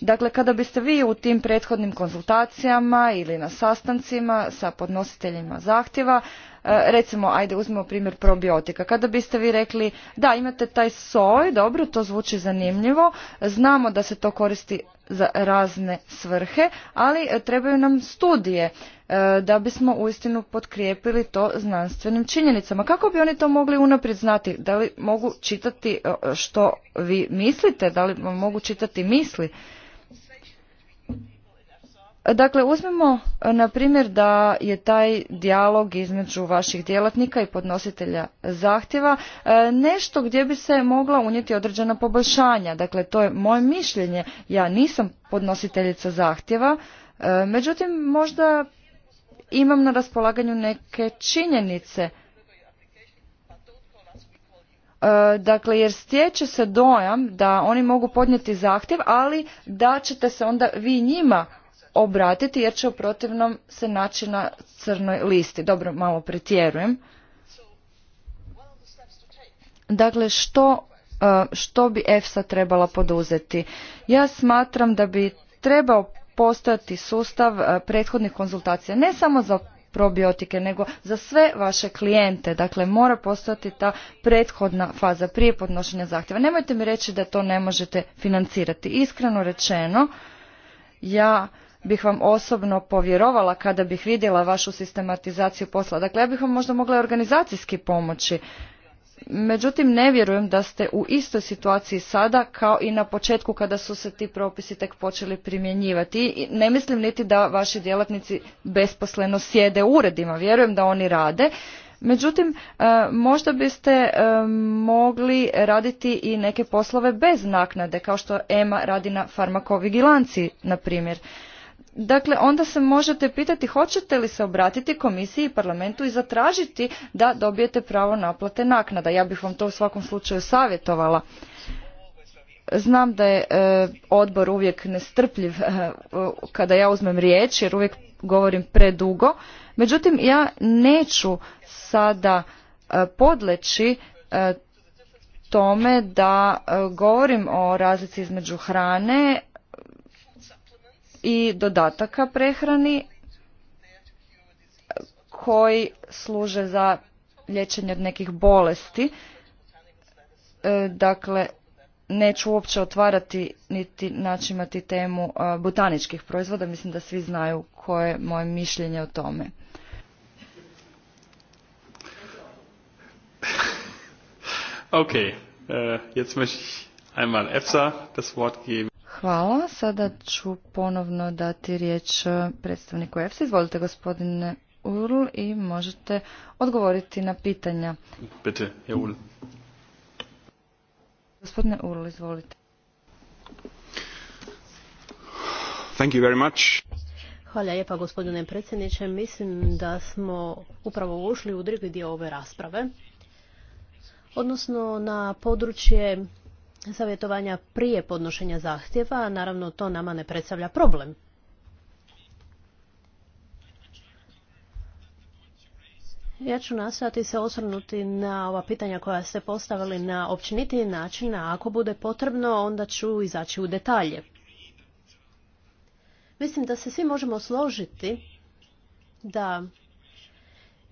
Speaker 2: Dakle, kada biste vi u tim prethodnim konzultacijama ili na sastancima sa podnositeljima zahtjeva, e, recimo, ajde uzmemo primjer probiotika, kada biste vi rekli da imate taj soj, dobro, to zvuči zanimljivo, znamo da se to koristi za razne svrhe, ali e, trebaju nam studije e, da bismo uistinu potkrijepili to znanstvenim činjenicama. Kako bi oni to mogli unaprijed znati? Da li mogu čitati e, što vi mislite? Da li mogu čitati misli? Dakle, uzmimo, e, na primjer da je taj dijalog između vaših djelatnika i podnositelja zahtjeva e, nešto gdje bi se mogla unijeti određena poboljšanja. Dakle, to je moje mišljenje. Ja nisam podnositeljica zahtjeva, e, međutim možda imam na raspolaganju neke činjenice. Dakle, jer stječe se dojam da oni mogu podnijeti zahtjev, ali da ćete se onda vi njima obratiti jer će u protivnom se naći na crnoj listi. Dobro, malo pretjerujem. Dakle, što, e, što bi EFSA trebala poduzeti? Ja smatram da bi trebao postojati sustav e, prethodnih konzultacija, ne samo za probiotike, nego za sve vaše klijente. Dakle, mora postojati ta prethodna faza prije podnošenja zahtjeva. Nemojte mi reći da to ne možete financirati. Iskreno rečeno, ja bih vam osobno povjerovala kada bih vidjela vašu sistematizaciju posla. Dakle, ja bih vam možda mogla organizacijski pomoći. Međutim, ne vjerujem da ste u istoj situaciji sada kao i na početku kada su se ti propisi tek počeli primjenjivati. I ne mislim niti da vaši djelatnici besposleno sjede u uredima. Vjerujem da oni rade. Međutim, e, možda biste e, mogli raditi i neke poslove bez naknade, kao što EMA radi na farmakovigilanciji, na primjer. Dakle, onda se možete pitati hoćete li se obratiti komisiji i parlamentu i zatražiti da dobijete pravo naplate naknada. Ja bih vam to u svakom slučaju savjetovala. Znam da je e, odbor uvijek nestrpljiv e, kada ja uzmem riječ jer uvijek govorim predugo. Međutim, ja neću sada e, podleći tome da govorim o razlici između hrane i dodataka prehrani koji služe za liječenje od nekih bolesti. E, dakle, neću uopće otvarati niti načimati temu e, botaničkih proizvoda. Mislim da svi znaju koje je moje mišljenje o tome.
Speaker 1: Okay, e, jetzt möchte ich einmal EFSA das Wort geben.
Speaker 2: Hvala. Sada ću ponovno dati riječ predstavniku EFSA. Izvolite gospodine Url i možete odgovoriti na pitanja.
Speaker 1: Bitte, Herr Url.
Speaker 2: Gospodine Url, izvolite.
Speaker 1: Thank you very much.
Speaker 3: Hvala lijepa gospodine predsjedniče. Mislim da smo upravo ušli u drugi dio ove rasprave, odnosno na područje savjetovanja prije podnošenja zahtjeva, naravno to nama ne predstavlja problem. Ja ću nastaviti se osvrnuti na ova pitanja koja ste postavili na općenitiji način, a ako bude potrebno onda ću izaći u detalje. Mislim da se svi možemo složiti da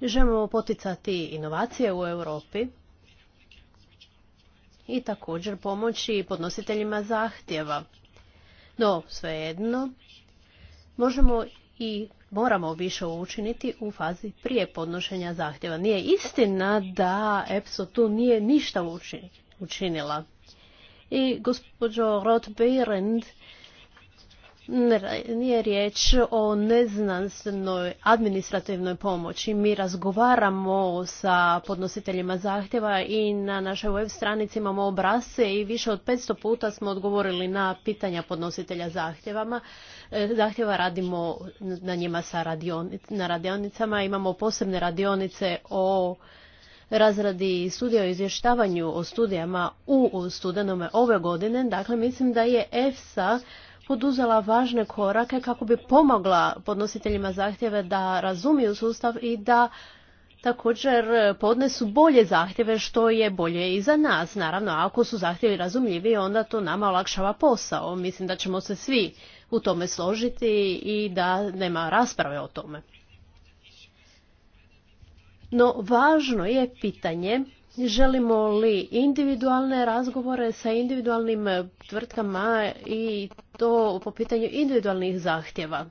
Speaker 3: želimo poticati inovacije u Europi, i također pomoći podnositeljima zahtjeva. No, svejedno, možemo i moramo više učiniti u fazi prije podnošenja zahtjeva. Nije istina da EPSO tu nije ništa učinila. I gospođo Roth-Behrendt, nije riječ o neznanstvenoj administrativnoj pomoći. Mi razgovaramo sa podnositeljima zahtjeva i na našoj web stranici imamo obrase i više od 500 puta smo odgovorili na pitanja podnositelja zahtjevama. E, zahtjeva radimo na njima sa na radionicama. Imamo posebne radionice o razradi studija o izvještavanju o studijama u studenome ove godine. Dakle, mislim da je EFSA poduzela važne korake kako bi pomogla podnositeljima zahtjeve da razumiju sustav i da također podnesu bolje zahtjeve što je bolje i za nas. Naravno, ako su zahtjevi razumljivi, onda to nama olakšava posao. Mislim da ćemo se svi u tome složiti i da nema rasprave o tome. No, važno je pitanje želimo li individualne razgovore sa individualnim tvrtkama i to po pitanju individualnih zahtjeva.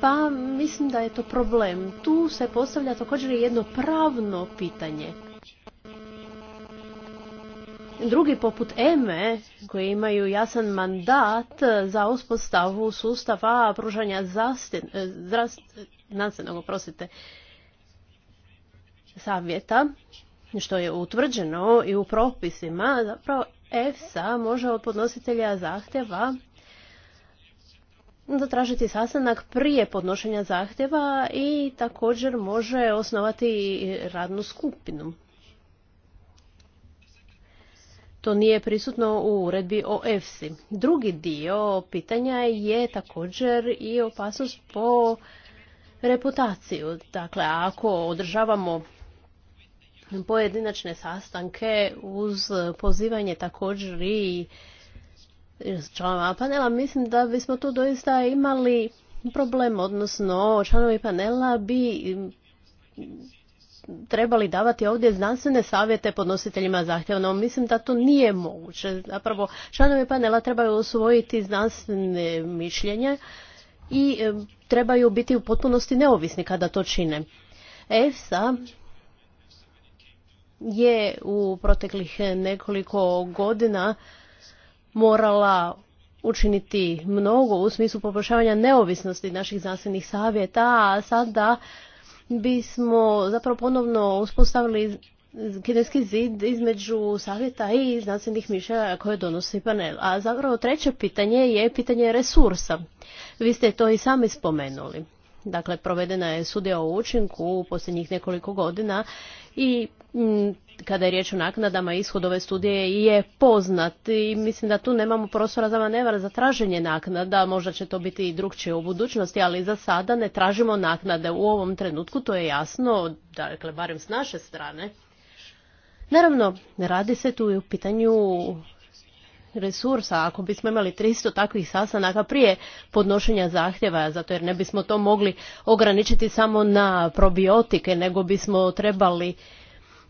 Speaker 3: Pa mislim da je to problem. Tu se postavlja također jedno pravno pitanje. Drugi poput EME, koji imaju jasan mandat za uspostavu sustava pružanja e, znanstvenog oprostite, savjeta, što je utvrđeno i u propisima, zapravo EFSA može od podnositelja zahtjeva zatražiti sastanak prije podnošenja zahtjeva i također može osnovati radnu skupinu. To nije prisutno u uredbi o EFSI. Drugi dio pitanja je također i opasnost po reputaciju. Dakle, ako održavamo pojedinačne sastanke uz pozivanje također i članova panela, mislim da bismo tu doista imali problem, odnosno članovi panela bi mm, trebali davati ovdje znanstvene savjete podnositeljima zahtjeva, no mislim da to nije moguće. Zapravo, članovi panela trebaju usvojiti znanstvene mišljenje i mm, trebaju biti u potpunosti neovisni kada to čine. EFSA je u proteklih nekoliko godina morala učiniti mnogo u smislu poboljšavanja neovisnosti naših znanstvenih savjeta, a sada bismo zapravo ponovno uspostavili kineski zid između savjeta i znanstvenih mišljenja koje donosi panel. A zapravo treće pitanje je pitanje resursa. Vi ste to i sami spomenuli. Dakle, provedena je studija o učinku u posljednjih nekoliko godina i mm, kada je riječ o naknadama ishod ove studije je poznat i mislim da tu nemamo prostora za manevar za traženje naknada, možda će to biti i drugčije u budućnosti, ali za sada ne tražimo naknade u ovom trenutku, to je jasno, dakle barem s naše strane. Naravno, radi se tu i u pitanju resursa. Ako bismo imali 300 takvih sastanaka prije podnošenja zahtjeva, zato jer ne bismo to mogli ograničiti samo na probiotike, nego bismo trebali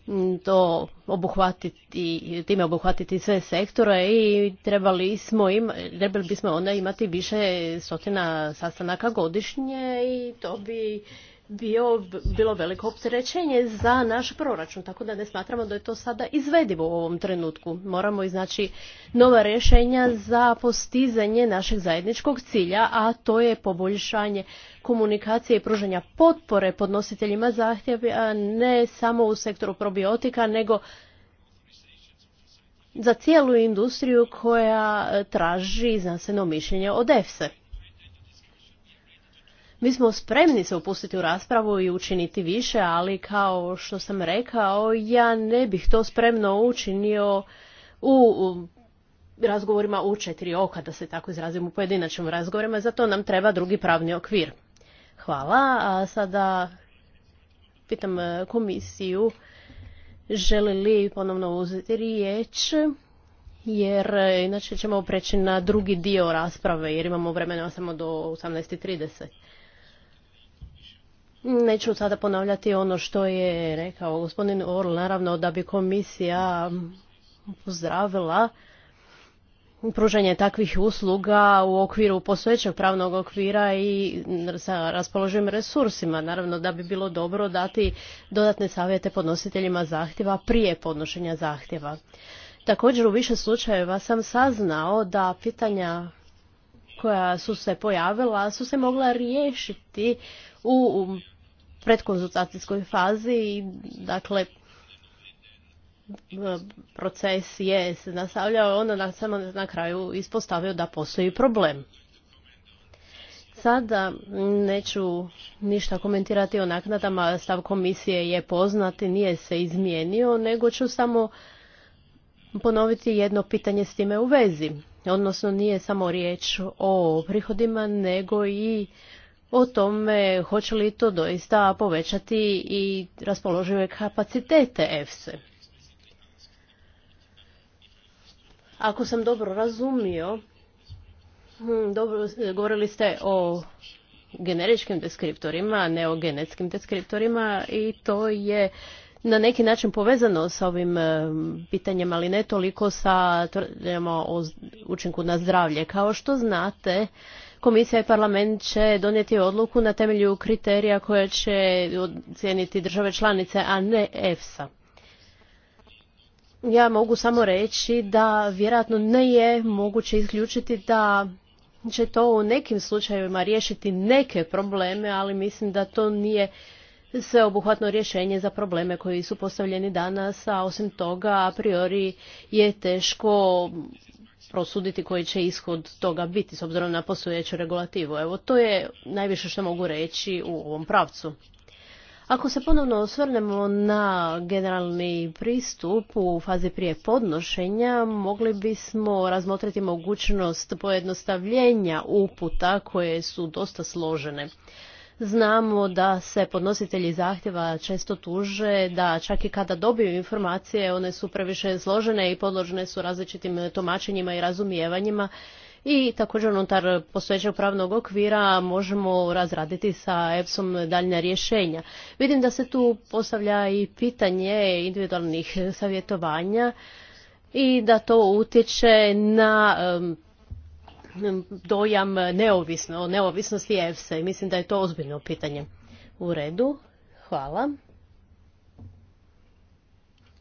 Speaker 3: mm, to obuhvatiti, time obuhvatiti sve sektore i trebali, smo ima, trebali bismo onda imati više stotina sastanaka godišnje i to bi bio bilo veliko opterećenje za naš proračun, tako da ne smatramo da je to sada izvedivo u ovom trenutku. Moramo iznaći nova rješenja za postizanje našeg zajedničkog cilja, a to je poboljšanje komunikacije i pružanja potpore podnositeljima zahtjeva ne samo u sektoru probiotika, nego za cijelu industriju koja traži znanstveno mišljenje od EFSE. Mi smo spremni se upustiti u raspravu i učiniti više, ali kao što sam rekao, ja ne bih to spremno učinio u razgovorima u četiri oka, da se tako izrazim u pojedinačnim razgovorima, zato nam treba drugi pravni okvir. Hvala, a sada pitam e, komisiju želi li ponovno uzeti riječ, jer e, inače ćemo preći na drugi dio rasprave, jer imamo vremena samo do 18.30. Neću sada ponavljati ono što je rekao gospodin Orl, naravno da bi komisija pozdravila pružanje takvih usluga u okviru postojećeg pravnog okvira i sa raspoloživim resursima. Naravno da bi bilo dobro dati dodatne savjete podnositeljima zahtjeva prije podnošenja zahtjeva. Također u više slučajeva sam saznao da pitanja koja su se pojavila su se mogla riješiti u predkonzultacijskoj fazi i dakle e, proces je se nastavljao, onda samo na kraju ispostavio da postoji problem. Sada neću ništa komentirati o naknadama, stav komisije je poznat i nije se izmijenio, nego ću samo ponoviti jedno pitanje s time u vezi. Odnosno nije samo riječ o prihodima, nego i o tome hoće li to doista povećati i raspoložive kapacitete EFSE. Ako sam dobro razumio, hmm, dobro, govorili ste o generičkim deskriptorima, ne o genetskim deskriptorima i to je na neki način povezano sa ovim eh, pitanjem, ali ne toliko sa o učinku na zdravlje. Kao što znate, komisija i parlament će donijeti odluku na temelju kriterija koje će ocijeniti države članice, a ne EFSA. Ja mogu samo reći da vjerojatno ne je moguće isključiti da će to u nekim slučajevima riješiti neke probleme, ali mislim da to nije sveobuhvatno rješenje za probleme koji su postavljeni danas, a osim toga a priori je teško prosuditi koji će ishod toga biti s obzirom na postojeću regulativu. Evo, to je najviše što mogu reći u ovom pravcu. Ako se ponovno osvrnemo na generalni pristup u fazi prije podnošenja, mogli bismo razmotriti mogućnost pojednostavljenja uputa koje su dosta složene. Znamo da se podnositelji zahtjeva često tuže, da čak i kada dobiju informacije, one su previše složene i podložne su različitim tumačenjima i razumijevanjima. I također unutar postojećeg pravnog okvira možemo razraditi sa epsom om daljnja rješenja. Vidim da se tu postavlja i pitanje individualnih savjetovanja i da to utječe na dojam neovisno, o neovisnosti EFSA i mislim da je to ozbiljno pitanje. U redu, hvala.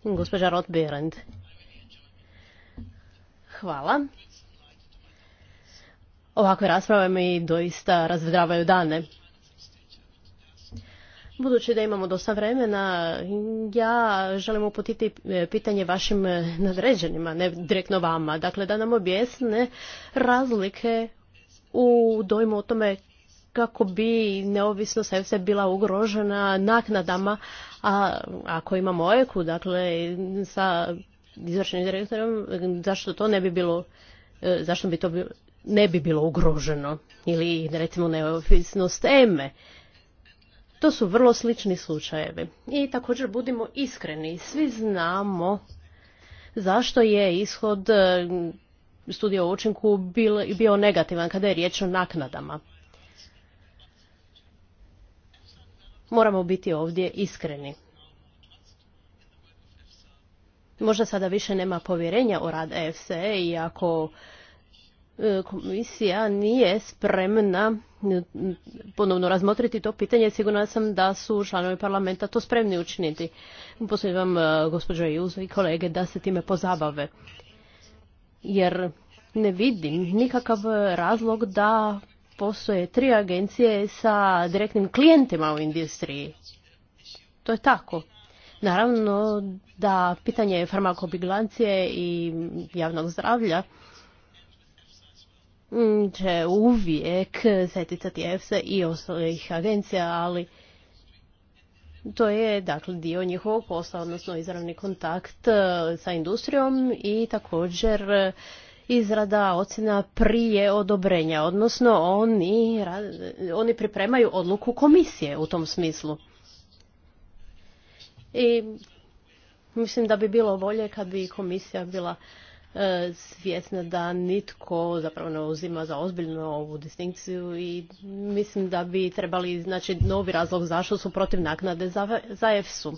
Speaker 3: Gospođa Roth Berend. Hvala. Ovakve rasprave mi doista razvedravaju dane. Budući da imamo dosta vremena, ja želim uputiti e, pitanje vašim e, nadređenima, ne direktno vama. Dakle, da nam objasne razlike u dojmu o tome kako bi neovisnost sve bila ugrožena naknadama, a ako imamo mojeku dakle, sa izvršenim direktorom, zašto to ne bi bilo, e, zašto bi to ne bi bilo ugroženo ili recimo neovisnost EME. To su vrlo slični slučajevi. I također budimo iskreni, svi znamo zašto je ishod e, studija o učinku bio negativan kada je riječ o naknadama. Moramo biti ovdje iskreni. Možda sada više nema povjerenja o rad EFSE e i ako E, komisija nije spremna ponovno razmotriti to pitanje. Sigurna sam da su članovi parlamenta to spremni učiniti. vam, e, gospođo Juzo i kolege da se time pozabave. Jer ne vidim nikakav razlog da postoje tri agencije sa direktnim klijentima u industriji. To je tako. Naravno da pitanje farmakobiglancije i javnog zdravlja će uvijek se EFSA i ostalih agencija, ali to je dakle dio njihovog posla, odnosno izravni kontakt e, sa industrijom i također e, izrada ocjena prije odobrenja, odnosno oni, oni pripremaju odluku komisije u tom smislu. I mislim da bi bilo bolje kad bi komisija bila E, svjesna da nitko zapravo ne uzima za ozbiljno ovu distinkciju i mislim da bi trebali znači novi razlog zašto su protiv naknade za, za EFSU.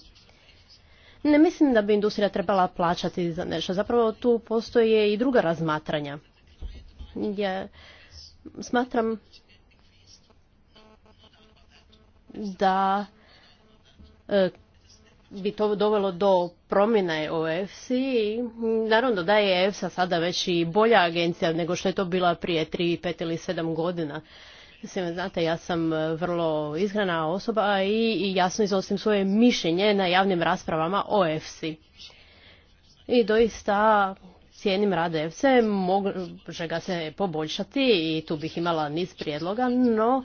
Speaker 3: Ne mislim da bi industrija trebala plaćati za nešto. Zapravo tu postoje i druga razmatranja. Ja smatram da e, bi to dovelo do promjene u EFSI i naravno da je EFSA sada već i bolja agencija nego što je to bila prije 3, 5 ili 7 godina. Mislim, znate, ja sam e, vrlo izgrana osoba i jasno izostim svoje mišljenje na javnim raspravama o EFSI. I doista cijenim rad EFSE, može ga se poboljšati i tu bih imala niz prijedloga, no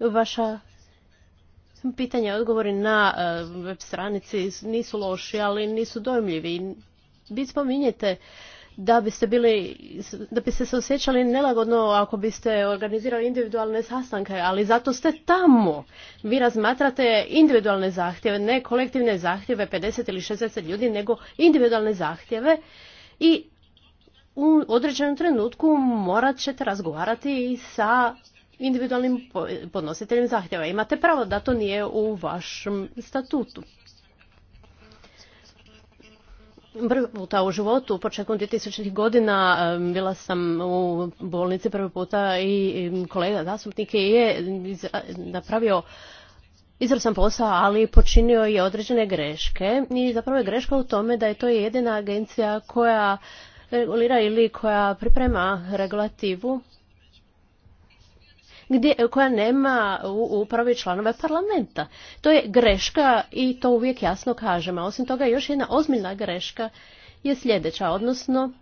Speaker 3: vaša pitanja i odgovori na e, web stranici nisu loši, ali nisu dojmljivi. Vi spominjete da biste bili, da biste se osjećali nelagodno ako biste organizirali individualne sastanke, ali zato ste tamo. Vi razmatrate individualne zahtjeve, ne kolektivne zahtjeve 50 ili 60 ljudi, nego individualne zahtjeve i u određenom trenutku morat ćete razgovarati i sa individualnim podnositeljem zahtjeva. Imate pravo da to nije u vašem statutu. Prvi puta u životu, početkom 2000. godina, bila sam u bolnici prvi puta i kolega zastupnik je napravio izvrstan posao, ali počinio je određene greške i zapravo je greška u tome da je to jedina agencija koja regulira ili koja priprema regulativu koja nema u upravi članove parlamenta. To je greška i to uvijek jasno kažem. A osim toga još jedna ozbiljna greška je sljedeća, odnosno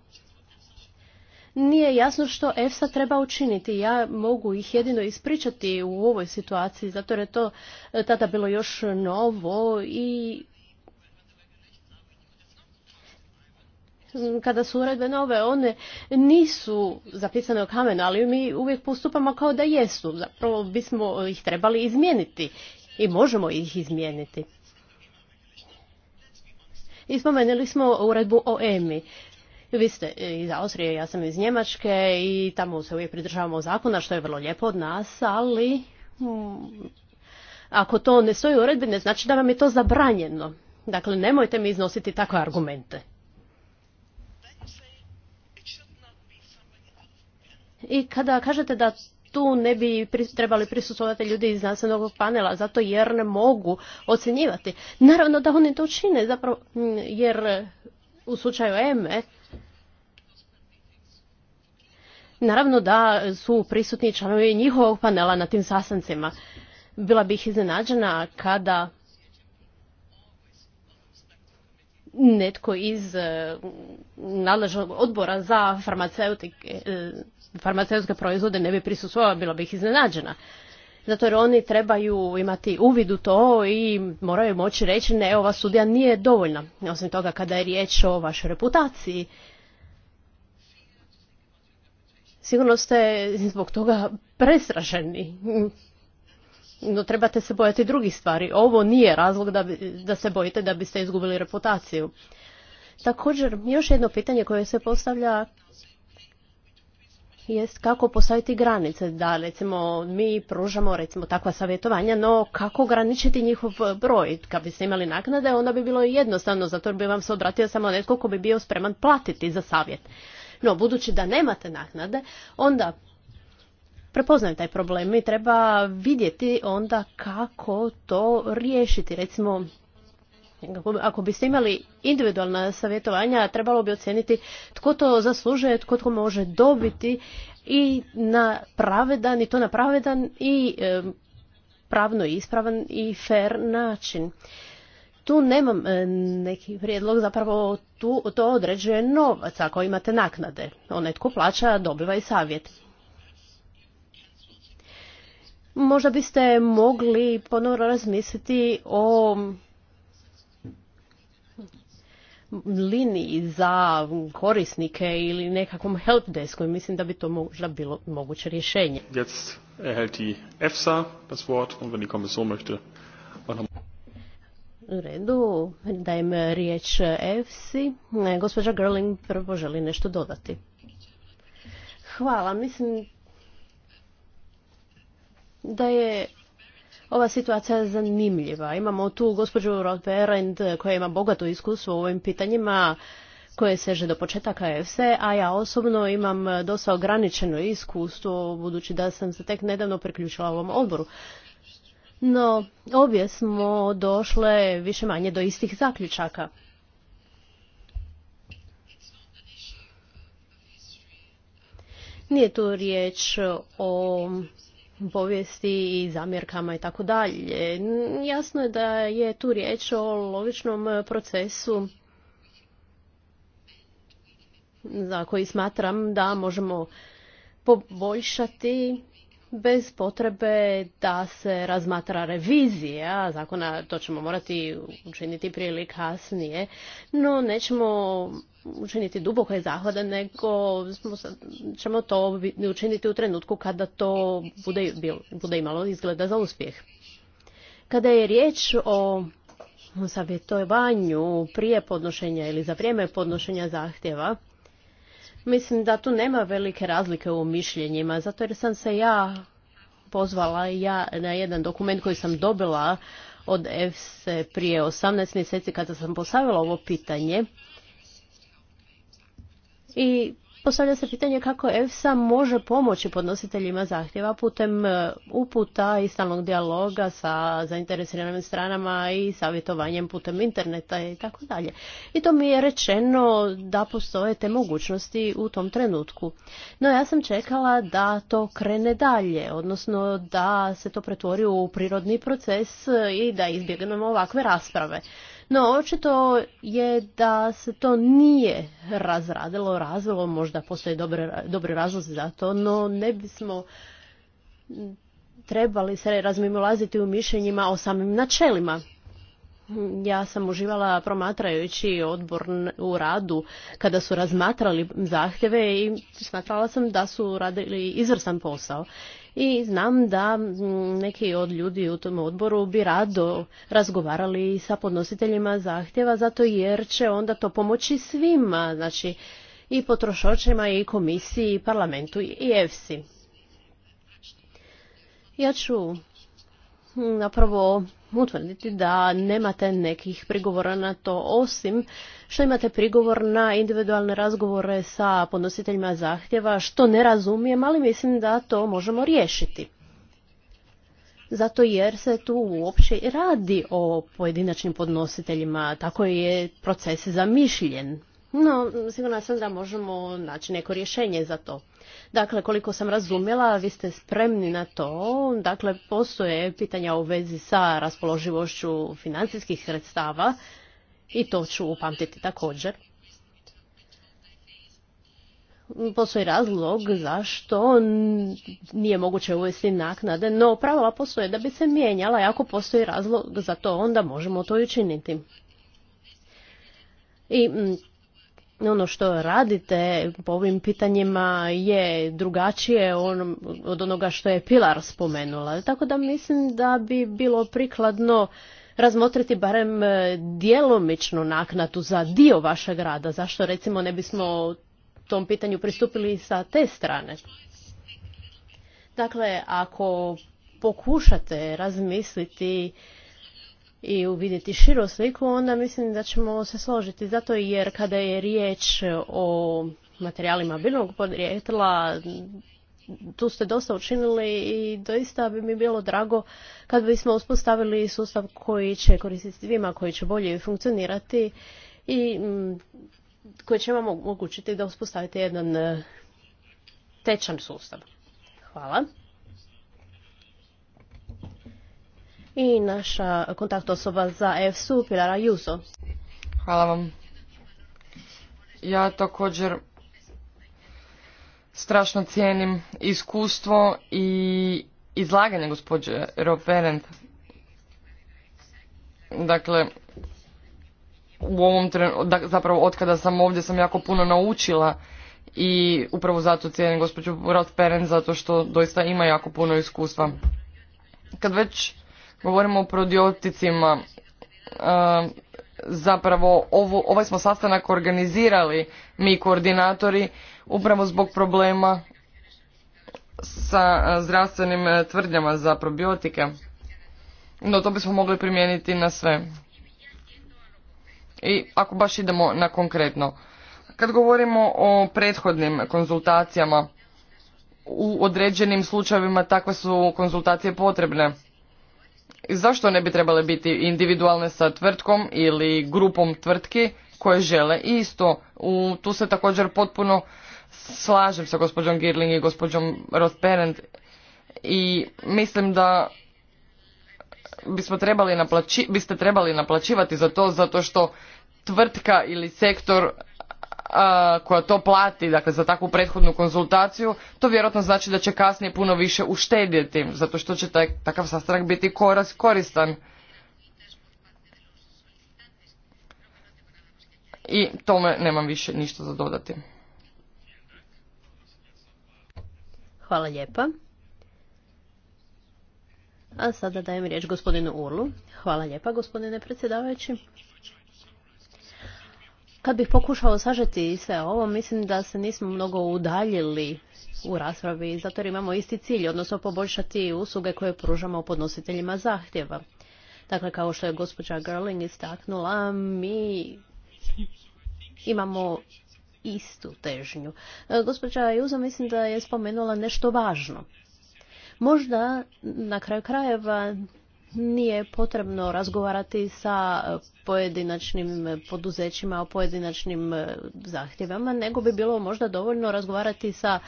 Speaker 3: nije jasno što EFSA treba učiniti. Ja mogu ih jedino ispričati u ovoj situaciji, zato jer je to e, tada bilo još novo i kada su uredbe nove, one nisu zapisane u kamenu, ali mi uvijek postupamo kao da jesu. Zapravo bismo ih trebali izmijeniti i možemo ih izmijeniti. I spomenuli smo uredbu o EMI. Vi ste iz Austrije, ja sam iz Njemačke i tamo se uvijek pridržavamo zakona, što je vrlo lijepo od nas, ali mm, ako to ne stoji u uredbi, ne znači da vam je to zabranjeno. Dakle, nemojte mi iznositi takve argumente. I kada kažete da tu ne bi trebali prisutovati ljudi iz znanstvenog panela, zato jer ne mogu ocjenjivati. Naravno da oni to čine, zapravo, mm, jer u slučaju EME, naravno da su prisutni članovi njihovog panela na tim sastancima. Bila bih iznenađena kada netko iz mm, nadležnog odbora za farmaceutike e, farmaceutske proizvode ne bi prisustvovala, bila bih iznenađena. Zato jer oni trebaju imati uvid u to i moraju moći reći ne, ova studija nije dovoljna. Osim toga, kada je riječ o vašoj reputaciji, sigurno ste zbog toga prestrašeni. No, trebate se bojati drugih stvari. Ovo nije razlog da, da se bojite da biste izgubili reputaciju. Također, još jedno pitanje koje se postavlja jest kako postaviti granice, da recimo mi pružamo recimo takva savjetovanja, no kako ograničiti njihov broj? Kad biste imali naknade, onda bi bilo jednostavno, zato bi vam se obratio samo netko ko bi bio spreman platiti za savjet. No, budući da nemate naknade, onda prepoznaju taj problem i treba vidjeti onda kako to riješiti. Recimo, ako biste imali individualna savjetovanja, trebalo bi ocijeniti tko to zaslužuje, tko to može dobiti i na pravedan, i to na pravedan i pravno ispravan i fer način. Tu nemam e, neki prijedlog, zapravo tu, to određuje novac ako imate naknade. Onaj tko plaća dobiva i savjet. Možda biste mogli ponovno razmisliti o liniji za korisnike ili nekakvom helpdesku i mislim da bi to možda bilo moguće rješenje.
Speaker 1: EFSA das Wort und wenn die Kommission möchte.
Speaker 3: U redu, dajem riječ EFSI. Gospođa Gerling prvo želi nešto dodati. Hvala, mislim da je ova situacija je zanimljiva. Imamo tu gospođu Rod Berend koja ima bogato iskustvo u ovim pitanjima koje seže do početaka EFSE, a ja osobno imam dosta ograničeno iskustvo budući da sam se tek nedavno priključila ovom odboru. No, obje smo došle više manje do istih zaključaka. Nije tu riječ o povijesti i zamjerkama i tako dalje. Jasno je da je tu riječ o logičnom procesu za koji smatram da možemo poboljšati bez potrebe da se razmatra revizija zakona, to ćemo morati učiniti prije ili kasnije, no nećemo učiniti duboke zahvade, nego ćemo to učiniti u trenutku kada to bude, bude imalo izgleda za uspjeh. Kada je riječ o savjetovanju prije podnošenja ili za vrijeme podnošenja zahtjeva, Mislim da tu nema velike razlike u mišljenjima, zato jer sam se ja pozvala ja na jedan dokument koji sam dobila od EFS prije 18 mjeseci kada sam postavila ovo pitanje. I Postavlja se pitanje kako EFSA može pomoći podnositeljima zahtjeva putem e, uputa i stalnog dijaloga sa zainteresiranim stranama i savjetovanjem putem interneta i tako dalje. I to mi je rečeno da postoje te mogućnosti u tom trenutku. No ja sam čekala da to krene dalje, odnosno da se to pretvori u prirodni proces i da izbjegnemo ovakve rasprave. No, očito je da se to nije razradilo, razvilo, možda postoje dobre, dobri razlozi za to, no ne bismo trebali se razmimolaziti u mišljenjima o samim načelima. Ja sam uživala promatrajući odbor u radu kada su razmatrali zahtjeve i smatrala sam da su radili izvrstan posao i znam da mm, neki od ljudi u tom odboru bi rado razgovarali sa podnositeljima zahtjeva zato jer će onda to pomoći svima, znači i potrošačima i komisiji i parlamentu i EFSI. Ja ću napravo utvrditi da nemate nekih prigovora na to, osim što imate prigovor na individualne razgovore sa podnositeljima zahtjeva, što ne razumijem, ali mislim da to možemo riješiti. Zato jer se tu uopće radi o pojedinačnim podnositeljima, tako je proces zamišljen. No, sigurna sam da možemo naći neko rješenje za to. Dakle, koliko sam razumjela, vi ste spremni na to. Dakle, postoje pitanja u vezi sa raspoloživošću financijskih sredstava i to ću upamtiti također. Postoji razlog zašto nije moguće uvesti naknade, no pravila postoje da bi se mijenjala i ako postoji razlog za to, onda možemo to i učiniti. I ono što radite po ovim pitanjima je drugačije od onoga što je Pilar spomenula. Tako da mislim da bi bilo prikladno razmotriti barem e, djelomičnu naknatu za dio vašeg rada. Zašto recimo ne bismo tom pitanju pristupili sa te strane? Dakle, ako pokušate razmisliti i uvidjeti širu sliku, onda mislim da ćemo se složiti. Zato jer kada je riječ o materijalima biljnog podrijetla, tu ste dosta učinili i doista bi mi bilo drago kad bismo uspostavili sustav koji će koristiti svima, koji će bolje funkcionirati i mm, koji će vam omogućiti da uspostavite jedan e, tečan sustav. Hvala. i naša kontakt osoba za EFSU, Pilara Juso.
Speaker 4: Hvala vam. Ja također strašno cijenim iskustvo i izlaganje gospođe Roperent. Dakle, u ovom trenutku, zapravo od kada sam ovdje sam jako puno naučila i upravo zato cijenim gospođu Roth Peren zato što doista ima jako puno iskustva. Kad već govorimo o probioticima, e, zapravo ovu, ovaj smo sastanak organizirali mi koordinatori upravo zbog problema sa e, zdravstvenim e, tvrdnjama za probiotike. No to bismo mogli primijeniti na sve. I ako baš idemo na konkretno. Kad govorimo o prethodnim konzultacijama, u određenim slučajevima takve su konzultacije potrebne zašto ne bi trebale biti individualne sa tvrtkom ili grupom tvrtki koje žele isto. U, tu se također potpuno slažem sa gospođom Girling i gospođom Rothperent i mislim da bismo trebali biste trebali naplaćivati za to zato što tvrtka ili sektor koja to plati dakle za takvu prethodnu konzultaciju to vjerojatno znači da će kasnije puno više uštedjeti zato što će taj, takav sastanak biti koras, koristan i tome nemam više ništa za dodati hvala lijepa a
Speaker 3: sada dajem riječ gospodinu Urlu. Hvala lijepa gospodine predsjedavajući. Kad bih pokušao sažeti sve ovo, mislim da se nismo mnogo udaljili u raspravi, zato jer imamo isti cilj, odnosno poboljšati usluge koje pružamo podnositeljima zahtjeva. Dakle, kao što je gospođa Gerling istaknula, mi imamo istu težnju. E, gospođa Juzo mislim da je spomenula nešto važno. Možda na kraju krajeva nije potrebno razgovarati sa e, pojedinačnim poduzećima o pojedinačnim e, zahtjevama, nego bi bilo možda dovoljno razgovarati sa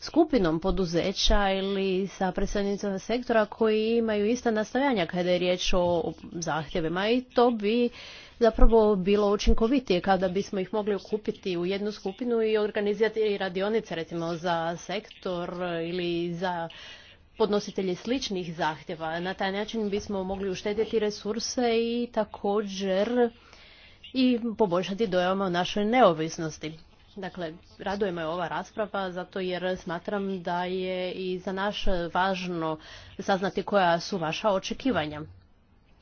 Speaker 3: skupinom poduzeća ili sa predstavnicima sektora koji imaju ista nastojanja kada je riječ o zahtjevima i to bi zapravo bilo učinkovitije kada bismo ih mogli okupiti u jednu skupinu i organizirati radionice recimo za sektor ili za podnositelji sličnih zahtjeva. Na taj način bismo mogli uštedjeti resurse i također i poboljšati dojama o našoj neovisnosti. Dakle, raduje me ova rasprava zato jer smatram da je i za naš važno saznati koja su vaša očekivanja.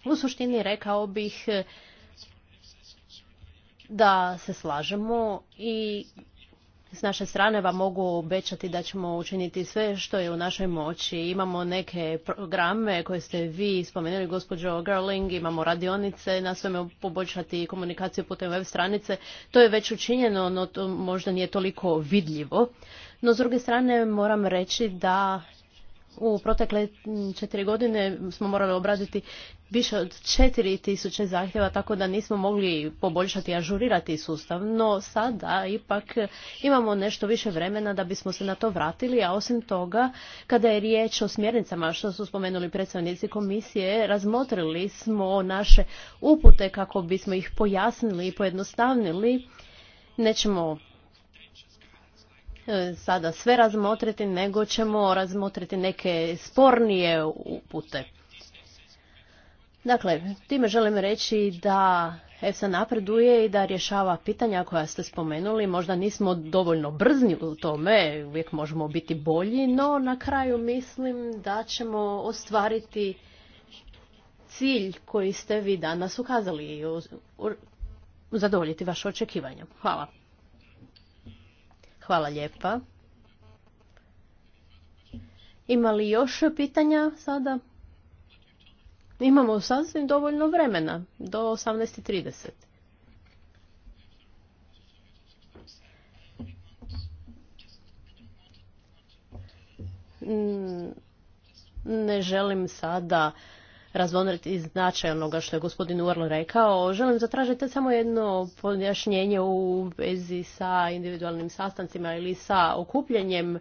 Speaker 3: U suštini rekao bih da se slažemo i s naše strane vam mogu obećati da ćemo učiniti sve što je u našoj moći. Imamo neke programe koje ste vi spomenuli, gospođo Girling, imamo radionice, nastojimo poboljšati komunikaciju putem web stranice. To je već učinjeno, no to možda nije toliko vidljivo. No, s druge strane, moram reći da u protekle četiri godine smo morali obraditi više od 4000 zahtjeva, tako da nismo mogli poboljšati i ažurirati sustav, no sada ipak imamo nešto više vremena da bismo se na to vratili, a osim toga, kada je riječ o smjernicama, što su spomenuli predstavnici komisije, razmotrili smo naše upute kako bismo ih pojasnili i pojednostavnili. Nećemo e, sada sve razmotriti, nego ćemo razmotriti neke spornije upute. Dakle, time želim reći da EFSA napreduje i da rješava pitanja koja ste spomenuli. Možda nismo dovoljno brzni u tome, uvijek možemo biti bolji, no na kraju mislim da ćemo ostvariti cilj koji ste vi danas ukazali i zadovoljiti vaše očekivanja. Hvala. Hvala lijepa. Ima li još pitanja sada? Imamo sasvim dovoljno vremena, do 18.30. Mm, ne želim sada razvoniti iz onoga što je gospodin urlo rekao. Želim zatražiti samo jedno pojašnjenje u vezi sa individualnim sastancima ili sa okupljanjem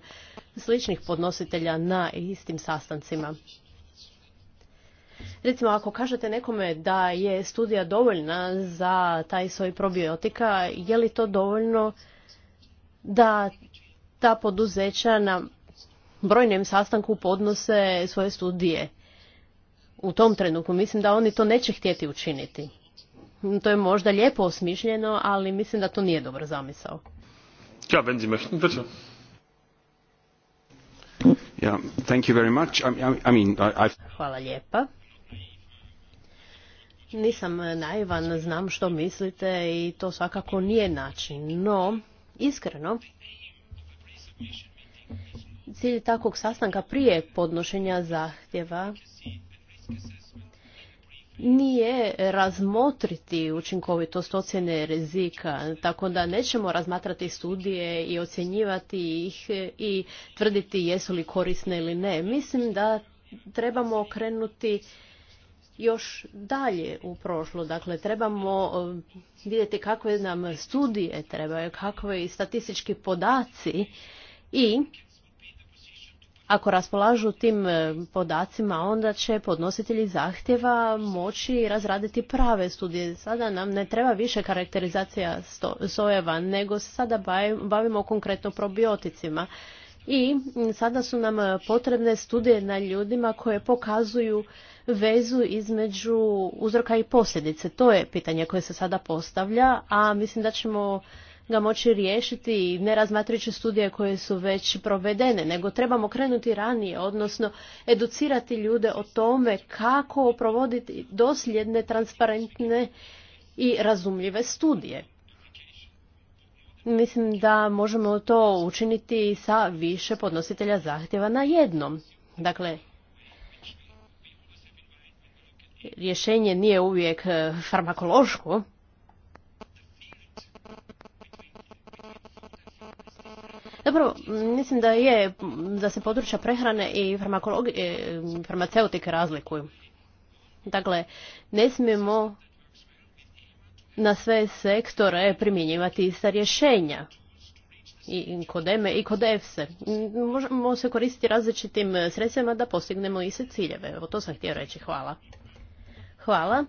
Speaker 3: sličnih podnositelja na istim sastancima. Recimo, ako kažete nekome da je studija dovoljna za taj svoj probiotika, je li to dovoljno da ta poduzeća na brojnem sastanku podnose svoje studije? U tom trenutku mislim da oni to neće htjeti učiniti. To je možda lijepo osmišljeno, ali mislim da to nije dobro zamisao.
Speaker 1: Ja, thank you very much. I, I, I Hvala
Speaker 3: lijepa. Nisam naivan, znam što mislite i to svakako nije način, no iskreno cilj takvog sastanka prije podnošenja zahtjeva nije razmotriti učinkovitost ocjene rizika, tako da nećemo razmatrati studije i ocjenjivati ih i tvrditi jesu li korisne ili ne. Mislim da trebamo okrenuti još dalje u prošlo. Dakle, trebamo e, vidjeti kakve nam studije trebaju, kakve statistički podaci i ako raspolažu tim e, podacima, onda će podnositelji zahtjeva moći razraditi prave studije. Sada nam ne treba više karakterizacija sojeva, nego se sada bavimo konkretno probioticima i mm, sada su nam e, potrebne studije na ljudima koje pokazuju vezu između uzroka i posljedice. To je pitanje koje se sada postavlja, a mislim da ćemo ga moći riješiti ne razmatrajući studije koje su već provedene, nego trebamo krenuti ranije, odnosno educirati ljude o tome kako provoditi dosljedne, transparentne i razumljive studije. Mislim da možemo to učiniti sa više podnositelja zahtjeva na jednom. Dakle, rješenje nije uvijek e, farmakološko. Dobro, mislim da je da se područja prehrane i e, farmaceutike razlikuju. Dakle, ne smijemo na sve sektore primjenjivati ista rješenja i kod EME i kod EFSE. Možemo se koristiti različitim sredstvima da postignemo iste ciljeve. Evo to sam htio reći. Hvala. Hvala.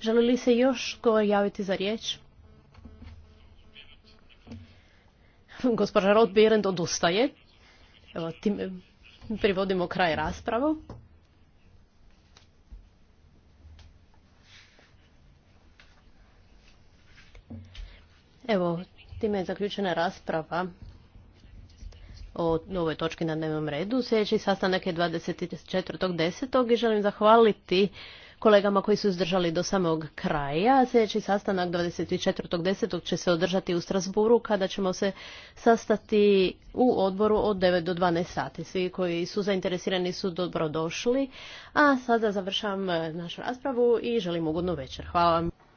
Speaker 3: Želi li se još ko javiti za riječ? Gospođa Rodbirend odustaje. Evo, tim privodimo kraj raspravu. Evo, time je zaključena rasprava o novoj točki na dnevnom redu. Sljedeći sastanak je 24.10. i želim zahvaliti kolegama koji su izdržali do samog kraja. Sljedeći sastanak 24.10. će se održati u Strasburu kada ćemo se sastati u odboru od 9 do 12 sati. Svi koji su zainteresirani su dobrodošli. A sada završavam našu raspravu i želim ugodnu večer. Hvala vam.